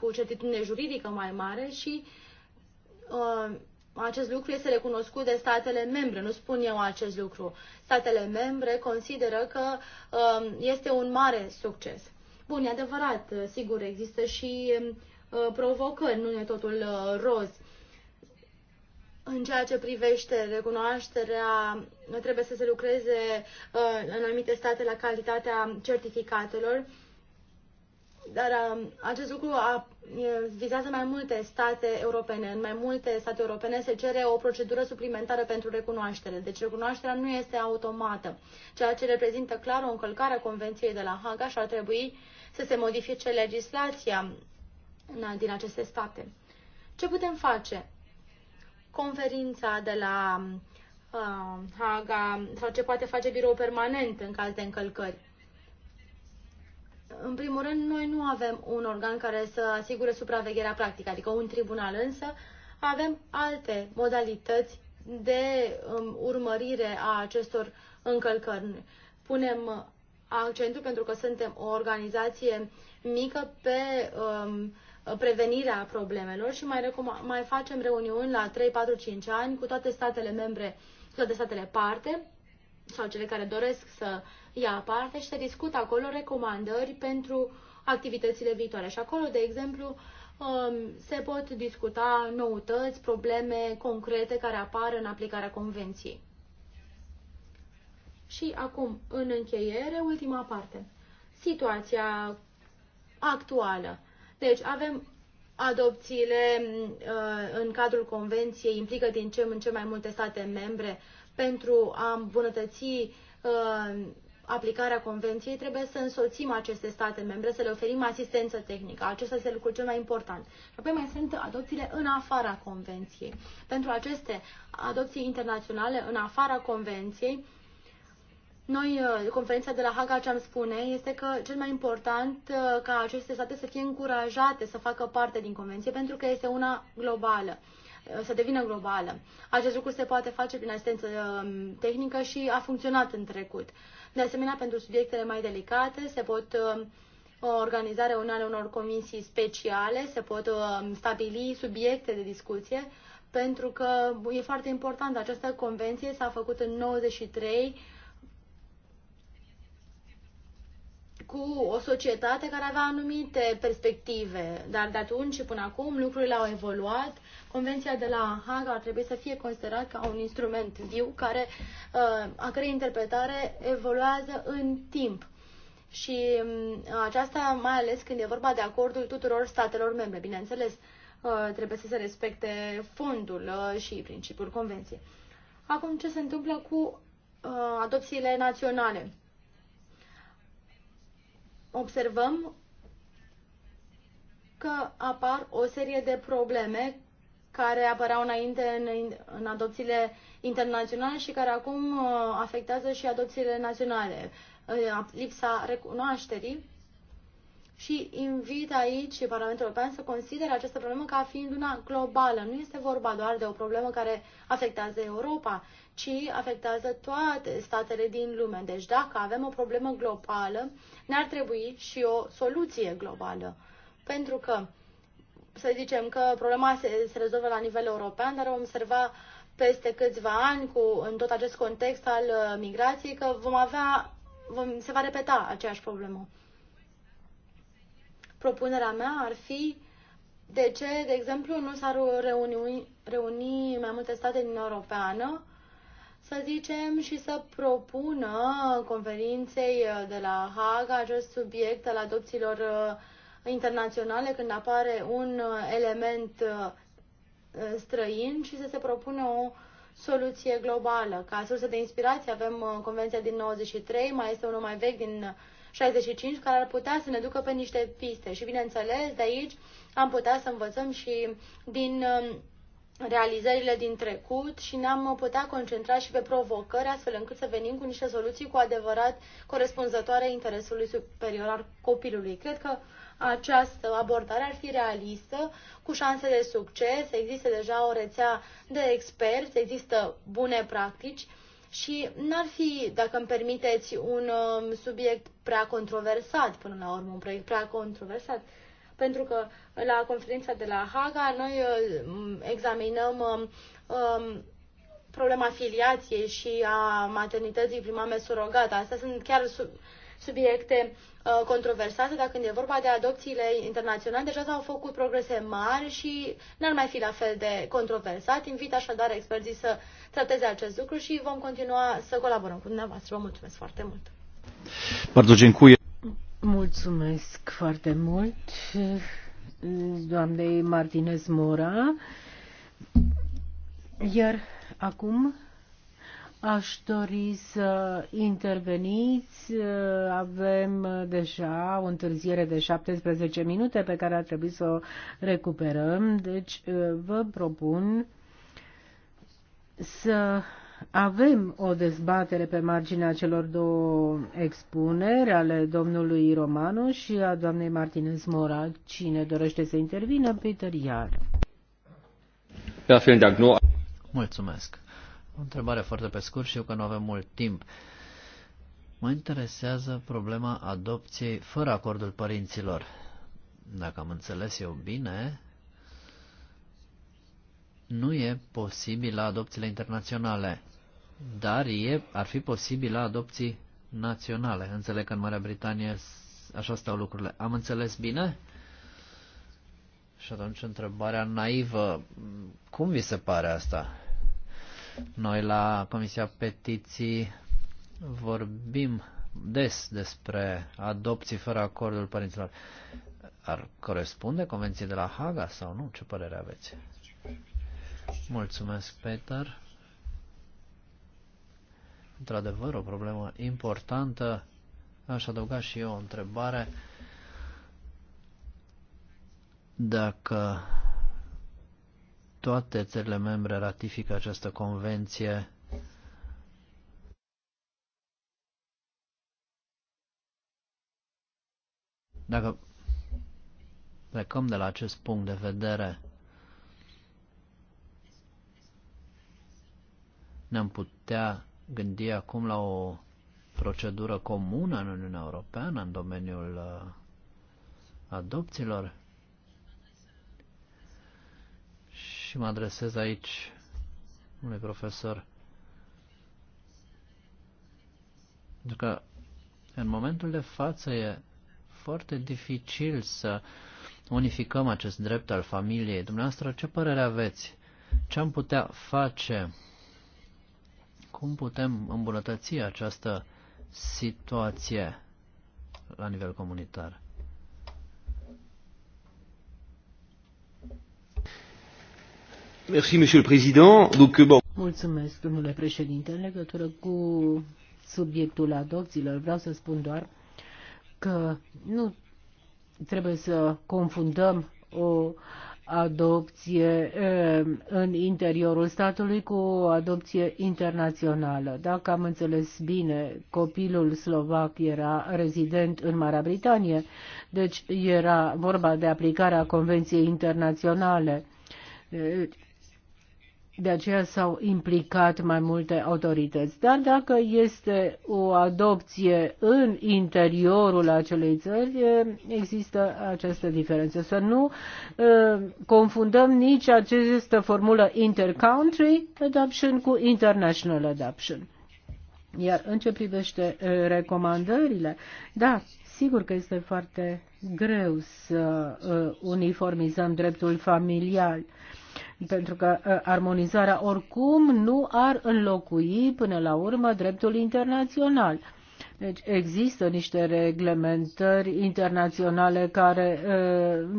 Speaker 3: cu certitudine juridică mai mare și uh, acest lucru este recunoscut de statele membre, nu spun eu acest lucru. Statele membre consideră că um, este un mare succes. Bun, e adevărat, sigur, există și um, uh, provocări, nu e totul uh, roz. În ceea ce privește recunoașterea, trebuie să se lucreze uh, în anumite state la calitatea certificatelor dar um, acest lucru a, vizează mai multe state europene. În mai multe state europene se cere o procedură suplimentară pentru recunoaștere. Deci recunoașterea nu este automată, ceea ce reprezintă clar o încălcare a Convenției de la Haga și ar trebui să se modifice legislația din aceste state. Ce putem face? Conferința de la uh, Haga sau ce poate face birou permanent în caz de încălcări în primul rând, noi nu avem un organ care să asigure supravegherea practică, adică un tribunal, însă avem alte modalități de um, urmărire a acestor încălcări. Punem accentul, pentru că suntem o organizație mică, pe um, prevenirea problemelor și mai, mai facem reuniuni la 3, 4, 5 ani cu toate statele membre, toate statele parte sau cele care doresc să ia aparte și se discută acolo recomandări pentru activitățile viitoare. Și acolo, de exemplu, um, se pot discuta noutăți, probleme concrete care apar în aplicarea convenției. Și acum, în încheiere, ultima parte. Situația actuală. Deci, avem adopțiile uh, în cadrul convenției implică din ce în ce mai multe state membre pentru a îmbunătăți uh, aplicarea convenției, trebuie să însoțim aceste state membre, să le oferim asistență tehnică. Acesta este lucrul cel mai important. Și apoi mai sunt adopțiile în afara convenției. Pentru aceste adopții internaționale în afara convenției, noi, uh, conferința de la Haga ce am spune este că cel mai important uh, ca aceste state să fie încurajate să facă parte din convenție pentru că este una globală uh, să devină globală. Acest lucru se poate face prin asistență tehnică și a funcționat în trecut. De asemenea, pentru subiectele mai delicate se pot uh, organiza reuniunile unor comisii speciale, se pot uh, stabili subiecte de discuție, pentru că e foarte important. Această convenție s-a făcut în 93 cu o societate care avea anumite perspective, dar de atunci și până acum lucrurile au evoluat. Convenția de la Haga ar trebui să fie considerat ca un instrument viu care, uh, a cărei interpretare evoluează în timp. Și um, aceasta mai ales când e vorba de acordul tuturor statelor membre. Bineînțeles, uh, trebuie să se respecte fondul uh, și principiul convenției. Acum, ce se întâmplă cu adopțiile naționale? observăm că apar o serie de probleme care apăreau înainte în, în adopțiile internaționale și care acum uh, afectează și adopțiile naționale. Uh, lipsa recunoașterii și invit aici Parlamentul European să considere această problemă ca fiind una globală. Nu este vorba doar de o problemă care afectează Europa, ci afectează toate statele din lume. Deci dacă avem o problemă globală, ne-ar trebui și o soluție globală. Pentru că, să zicem că problema se, se rezolvă la nivel european, dar vom observa peste câțiva ani, cu, în tot acest context al uh, migrației, că vom avea, vom, se va repeta aceeași problemă propunerea mea ar fi de ce, de exemplu, nu s-ar reuni, reuni mai multe state din Europeană, să zicem, și să propună conferinței uh, de la Haga acest subiect al adopțiilor uh, internaționale când apare un uh, element străin și să se propună o soluție globală. Ca sursă de inspirație avem Convenția din 93, mai este unul mai vechi din 65 care ar putea să ne ducă pe niște piste. Și bineînțeles, de aici am putea să învățăm și din um, realizările din trecut și ne-am putea concentra și pe provocări, astfel încât să venim cu niște soluții cu adevărat corespunzătoare interesului superior al copilului. Cred că această abordare ar fi realistă, cu șanse de succes, există deja o rețea de experți, există bune practici și n-ar fi, dacă îmi permiteți, un um, subiect prea controversat, până la urmă, un proiect prea controversat, pentru că la conferința de la Haga noi uh, examinăm um, um, problema filiației și a maternității prima surogată. Astea sunt chiar sub, subiecte uh, controversate, dar când e vorba de adopțiile internaționale, deja s-au făcut progrese mari și n-ar mai fi la fel de controversat. Invit așadar experții să trateze acest lucru și vom continua să colaborăm cu dumneavoastră. Vă mulțumesc
Speaker 1: foarte mult! Bardzo Mulțumesc foarte mult doamnei Martinez Mora. Iar acum aș dori să interveniți. Avem deja o întârziere de 17 minute pe care ar trebui să o recuperăm, deci vă propun să avem o dezbatere pe marginea celor două expuneri ale domnului Romanu și a doamnei Martinez Mora. Cine dorește să intervină? Peter Iar.
Speaker 2: Mulțumesc. O întrebare foarte pe scurt, și eu că nu avem mult timp. Mă interesează problema adopției fără acordul părinților. Dacă am înțeles eu bine, nu e posibil la adopțiile internaționale, dar e, ar fi posibil la adopții naționale. Înțeleg că în Marea Britanie așa stau lucrurile. Am înțeles bine? Și atunci întrebarea naivă, cum vi se pare asta? Noi la Comisia Petiții vorbim des despre adopții fără acordul părinților. Ar corespunde convenției de la Haga sau nu? Ce părere aveți? Mulțumesc, Peter. Într-adevăr, o problemă importantă. Aș adăuga și eu o întrebare. Dacă toate țările membre ratifică această convenție, dacă plecăm de la acest punct de vedere, Ne-am putea gândi acum la o procedură comună în Uniunea Europeană în domeniul uh, adopțiilor? Și mă adresez aici unui profesor pentru că în momentul de față e foarte dificil să unificăm acest drept al familiei. Dumneavoastră, ce părere aveți? Ce am putea face cum putem îmbunătăți această situație la nivel comunitar?
Speaker 1: Merci, Monsieur le Président. Donc, euh, bon. Mulțumesc, domnule președinte. În legătură cu subiectul adopțiilor, vreau să spun doar că nu trebuie să confundăm o uh, adopție eh, în interiorul statului cu o adopție internațională. Dacă am înțeles bine, copilul slovac era rezident în Marea Britanie, deci era vorba de aplicarea Convenției Internaționale. Eh, de aceea s-au implicat mai multe autorități. Dar dacă este o adopție în interiorul acelei țări, există această diferență. Să nu uh, confundăm nici această formulă intercountry adoption cu international adoption. Iar în ce privește uh, recomandările, da, sigur că este foarte greu să uh, uniformizăm dreptul familial. Uh, pentru că ă, armonizarea oricum nu ar înlocui până la urmă dreptul internațional. Deci există niște reglementări internaționale care ă,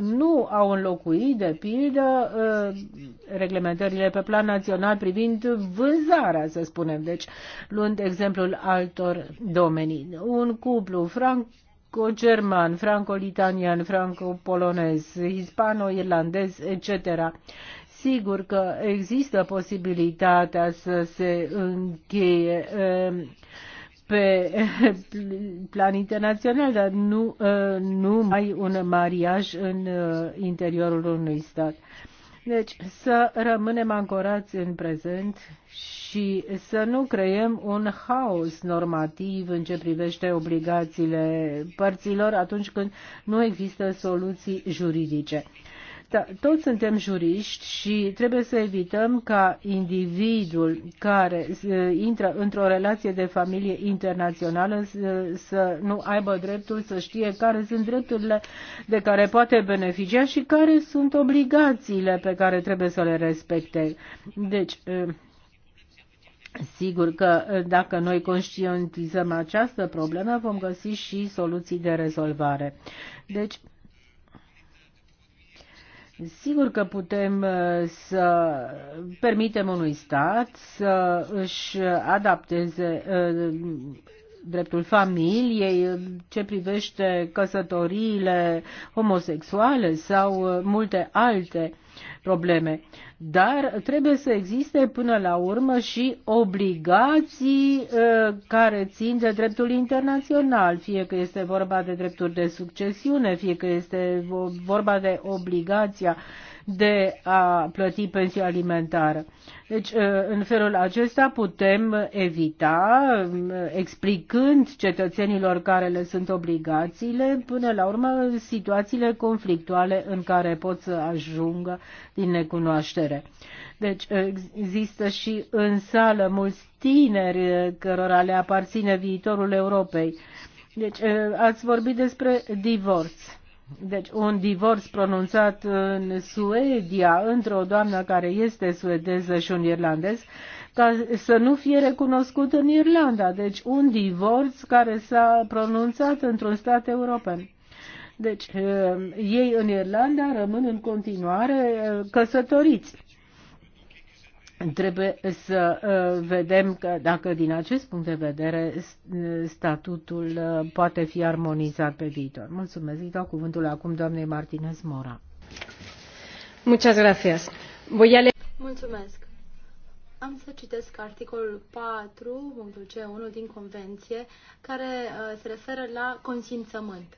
Speaker 1: nu au înlocuit, de pildă, ă, reglementările pe plan național privind vânzarea, să spunem. Deci, luând exemplul altor domenii. Un cuplu franc cu german franco-litanian, franco-polonez, hispano-irlandez, etc. Sigur că există posibilitatea să se încheie um, pe plan internațional, dar nu, uh, nu mai un mariaj în uh, interiorul unui stat. Deci să rămânem ancorați în prezent și și să nu creăm un haos normativ în ce privește obligațiile părților atunci când nu există soluții juridice. Da, toți suntem juriști și trebuie să evităm ca individul care intră într-o relație de familie internațională să nu aibă dreptul să știe care sunt drepturile de care poate beneficia și care sunt obligațiile pe care trebuie să le respecte. Deci, Sigur că ă, dacă noi conștientizăm această problemă, vom găsi și soluții de rezolvare. Deci, Sigur că putem ă, să permitem unui stat să își adapteze ă, dreptul familiei, ce privește căsătoriile homosexuale sau multe alte probleme. Dar trebuie să existe până la urmă și obligații ă, care țin de dreptul internațional, fie că este vorba de drepturi de succesiune, fie că este vorba de obligația de a plăti pensia alimentară. Deci, uh, în felul acesta putem evita, um, explicând cetățenilor care le sunt obligațiile, până la urmă situațiile conflictuale în care pot să ajungă din necunoaștere. Deci uh, există și în sală mulți tineri uh, cărora le aparține viitorul Europei. Deci ați vorbit despre divorț. Deci un divorț pronunțat în Suedia între o doamnă care este suedeză și un irlandez ca să nu fie recunoscut în Irlanda. Deci un divorț care s-a pronunțat într-un stat european. Deci eh, ei în Irlanda rămân în continuare eh, căsătoriți. Trebuie să uh, vedem că dacă din acest punct de vedere uh, statutul uh, poate fi armonizat pe viitor. Mulțumesc. Îi dau cuvântul acum doamnei Martinez Mora. Muchas gracias. Voy a le-
Speaker 3: Mulțumesc. Am să citesc articolul 4, punctul C1 din Convenție, care se referă la consimțământ.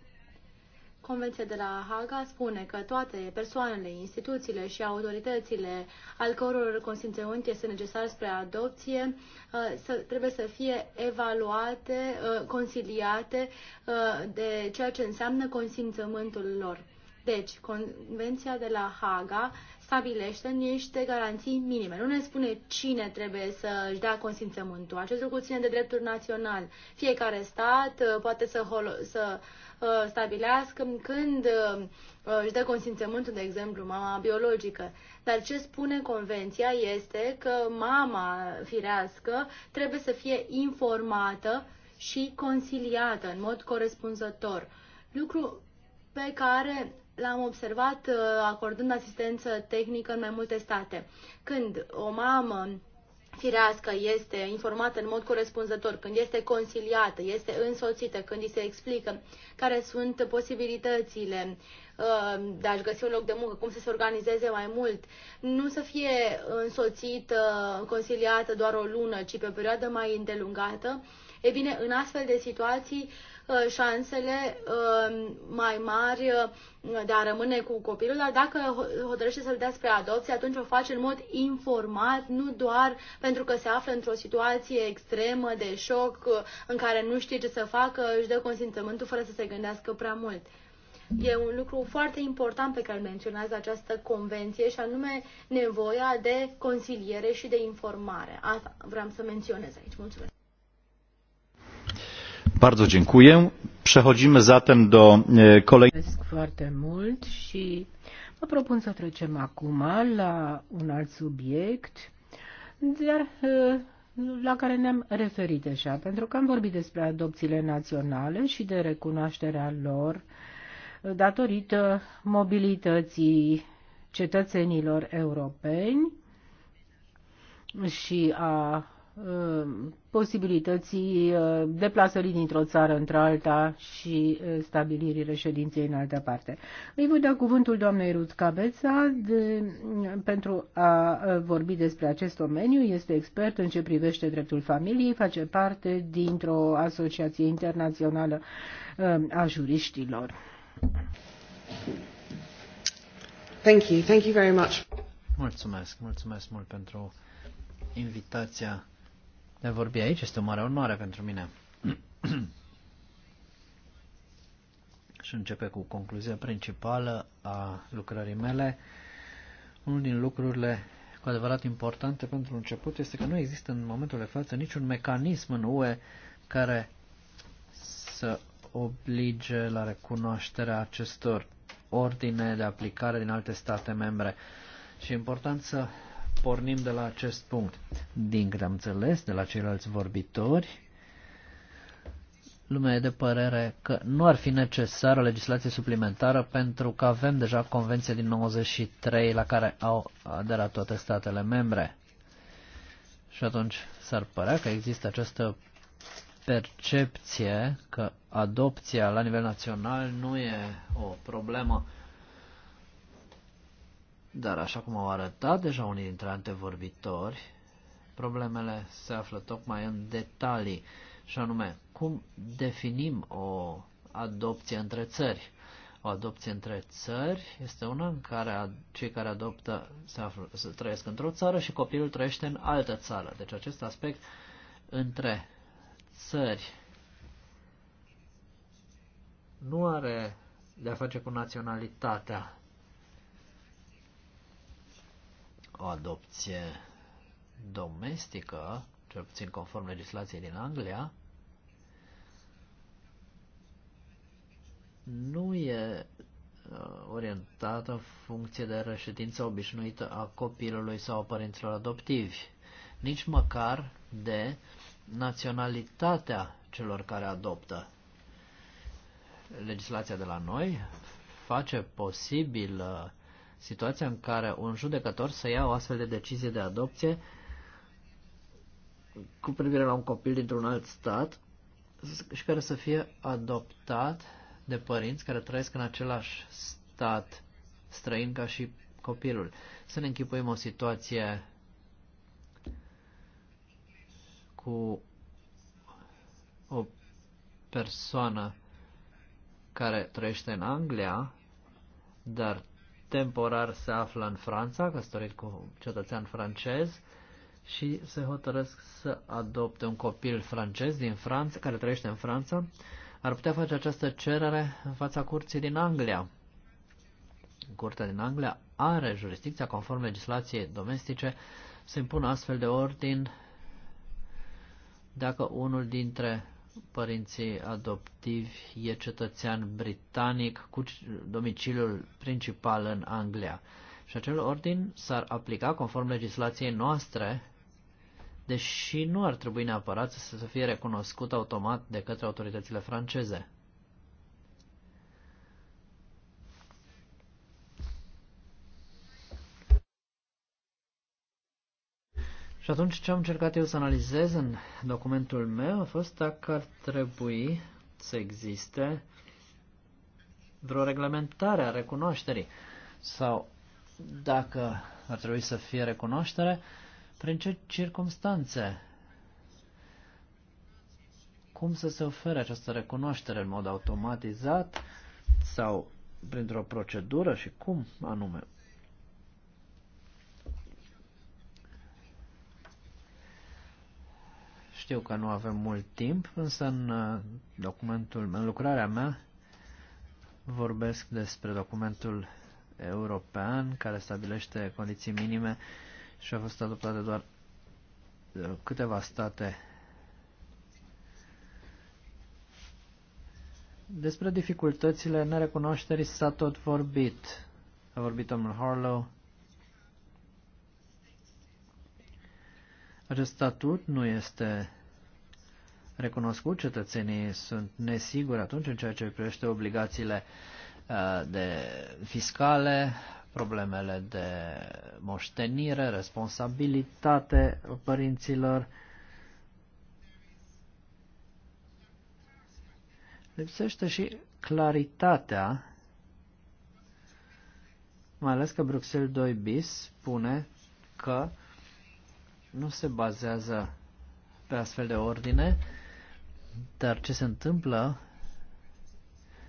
Speaker 3: Convenția de la Haga spune că toate persoanele, instituțiile și autoritățile al căror consimțământ este necesar spre adopție uh, să, trebuie să fie evaluate, uh, conciliate uh, de ceea ce înseamnă consimțământul lor. Deci, Convenția de la Haga stabilește niște garanții minime. Nu ne spune cine trebuie să își dea consimțământul. Acest lucru ține de dreptul național. Fiecare stat poate să, holo- să Uh, stabilească când uh, își dă consimțământul, de exemplu, mama biologică. Dar ce spune convenția este că mama firească trebuie să fie informată și consiliată în mod corespunzător. Lucru pe care l-am observat uh, acordând asistență tehnică în mai multe state. Când o mamă firească este informată în mod corespunzător, când este consiliată, este însoțită, când îi se explică care sunt posibilitățile uh, de a-și găsi un loc de muncă, cum să se organizeze mai mult, nu să fie însoțită, consiliată doar o lună, ci pe o perioadă mai îndelungată, e bine, în astfel de situații, Uh, șansele uh, mai mari uh, de a rămâne cu copilul, dar dacă hotărăște să-l dea spre adopție, atunci o face în mod informat, nu doar pentru că se află într-o situație extremă de șoc în care nu știe ce să facă, își dă consimțământul fără să se gândească prea mult. E un lucru foarte important pe care menționează această convenție și anume nevoia de consiliere și de informare. Asta vreau să menționez aici. Mulțumesc!
Speaker 2: Bardzo dziękuję. Przechodzimy zatem do kolejnego.
Speaker 1: foarte mult și vă propun să trecem acum la un alt subiect, dar la care ne-am referit deja, pentru că am vorbit despre adopțiile naționale și de recunoașterea lor datorită mobilității cetățenilor europeni și a Uh, posibilității uh, deplasării dintr-o țară într-alta și uh, stabilirii reședinței în altă parte. Îi voi da cuvântul doamnei Ruth Cabeța de, pentru a vorbi despre acest domeniu. Este expert în ce privește dreptul familiei, face parte dintr-o asociație internațională a juriștilor. Thank you. Thank you very much.
Speaker 2: Mulțumesc, mulțumesc mult pentru invitația de a vorbi aici este o mare onoare pentru mine. Și începe cu concluzia principală a lucrării mele. Unul din lucrurile cu adevărat importante pentru început este că nu există în momentul de față niciun mecanism în UE care să oblige la recunoașterea acestor ordine de aplicare din alte state membre. Și e important să pornim de la acest punct. Din câte am înțeles de la ceilalți vorbitori, lumea e de părere că nu ar fi necesară legislație suplimentară pentru că avem deja convenția din 93 la care au aderat toate statele membre. Și atunci s-ar părea că există această percepție că adopția la nivel național nu e o problemă dar așa cum au arătat deja unii dintre antevorbitori, problemele se află tocmai în detalii, și anume cum definim o adopție între țări. O adopție între țări este una în care cei care adoptă se, află, se trăiesc într-o țară și copilul trăiește în altă țară. Deci acest aspect între țări nu are de a face cu naționalitatea o adopție domestică, cel puțin conform legislației din Anglia, nu e uh, orientată în funcție de reședință obișnuită a copilului sau a părinților adoptivi, nici măcar de naționalitatea celor care adoptă. Legislația de la noi face posibil uh, situația în care un judecător să ia o astfel de decizie de adopție cu privire la un copil dintr-un alt stat și care să fie adoptat de părinți care trăiesc în același stat străin ca și copilul. Să ne închipuim o situație cu o persoană care trăiește în Anglia, dar temporar se află în Franța, căsătorit cu cetățean francez, și se hotărăsc să adopte un copil francez din Franța, care trăiește în Franța, ar putea face această cerere în fața curții din Anglia. Curtea din Anglia are jurisdicția, conform legislației domestice, să impună astfel de ordin dacă unul dintre părinții adoptivi e cetățean britanic cu domiciliul principal în Anglia. Și acel ordin s-ar aplica conform legislației noastre, deși nu ar trebui neapărat să fie recunoscut automat de către autoritățile franceze. Și atunci ce am încercat eu să analizez în documentul meu a fost dacă ar trebui să existe vreo reglementare a recunoașterii sau dacă ar trebui să fie recunoaștere, prin ce circunstanțe, Cum să se ofere această recunoaștere în mod automatizat sau printr-o procedură și cum anume? Știu că nu avem mult timp, însă în uh, documentul, în lucrarea mea, vorbesc despre documentul european care stabilește condiții minime și a fost adoptate doar uh, câteva state. Despre dificultățile nerecunoașterii s-a tot vorbit. A vorbit domnul Harlow. Acest statut nu este recunoscut, cetățenii sunt nesiguri atunci în ceea ce privește obligațiile uh, de fiscale, problemele de moștenire, responsabilitate părinților. Lipsește și claritatea, mai ales că Bruxelles 2 bis spune că nu se bazează pe astfel de ordine, dar ce se întâmplă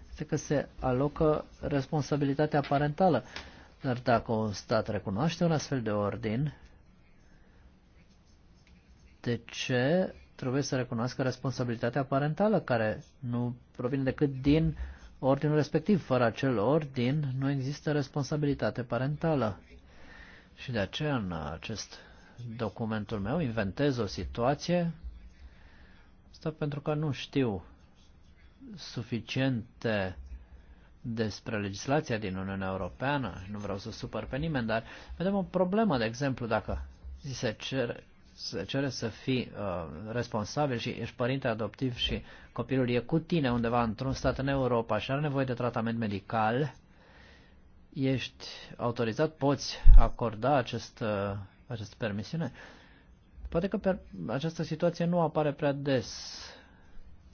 Speaker 2: este că se alocă responsabilitatea parentală. Dar dacă un stat recunoaște un astfel de ordin, de ce trebuie să recunoască responsabilitatea parentală, care nu provine decât din ordinul respectiv. Fără acel ordin nu există responsabilitate parentală. Și de aceea în acest documentul meu inventez o situație Asta pentru că nu știu suficiente despre legislația din Uniunea Europeană, nu vreau să supăr pe nimeni, dar vedem o problemă, de exemplu, dacă se cere, se cere să fii uh, responsabil și ești părinte adoptiv și copilul e cu tine undeva într-un stat în Europa și are nevoie de tratament medical, ești autorizat, poți acorda acest, uh, această permisiune. Uh, Poate că pe această situație nu apare prea des.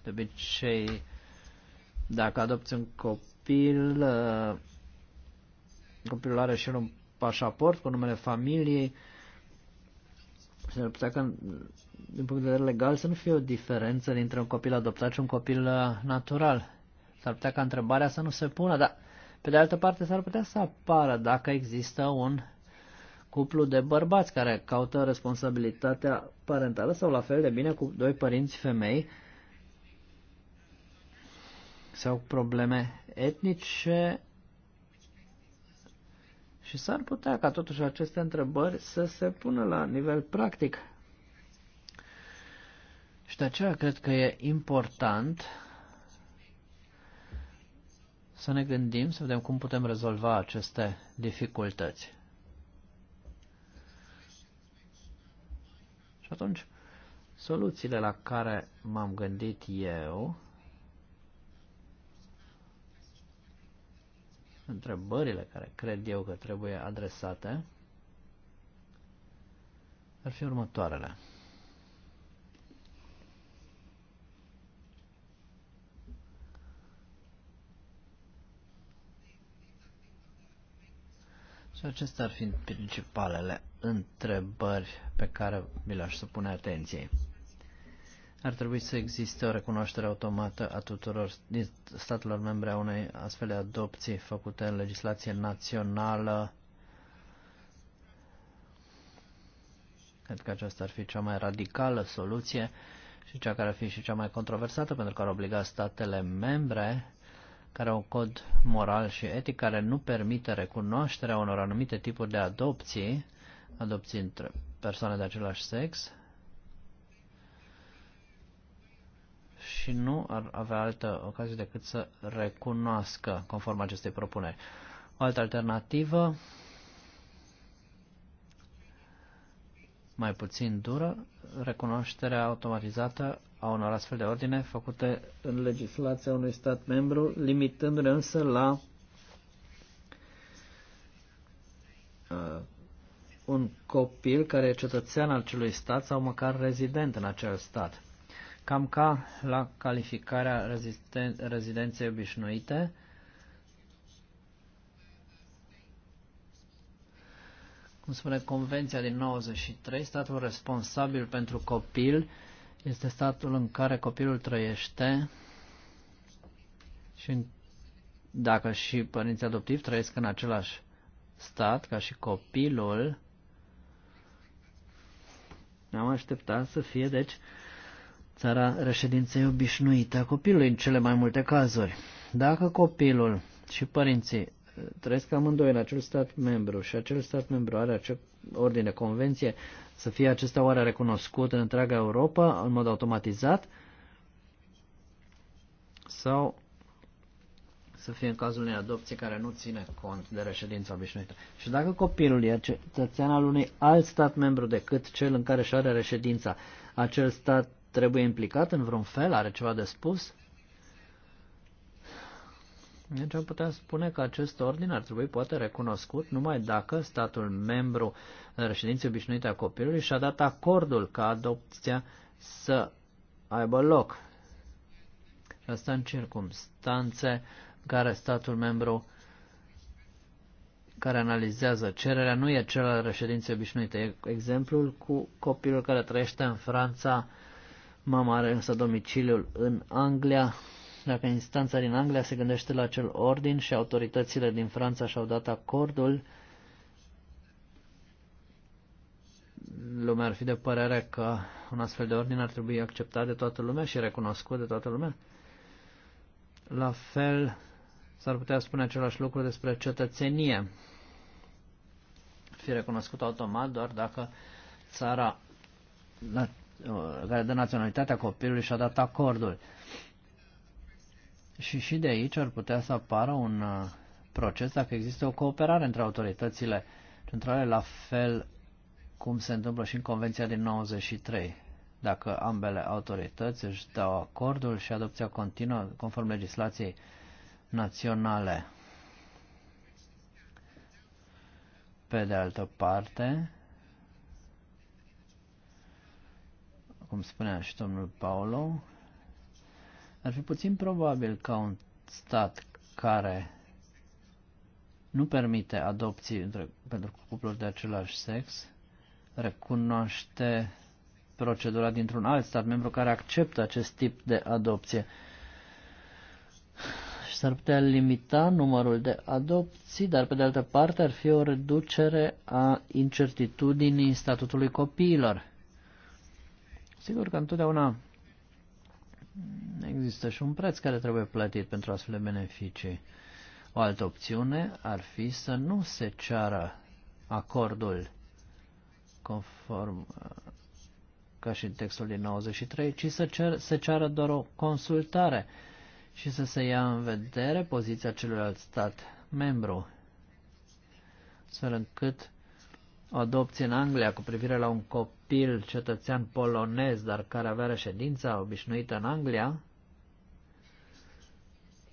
Speaker 2: De obicei, dacă adopți un copil, uh, copilul are și el un pașaport cu numele familiei, s-ar putea că, din punct de vedere legal, să nu fie o diferență dintre un copil adoptat și un copil uh, natural. S-ar putea ca întrebarea să nu se pună, dar, pe de altă parte, s-ar putea să apară dacă există un cuplu de bărbați care caută responsabilitatea parentală sau la fel de bine cu doi părinți femei sau probleme etnice și s-ar putea ca totuși aceste întrebări să se pună la nivel practic. Și de aceea cred că e important să ne gândim, să vedem cum putem rezolva aceste dificultăți. Și atunci, soluțiile la care m-am gândit eu, întrebările care cred eu că trebuie adresate, ar fi următoarele. Și acestea ar fi principalele întrebări pe care mi le-aș supune atenției. Ar trebui să existe o recunoaștere automată a tuturor statelor membre a unei astfel de adopții făcute în legislație națională. Cred că aceasta ar fi cea mai radicală soluție și cea care ar fi și cea mai controversată pentru că ar obliga statele membre care au un cod moral și etic care nu permite recunoașterea unor anumite tipuri de adopții, adopții între persoane de același sex, și nu ar avea altă ocazie decât să recunoască conform acestei propuneri. O altă alternativă mai puțin dură recunoașterea automatizată a unor astfel de ordine făcute în legislația unui stat membru, limitându-ne însă la uh, un copil care e cetățean al celui stat sau măcar rezident în acel stat. Cam ca la calificarea reziden- rezidenței obișnuite, uh, cum spune Convenția din 93, statul responsabil pentru copil este statul în care copilul trăiește și dacă și părinții adoptivi trăiesc în același stat ca și copilul, ne-am așteptat să fie, deci, țara reședinței obișnuite a copilului în cele mai multe cazuri. Dacă copilul și părinții trăiesc amândoi în acel stat membru și acel stat membru are acea ordine, convenție, să fie acesta oare recunoscut în întreaga Europa în mod automatizat sau să fie în cazul unei adopții care nu ține cont de reședința obișnuită. Și dacă copilul e cetățean al unui alt stat membru decât cel în care și are reședința, acel stat trebuie implicat în vreun fel? Are ceva de spus? Deci am putea spune că acest ordin ar trebui poate recunoscut numai dacă statul membru în reședință obișnuită a copilului și-a dat acordul ca adopția să aibă loc. Asta în circumstanțe în care statul membru care analizează cererea nu e cel al reședinței obișnuite. E exemplul cu copilul care trăiește în Franța, mama are însă domiciliul în Anglia, dacă instanța din Anglia se gândește la acel ordin și autoritățile din Franța și-au dat acordul, lumea ar fi de părere că un astfel de ordin ar trebui acceptat de toată lumea și recunoscut de toată lumea. La fel, s-ar putea spune același lucru despre cetățenie. Fi recunoscut automat doar dacă țara care dă naționalitatea copilului și-a dat acordul. Și și de aici ar putea să apară un uh, proces dacă există o cooperare între autoritățile centrale, la fel cum se întâmplă și în Convenția din 93, dacă ambele autorități își dau acordul și adopția continuă conform legislației naționale. Pe de altă parte, cum spunea și domnul Paolo, ar fi puțin probabil ca un stat care nu permite adopții între, pentru cupluri de același sex recunoaște procedura dintr-un alt stat membru care acceptă acest tip de adopție și s-ar putea limita numărul de adopții, dar pe de altă parte ar fi o reducere a incertitudinii statutului copiilor. Sigur că întotdeauna există și un preț care trebuie plătit pentru astfel de beneficii. O altă opțiune ar fi să nu se ceară acordul conform ca și în textul din 93, ci să, cer, să ceară doar o consultare și să se ia în vedere poziția celuilalt stat membru, astfel încât adopție în Anglia cu privire la un copil cetățean polonez, dar care avea reședința obișnuită în Anglia,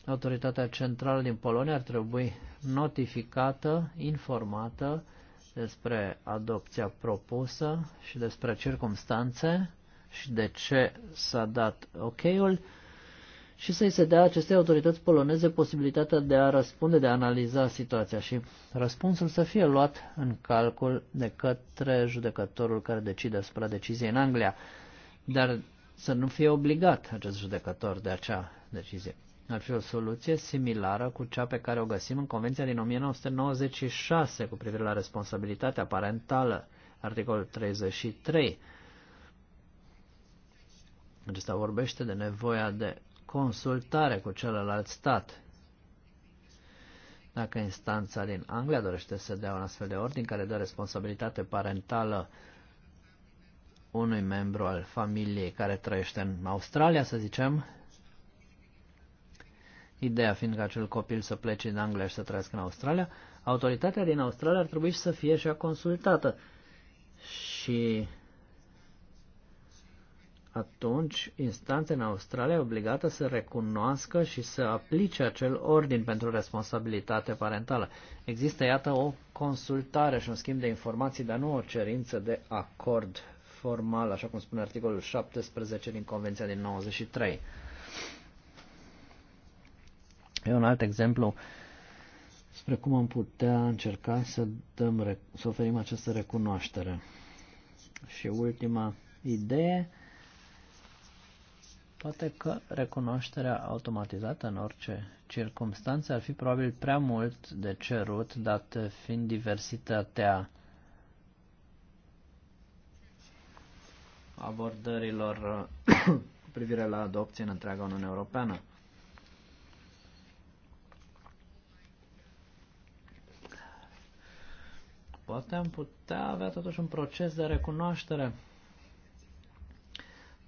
Speaker 2: autoritatea centrală din Polonia ar trebui notificată, informată despre adopția propusă și despre circumstanțe și de ce s-a dat ok-ul și să-i se dea acestei autorități poloneze posibilitatea de a răspunde, de a analiza situația și răspunsul să fie luat în calcul de către judecătorul care decide asupra deciziei în Anglia, dar să nu fie obligat acest judecător de acea decizie. Ar fi o soluție similară cu cea pe care o găsim în Convenția din 1996 cu privire la responsabilitatea parentală, articolul 33. Acesta vorbește de nevoia de consultare cu celălalt stat. Dacă instanța din Anglia dorește să dea un astfel de ordin care dă responsabilitate parentală unui membru al familiei care trăiește în Australia, să zicem, ideea fiind că acel copil să plece din Anglia și să trăiască în Australia, autoritatea din Australia ar trebui să fie și ea consultată. Și atunci instanța în Australia e obligată să recunoască și să aplice acel ordin pentru responsabilitate parentală. Există, iată, o consultare și un schimb de informații, dar nu o cerință de acord formal, așa cum spune articolul 17 din Convenția din 93. E un alt exemplu spre cum am putea încerca să, dăm, să oferim această recunoaștere. Și ultima idee, Poate că recunoașterea automatizată în orice circunstanțe ar fi probabil prea mult de cerut, dat fiind diversitatea abordărilor uh, cu privire la adopție în întreaga Uniune Europeană. Poate am putea avea totuși un proces de recunoaștere,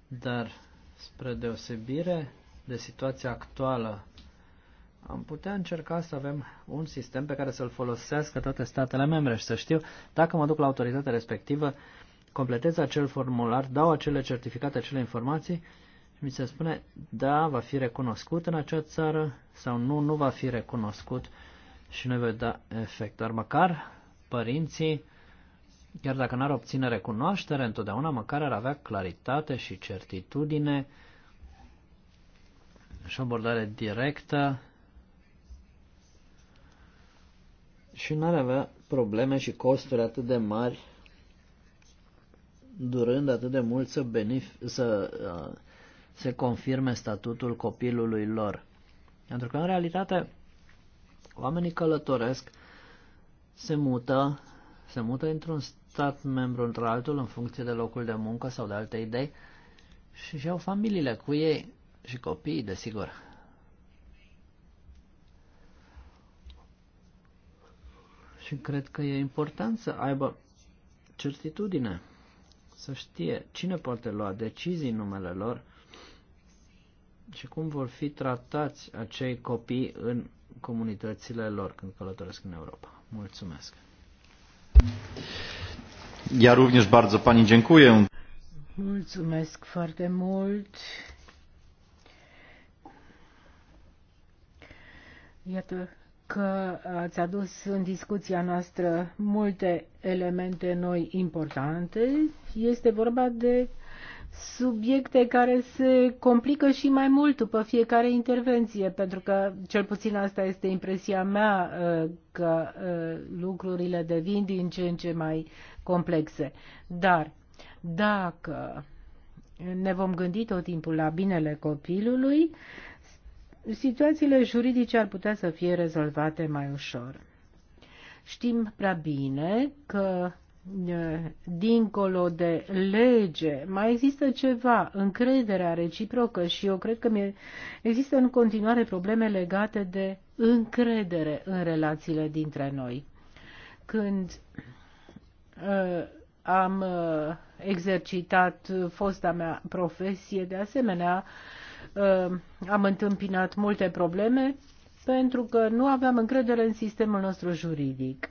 Speaker 2: dar spre deosebire de situația actuală, am putea încerca să avem un sistem pe care să-l folosească toate statele membre și să știu dacă mă duc la autoritatea respectivă, completez acel formular, dau acele certificate, acele informații și mi se spune da, va fi recunoscut în acea țară sau nu, nu va fi recunoscut și nu vei da efect. Dar măcar părinții Chiar dacă n-ar obține recunoaștere, întotdeauna măcar ar avea claritate și certitudine și o abordare directă și n-ar avea probleme și costuri atât de mari durând atât de mult să, benef- să uh, se confirme statutul copilului lor. Pentru că, în realitate, oamenii călătoresc, se mută, se mută într-un stat membru într-altul în funcție de locul de muncă sau de alte idei și și au familiile cu ei și copiii, desigur. Și cred că e important să aibă certitudine, să știe cine poate lua decizii în numele lor și cum vor fi tratați acei copii în comunitățile lor când călătoresc în Europa. Mulțumesc!
Speaker 1: Ja również bardzo Pani dziękuję. Mulțumesc foarte mult. Iată că ați adus în discuția noastră multe elemente noi importante. Este vorba de subiecte care se complică și mai mult după fiecare intervenție, pentru că cel puțin asta este impresia mea uh, că uh, lucrurile devin din ce în ce mai complexe. Dar dacă ne vom gândi tot timpul la binele copilului, situațiile juridice ar putea să fie rezolvate mai ușor. Știm prea bine că dincolo de lege, mai există ceva, încrederea reciprocă și eu cred că mi există în continuare probleme legate de încredere în relațiile dintre noi. Când Uh, am uh, exercitat fosta mea profesie, de asemenea uh, am întâmpinat multe probleme pentru că nu aveam încredere în sistemul nostru juridic.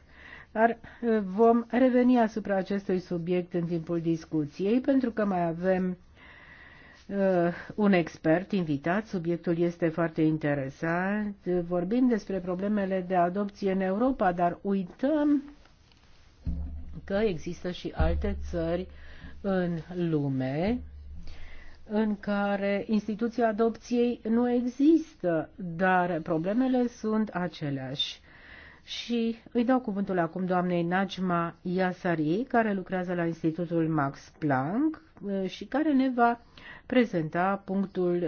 Speaker 1: Dar vom reveni asupra acestui subiect în timpul discuției, pentru că mai avem uh, un expert invitat. Subiectul este foarte interesant. Vorbim despre problemele de adopție în Europa, dar uităm că există și alte țări în lume în care instituția adopției nu există, dar problemele sunt aceleași. Și îi dau cuvântul acum doamnei Najma Yasari, care lucrează la Institutul Max Planck și care ne va prezenta punctul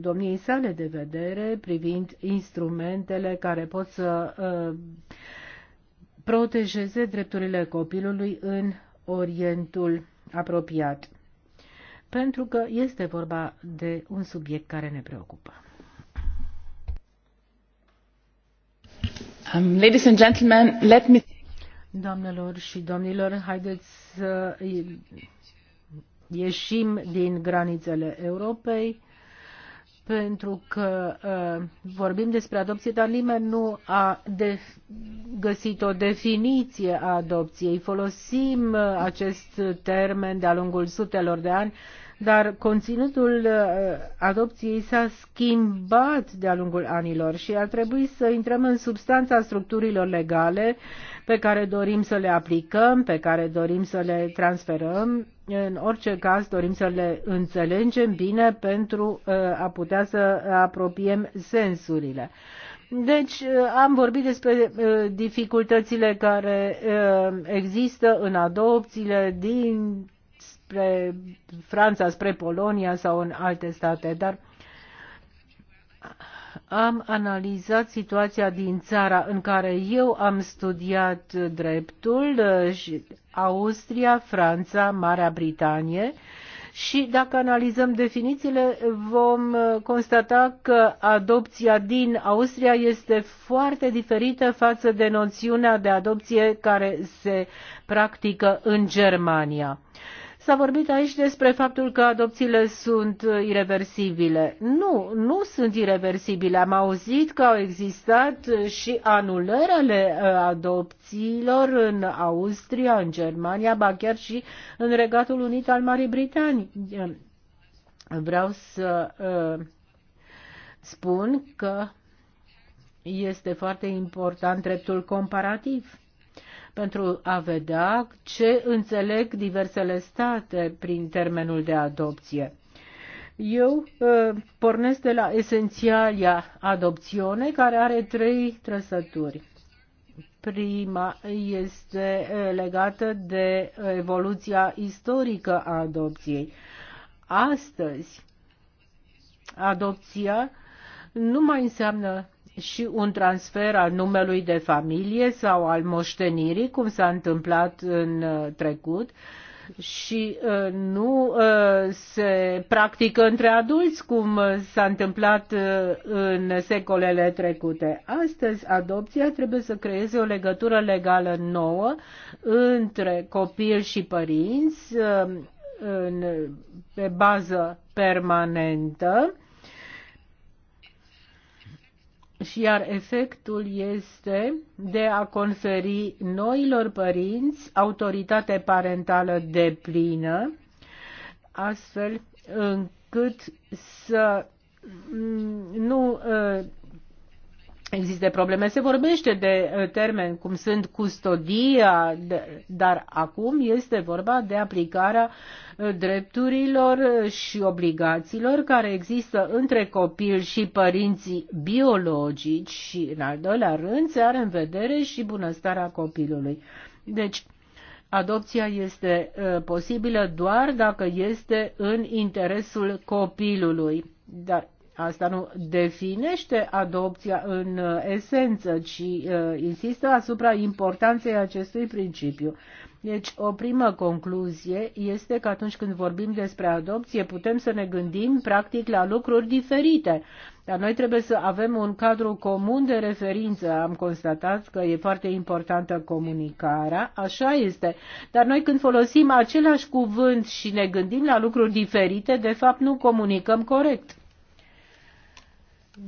Speaker 1: domniei sale de vedere privind instrumentele care pot să protejeze drepturile copilului în Orientul apropiat. Pentru că este vorba de un subiect care ne preocupă. Um, ladies and gentlemen, let me... Doamnelor și domnilor, haideți să ieșim din granițele Europei pentru că uh, vorbim despre adopție, dar nimeni nu a găsit o definiție a adopției. Folosim uh, acest termen de-a lungul sutelor de ani, dar conținutul uh, adopției s-a schimbat de-a lungul anilor și ar trebui să intrăm în substanța structurilor legale pe care dorim să le aplicăm, pe care dorim să le transferăm. În orice caz, dorim să le înțelegem bine pentru uh, a putea să apropiem sensurile. Deci uh, am vorbit despre uh, dificultățile care există în adopțiile din spre Franța, spre Polonia sau în alte state, dar am analizat situația din țara în care eu am studiat dreptul, eh, Austria, Franța, Marea Britanie, și dacă analizăm definițiile, vom eh, constata că adopția din Austria este foarte diferită față de noțiunea de adopție care se practică în Germania. S-a vorbit aici despre faptul că adopțiile sunt irreversibile. Nu, nu sunt irreversibile. Am auzit că au existat și anulări ale uh, adopțiilor în Austria, în Germania, ba chiar și în Regatul Unit al Marii Britanii. Vreau să uh, spun că este foarte important dreptul comparativ pentru a vedea ce înțeleg diversele state prin termenul de adopție. Eu uh, pornesc de la esențialia adopțiune, care are trei trăsături. Prima este uh, legată de evoluția istorică a adopției. Astăzi, adopția nu mai înseamnă și un transfer al numelui de familie sau al moștenirii, cum s-a întâmplat în uh, trecut, și uh, nu uh, se practică între adulți cum s-a întâmplat în secolele trecute. Astăzi, adopția trebuie să creeze o legătură legală nouă între copil și părinți pe bază permanentă și iar efectul este de a conferi noilor părinți autoritate parentală deplină, astfel încât să mm, nu ă, Există probleme, se vorbește de uh, termeni cum sunt custodia, dar acum este vorba de aplicarea uh, drepturilor uh, și obligațiilor care există între copil și părinții biologici și, în al doilea rând, se are în vedere și bunăstarea copilului. Deci, adopția este posibilă doar dacă este în interesul copilului. Dar Asta nu definește adopția în uh, esență, ci uh, insistă asupra importanței acestui principiu. Deci, o primă concluzie este că atunci când vorbim despre adopție, putem să ne gândim practic la lucruri diferite. Dar noi trebuie să avem un cadru comun de referință. Am constatat că e foarte importantă comunicarea, așa este. Dar noi când folosim același cuvânt și ne gândim la lucruri diferite, de fapt nu comunicăm corect.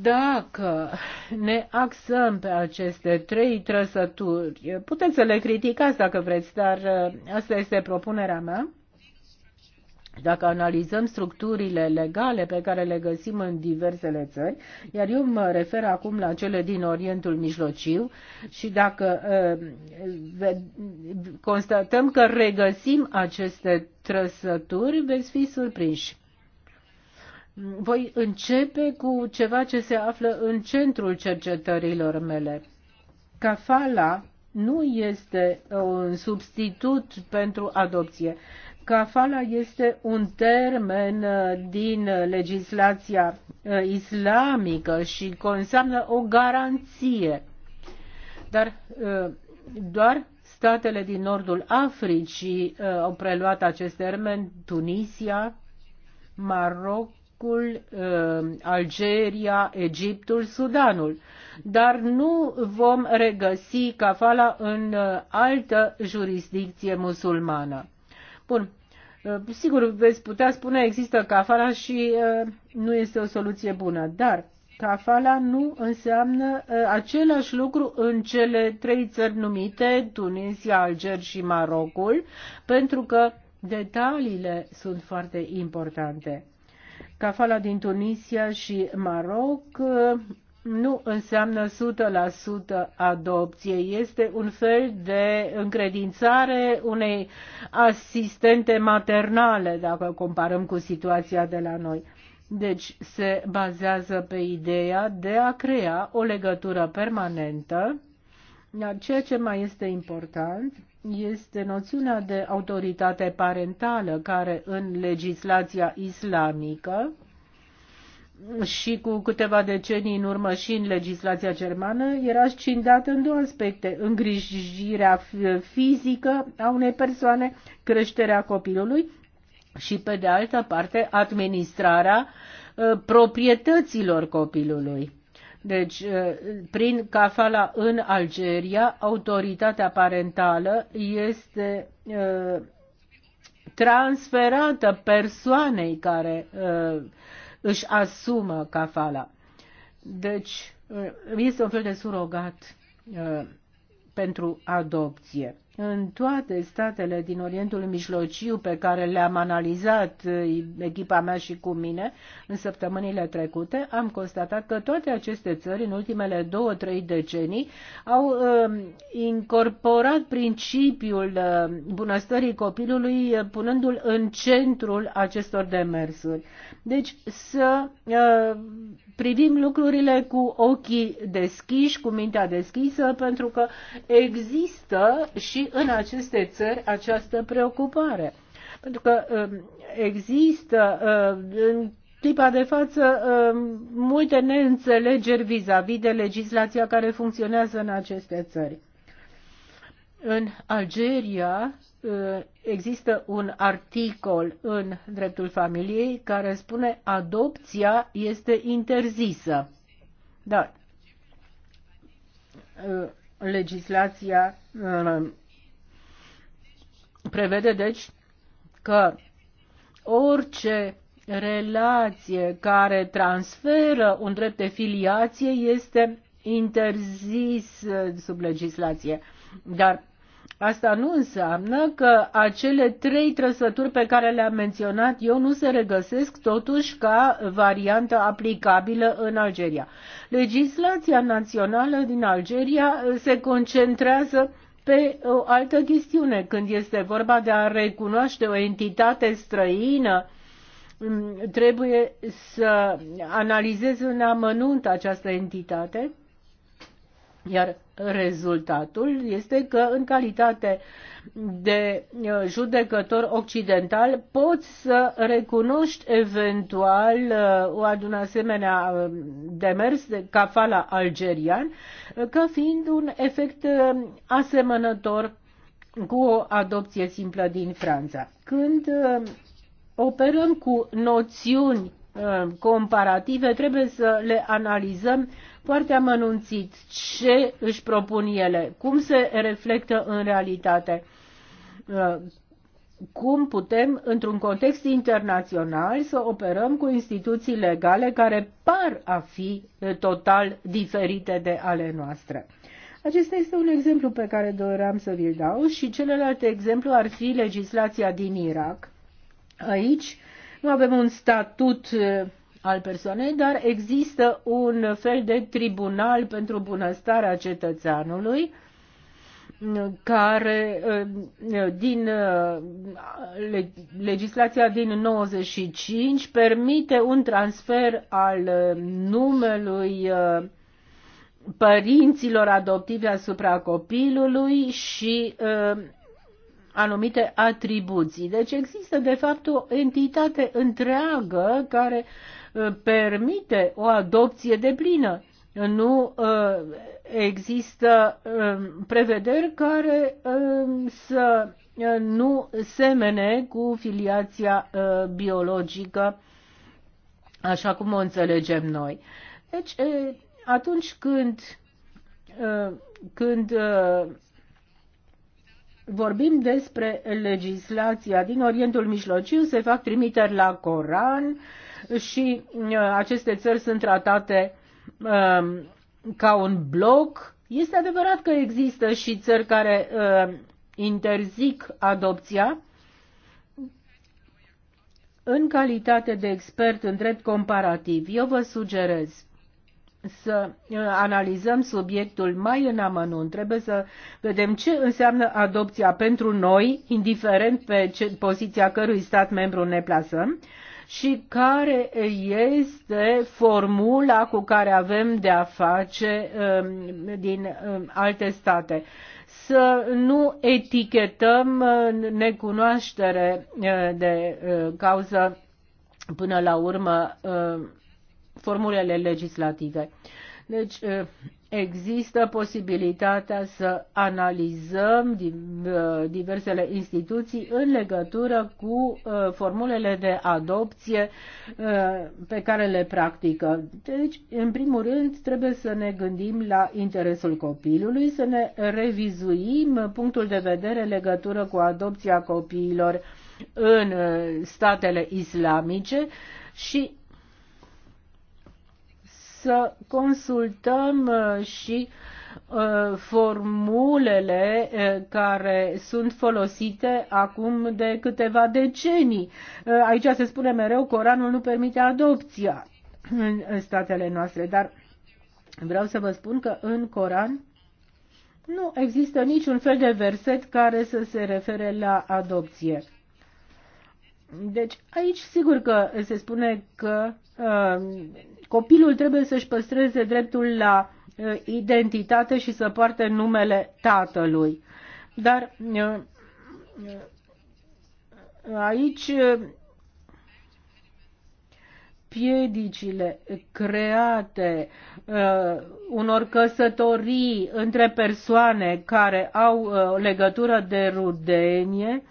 Speaker 1: Dacă ne axăm pe aceste trei trăsături, puteți să le criticați dacă vreți, dar uh, asta este propunerea mea. Dacă analizăm structurile legale pe care le găsim în diversele țări, iar eu mă refer acum la cele din Orientul Mijlociu, și dacă uh, constatăm că regăsim aceste trăsături, veți fi surprinși voi începe cu ceva ce se află în centrul cercetărilor mele. Cafala nu este un substitut pentru adopție. Cafala este un termen din legislația eh, islamică și conseamnă o garanție. Dar eh, doar statele din nordul Africii eh, au preluat acest termen, Tunisia, Maroc, Irakul, uh, Algeria, Egiptul, Sudanul. Dar nu vom regăsi kafala în uh, altă jurisdicție musulmană. Bun, uh, sigur, veți putea spune există kafala și nu este o soluție bună, dar Kafala nu înseamnă același lucru în cele trei țări numite, Tunisia, Alger și Marocul, pentru că detaliile sunt foarte importante. Cafala din Tunisia și Maroc uh, nu înseamnă 100% adopție, este un fel de încredințare unei asistente maternale, dacă comparăm cu situația de la noi. Deci se bazează pe ideea de a crea o legătură permanentă, ceea ce mai este important este noțiunea de autoritate parentală care în legislația islamică și cu câteva decenii în urmă și în legislația germană era scindată în două aspecte, îngrijirea fizică a unei persoane, creșterea copilului și pe de altă parte administrarea uh, proprietăților copilului. Deci, eh, prin cafala în Algeria, autoritatea parentală este eh, transferată persoanei care eh, își asumă cafala. Deci, este un fel de surogat pentru adopție. În toate statele din Orientul Mijlociu pe care le-am analizat eh, echipa mea și cu mine în săptămânile trecute, am constatat că toate aceste țări în ultimele două-trei decenii au uh, incorporat principiul uh, bunăstării copilului uh, punându-l în centrul acestor demersuri. Uh, deci să uh, privim lucrurile cu ochii deschiși, cu mintea deschisă, pentru că există și în aceste țări această preocupare. Pentru că uh, există uh, în clipa de față um, multe neînțelegeri vis-a-vis -vis de legislația care funcționează în aceste țări. În Algeria uh, există un articol în dreptul familiei care spune adopția este interzisă. Da, legislația uh, prevede deci că orice relație care transferă un drept de filiație este interzis sub legislație. Dar Asta nu înseamnă că acele trei trăsături pe care le-am menționat eu nu se regăsesc totuși ca variantă aplicabilă în Algeria. Legislația națională din Algeria uh, se concentrează pe o altă chestiune, când este vorba de a recunoaște o entitate străină, mm, trebuie să analizez în amănunt această entitate, iar rezultatul este că în calitate de uh, judecător occidental poți să recunoști eventual uh, o adună asemenea um, demers de cafala algerian uh, ca fiind un efect asemănător cu o adopție simplă din Franța. Când operăm cu noțiuni comparative, trebuie să le analizăm foarte amănunțit ce își propun ele, cum se reflectă în realitate, uh, cum putem, într-un context internațional, să operăm cu instituții legale care par a fi uh, total diferite de ale noastre. Acesta este un exemplu pe care doream să vi-l dau și celălalt exemplu ar fi legislația din Irak. Aici nu avem un statut uh, al persoanei, dar există un fel de tribunal pentru bunăstarea cetățeanului care din legislația din 95 permite un transfer al numelui părinților adoptivi asupra copilului și anumite atribuții. Deci există de fapt o entitate întreagă care uh, Uh, permite o adopție de plină. Nu uh, există um, prevederi care um, să uh, nu semene cu filiația biologică așa cum o înțelegem noi. Deci, atunci când, când vorbim despre legislația din Orientul Mijlociu, se fac trimiteri la Coran, și uh, aceste țări sunt tratate um, ca un bloc. Este adevărat că există și țări care uh, interzic adopția. În calitate de expert în drept comparativ, eu vă sugerez să uh, analizăm subiectul mai în amănunt. Trebuie să vedem ce înseamnă adopția pentru noi, indiferent pe ce, poziția cărui stat membru ne plasăm, și care este formula cu care avem de a face um, din um, alte state. Să nu etichetăm uh, necunoaștere uh, de uh, cauză până la urmă formulele legislative. Deci există posibilitatea să analizăm diversele instituții în legătură cu formulele de adopție pe care le practică. Deci, în primul rând, trebuie să ne gândim la interesul copilului, să ne revizuim punctul de vedere în legătură cu adopția copiilor în statele islamice și să consultăm uh, și uh, formulele uh, care sunt folosite acum de câteva decenii. Aici se spune mereu Coranul nu permite adopția în statele noastre, dar vreau să vă spun că în Coran nu există niciun fel de verset care să se refere la adopție. Deci aici sigur că se spune că Copilul trebuie să-și păstreze dreptul la uh, identitate și să poarte numele tatălui. Dar uh, uh, aici piedicile create uh, unor căsătorii între persoane care au uh, legătură de rudenie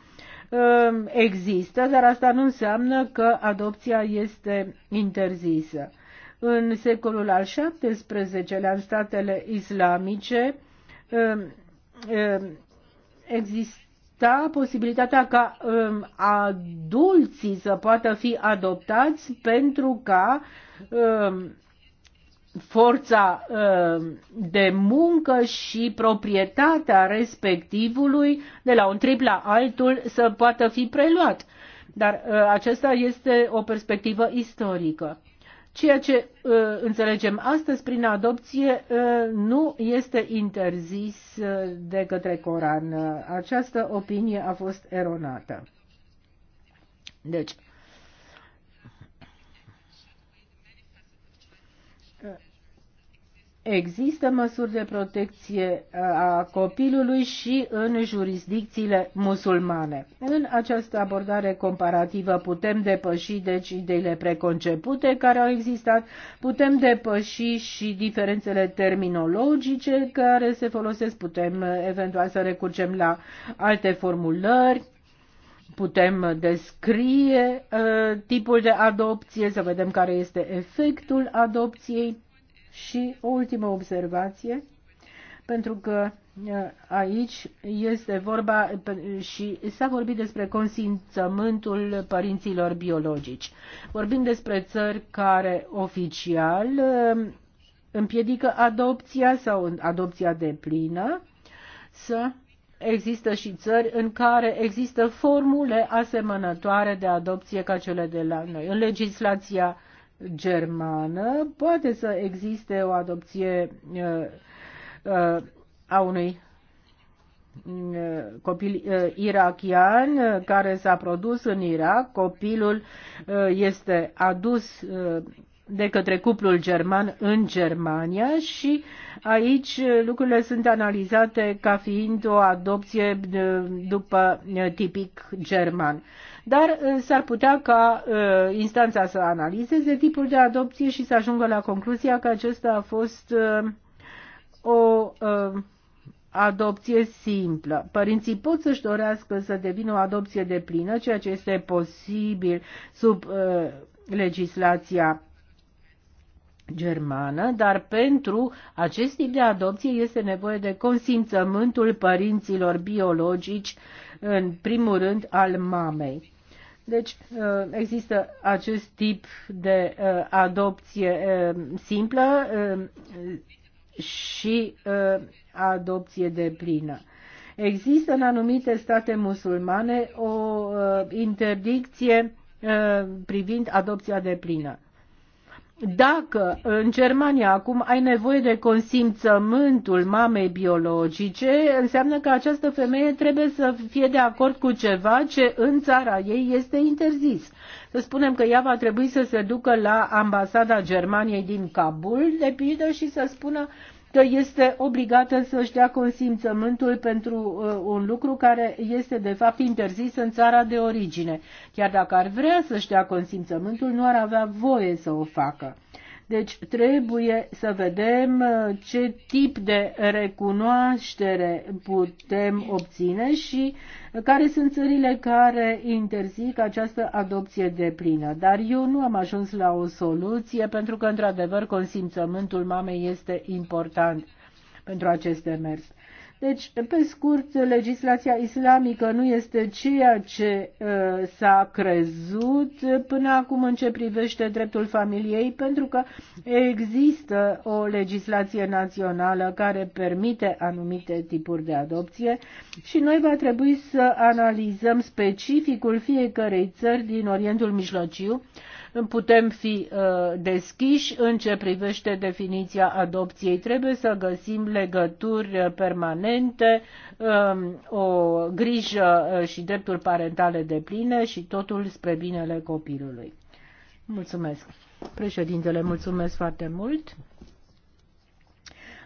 Speaker 1: uh, există, dar asta nu înseamnă că adopția este interzisă. În secolul al XVII-lea, în statele islamice, um, um, exista posibilitatea ca um, adulții să poată fi adoptați pentru ca forța de muncă și proprietatea respectivului de la un trip la altul să poată fi preluat. Dar uh, aceasta este o perspectivă istorică. Ceea ce uh, înțelegem astăzi prin adopție uh, nu este interzis uh, de către Coran. Uh, această opinie a fost eronată. Deci, există măsuri de protecție a copilului și în jurisdicțiile musulmane. În această abordare comparativă putem depăși deci ideile preconcepute care au existat, putem depăși și diferențele terminologice care se folosesc, putem eventual să recurgem la alte formulări, putem descrie uh, tipul de adopție, să vedem care este efectul adopției și o ultimă observație, pentru că aici este vorba și s-a vorbit despre consimțământul părinților biologici. Vorbim despre țări care oficial împiedică adopția sau adopția de plină, să există și țări în care există formule asemănătoare de adopție ca cele de la noi. În legislația germană poate să existe o adopție uh, uh, a unui uh, copil irachian care s-a produs în Irak, copilul este adus de către cuplul german în Germania și aici lucrurile sunt analizate ca fiind o adopție după tipic german dar uh, s-ar putea ca uh, instanța să analizeze tipul de adopție și să ajungă la concluzia că acesta a fost uh, o adopție simplă. Părinții pot să-și dorească să devină o adopție de plină, ceea ce este posibil sub uh, legislația germană, dar pentru acest tip de adopție este nevoie de consimțământul părinților biologici în primul rând, al mamei. Deci uh, există acest tip de uh, adopție uh, simplă și adopție de plină. Există în anumite state musulmane o interdicție privind adopția de plină. Dacă în Germania acum ai nevoie de consimțământul mamei biologice, înseamnă că această femeie trebuie să fie de acord cu ceva ce în țara ei este interzis. Să spunem că ea va trebui să se ducă la ambasada Germaniei din Kabul, de pildă, și să spună că este obligată să-și dea consimțământul pentru uh, un lucru care este de fapt interzis în țara de origine. Chiar dacă ar vrea să-și dea consimțământul, nu ar avea voie să o facă. Deci trebuie să vedem uh, ce tip de recunoaștere putem obține și uh, care sunt țările care interzic această adopție de plină. Dar eu nu am ajuns la o soluție pentru că, într-adevăr, consimțământul mamei este important pentru acest demers. Deci, pe scurt, legislația islamică nu este ceea ce uh, s-a crezut până acum în ce privește dreptul familiei, pentru că există o legislație națională care permite anumite tipuri de adopție și noi va trebui să analizăm specificul fiecărei țări din Orientul Mijlociu putem fi uh, deschiși în ce privește definiția adopției. Trebuie să găsim legături permanente, um, o grijă uh, și drepturi parentale de pline și totul spre binele copilului. Mulțumesc. Președintele, mulțumesc foarte mult.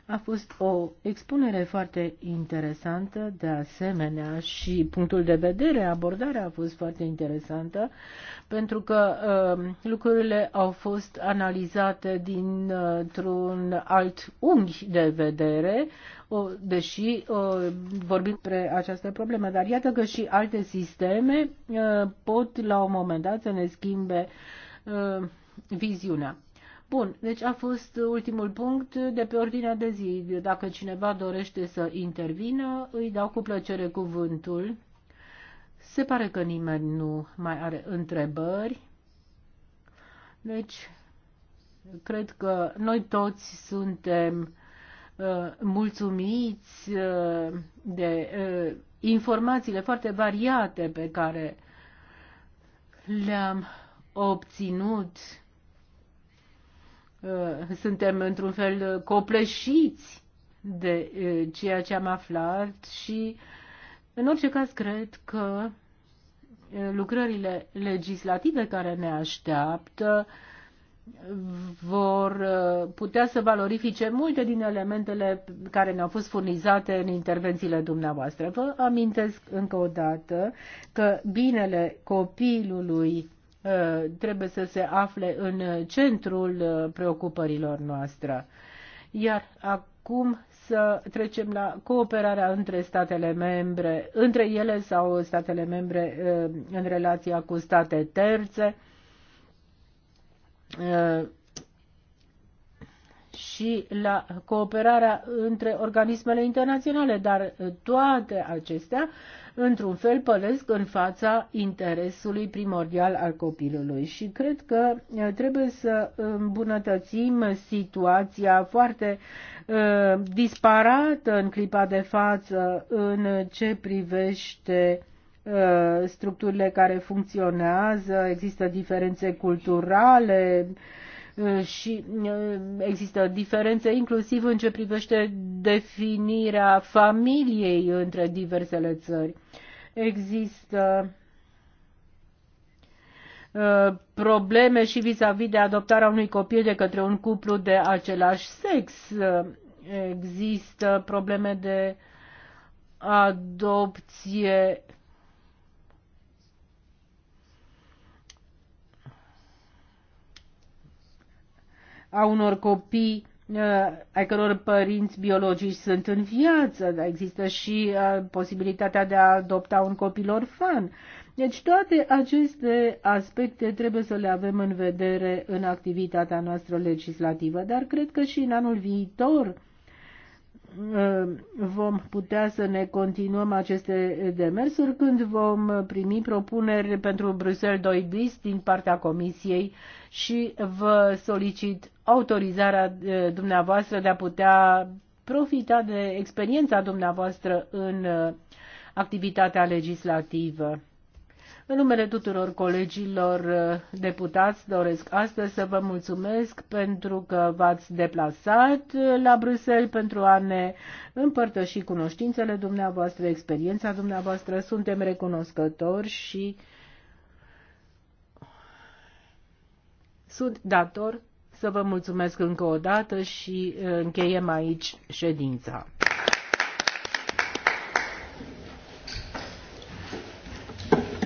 Speaker 1: A fost o expunere foarte interesantă, de asemenea, și punctul de vedere, abordarea a fost foarte interesantă, pentru că uh, lucrurile au fost analizate dintr-un alt unghi de vedere, o, deși uh, vorbim despre această problemă, dar iată că și alte sisteme uh, pot la un moment dat să ne schimbe uh, viziunea. Bun, deci a fost ultimul punct de pe ordinea de zi. Dacă cineva dorește să intervină, îi dau cu plăcere cuvântul. Se pare că nimeni nu mai are întrebări. Deci, cred că noi toți suntem uh, mulțumiți uh, de uh, informațiile foarte variate pe care le-am obținut Uh, suntem într-un fel copleșiți de uh, ceea ce am aflat și, în orice caz, cred că uh, lucrările legislative care ne așteaptă vor putea să valorifice multe din elementele care ne-au fost furnizate în intervențiile dumneavoastră. Vă amintesc încă o dată că binele copilului Uh, trebuie să se afle în centrul uh, preocupărilor noastre. Iar acum să trecem la cooperarea între statele membre, între ele sau statele membre uh, în relația cu state terțe și la cooperarea între organismele internaționale, dar toate acestea, într-un fel, pălesc în fața interesului primordial al copilului. Și cred că uh, trebuie să îmbunătățim situația foarte uh, disparată în clipa de față în ce privește uh, structurile care funcționează, există diferențe culturale, Eh, și eh, există diferențe inclusiv în ce privește definirea familiei între diversele țări. Există eh, probleme și vis-a-vis -vis de adoptarea unui copil de către un cuplu de același sex. Există probleme de adopție a unor copii uh, ai căror părinți biologici sunt în viață, dar există și uh, posibilitatea de a adopta un copil orfan. Deci toate aceste aspecte trebuie să le avem în vedere în activitatea noastră legislativă, dar cred că și în anul viitor Uh, vom putea să ne continuăm aceste demersuri când vom primi propuneri pentru Bruxelles 2 bis din partea Comisiei și vă solicit autorizarea uh, dumneavoastră de a putea profita de experiența dumneavoastră în uh, activitatea legislativă. În numele tuturor colegilor uh, deputați doresc astăzi să vă mulțumesc pentru că v-ați deplasat uh, la Bruxelles pentru a ne împărtăși cunoștințele dumneavoastră, experiența dumneavoastră. Suntem recunoscători și sunt dator să vă mulțumesc încă o dată și uh, încheiem aici ședința.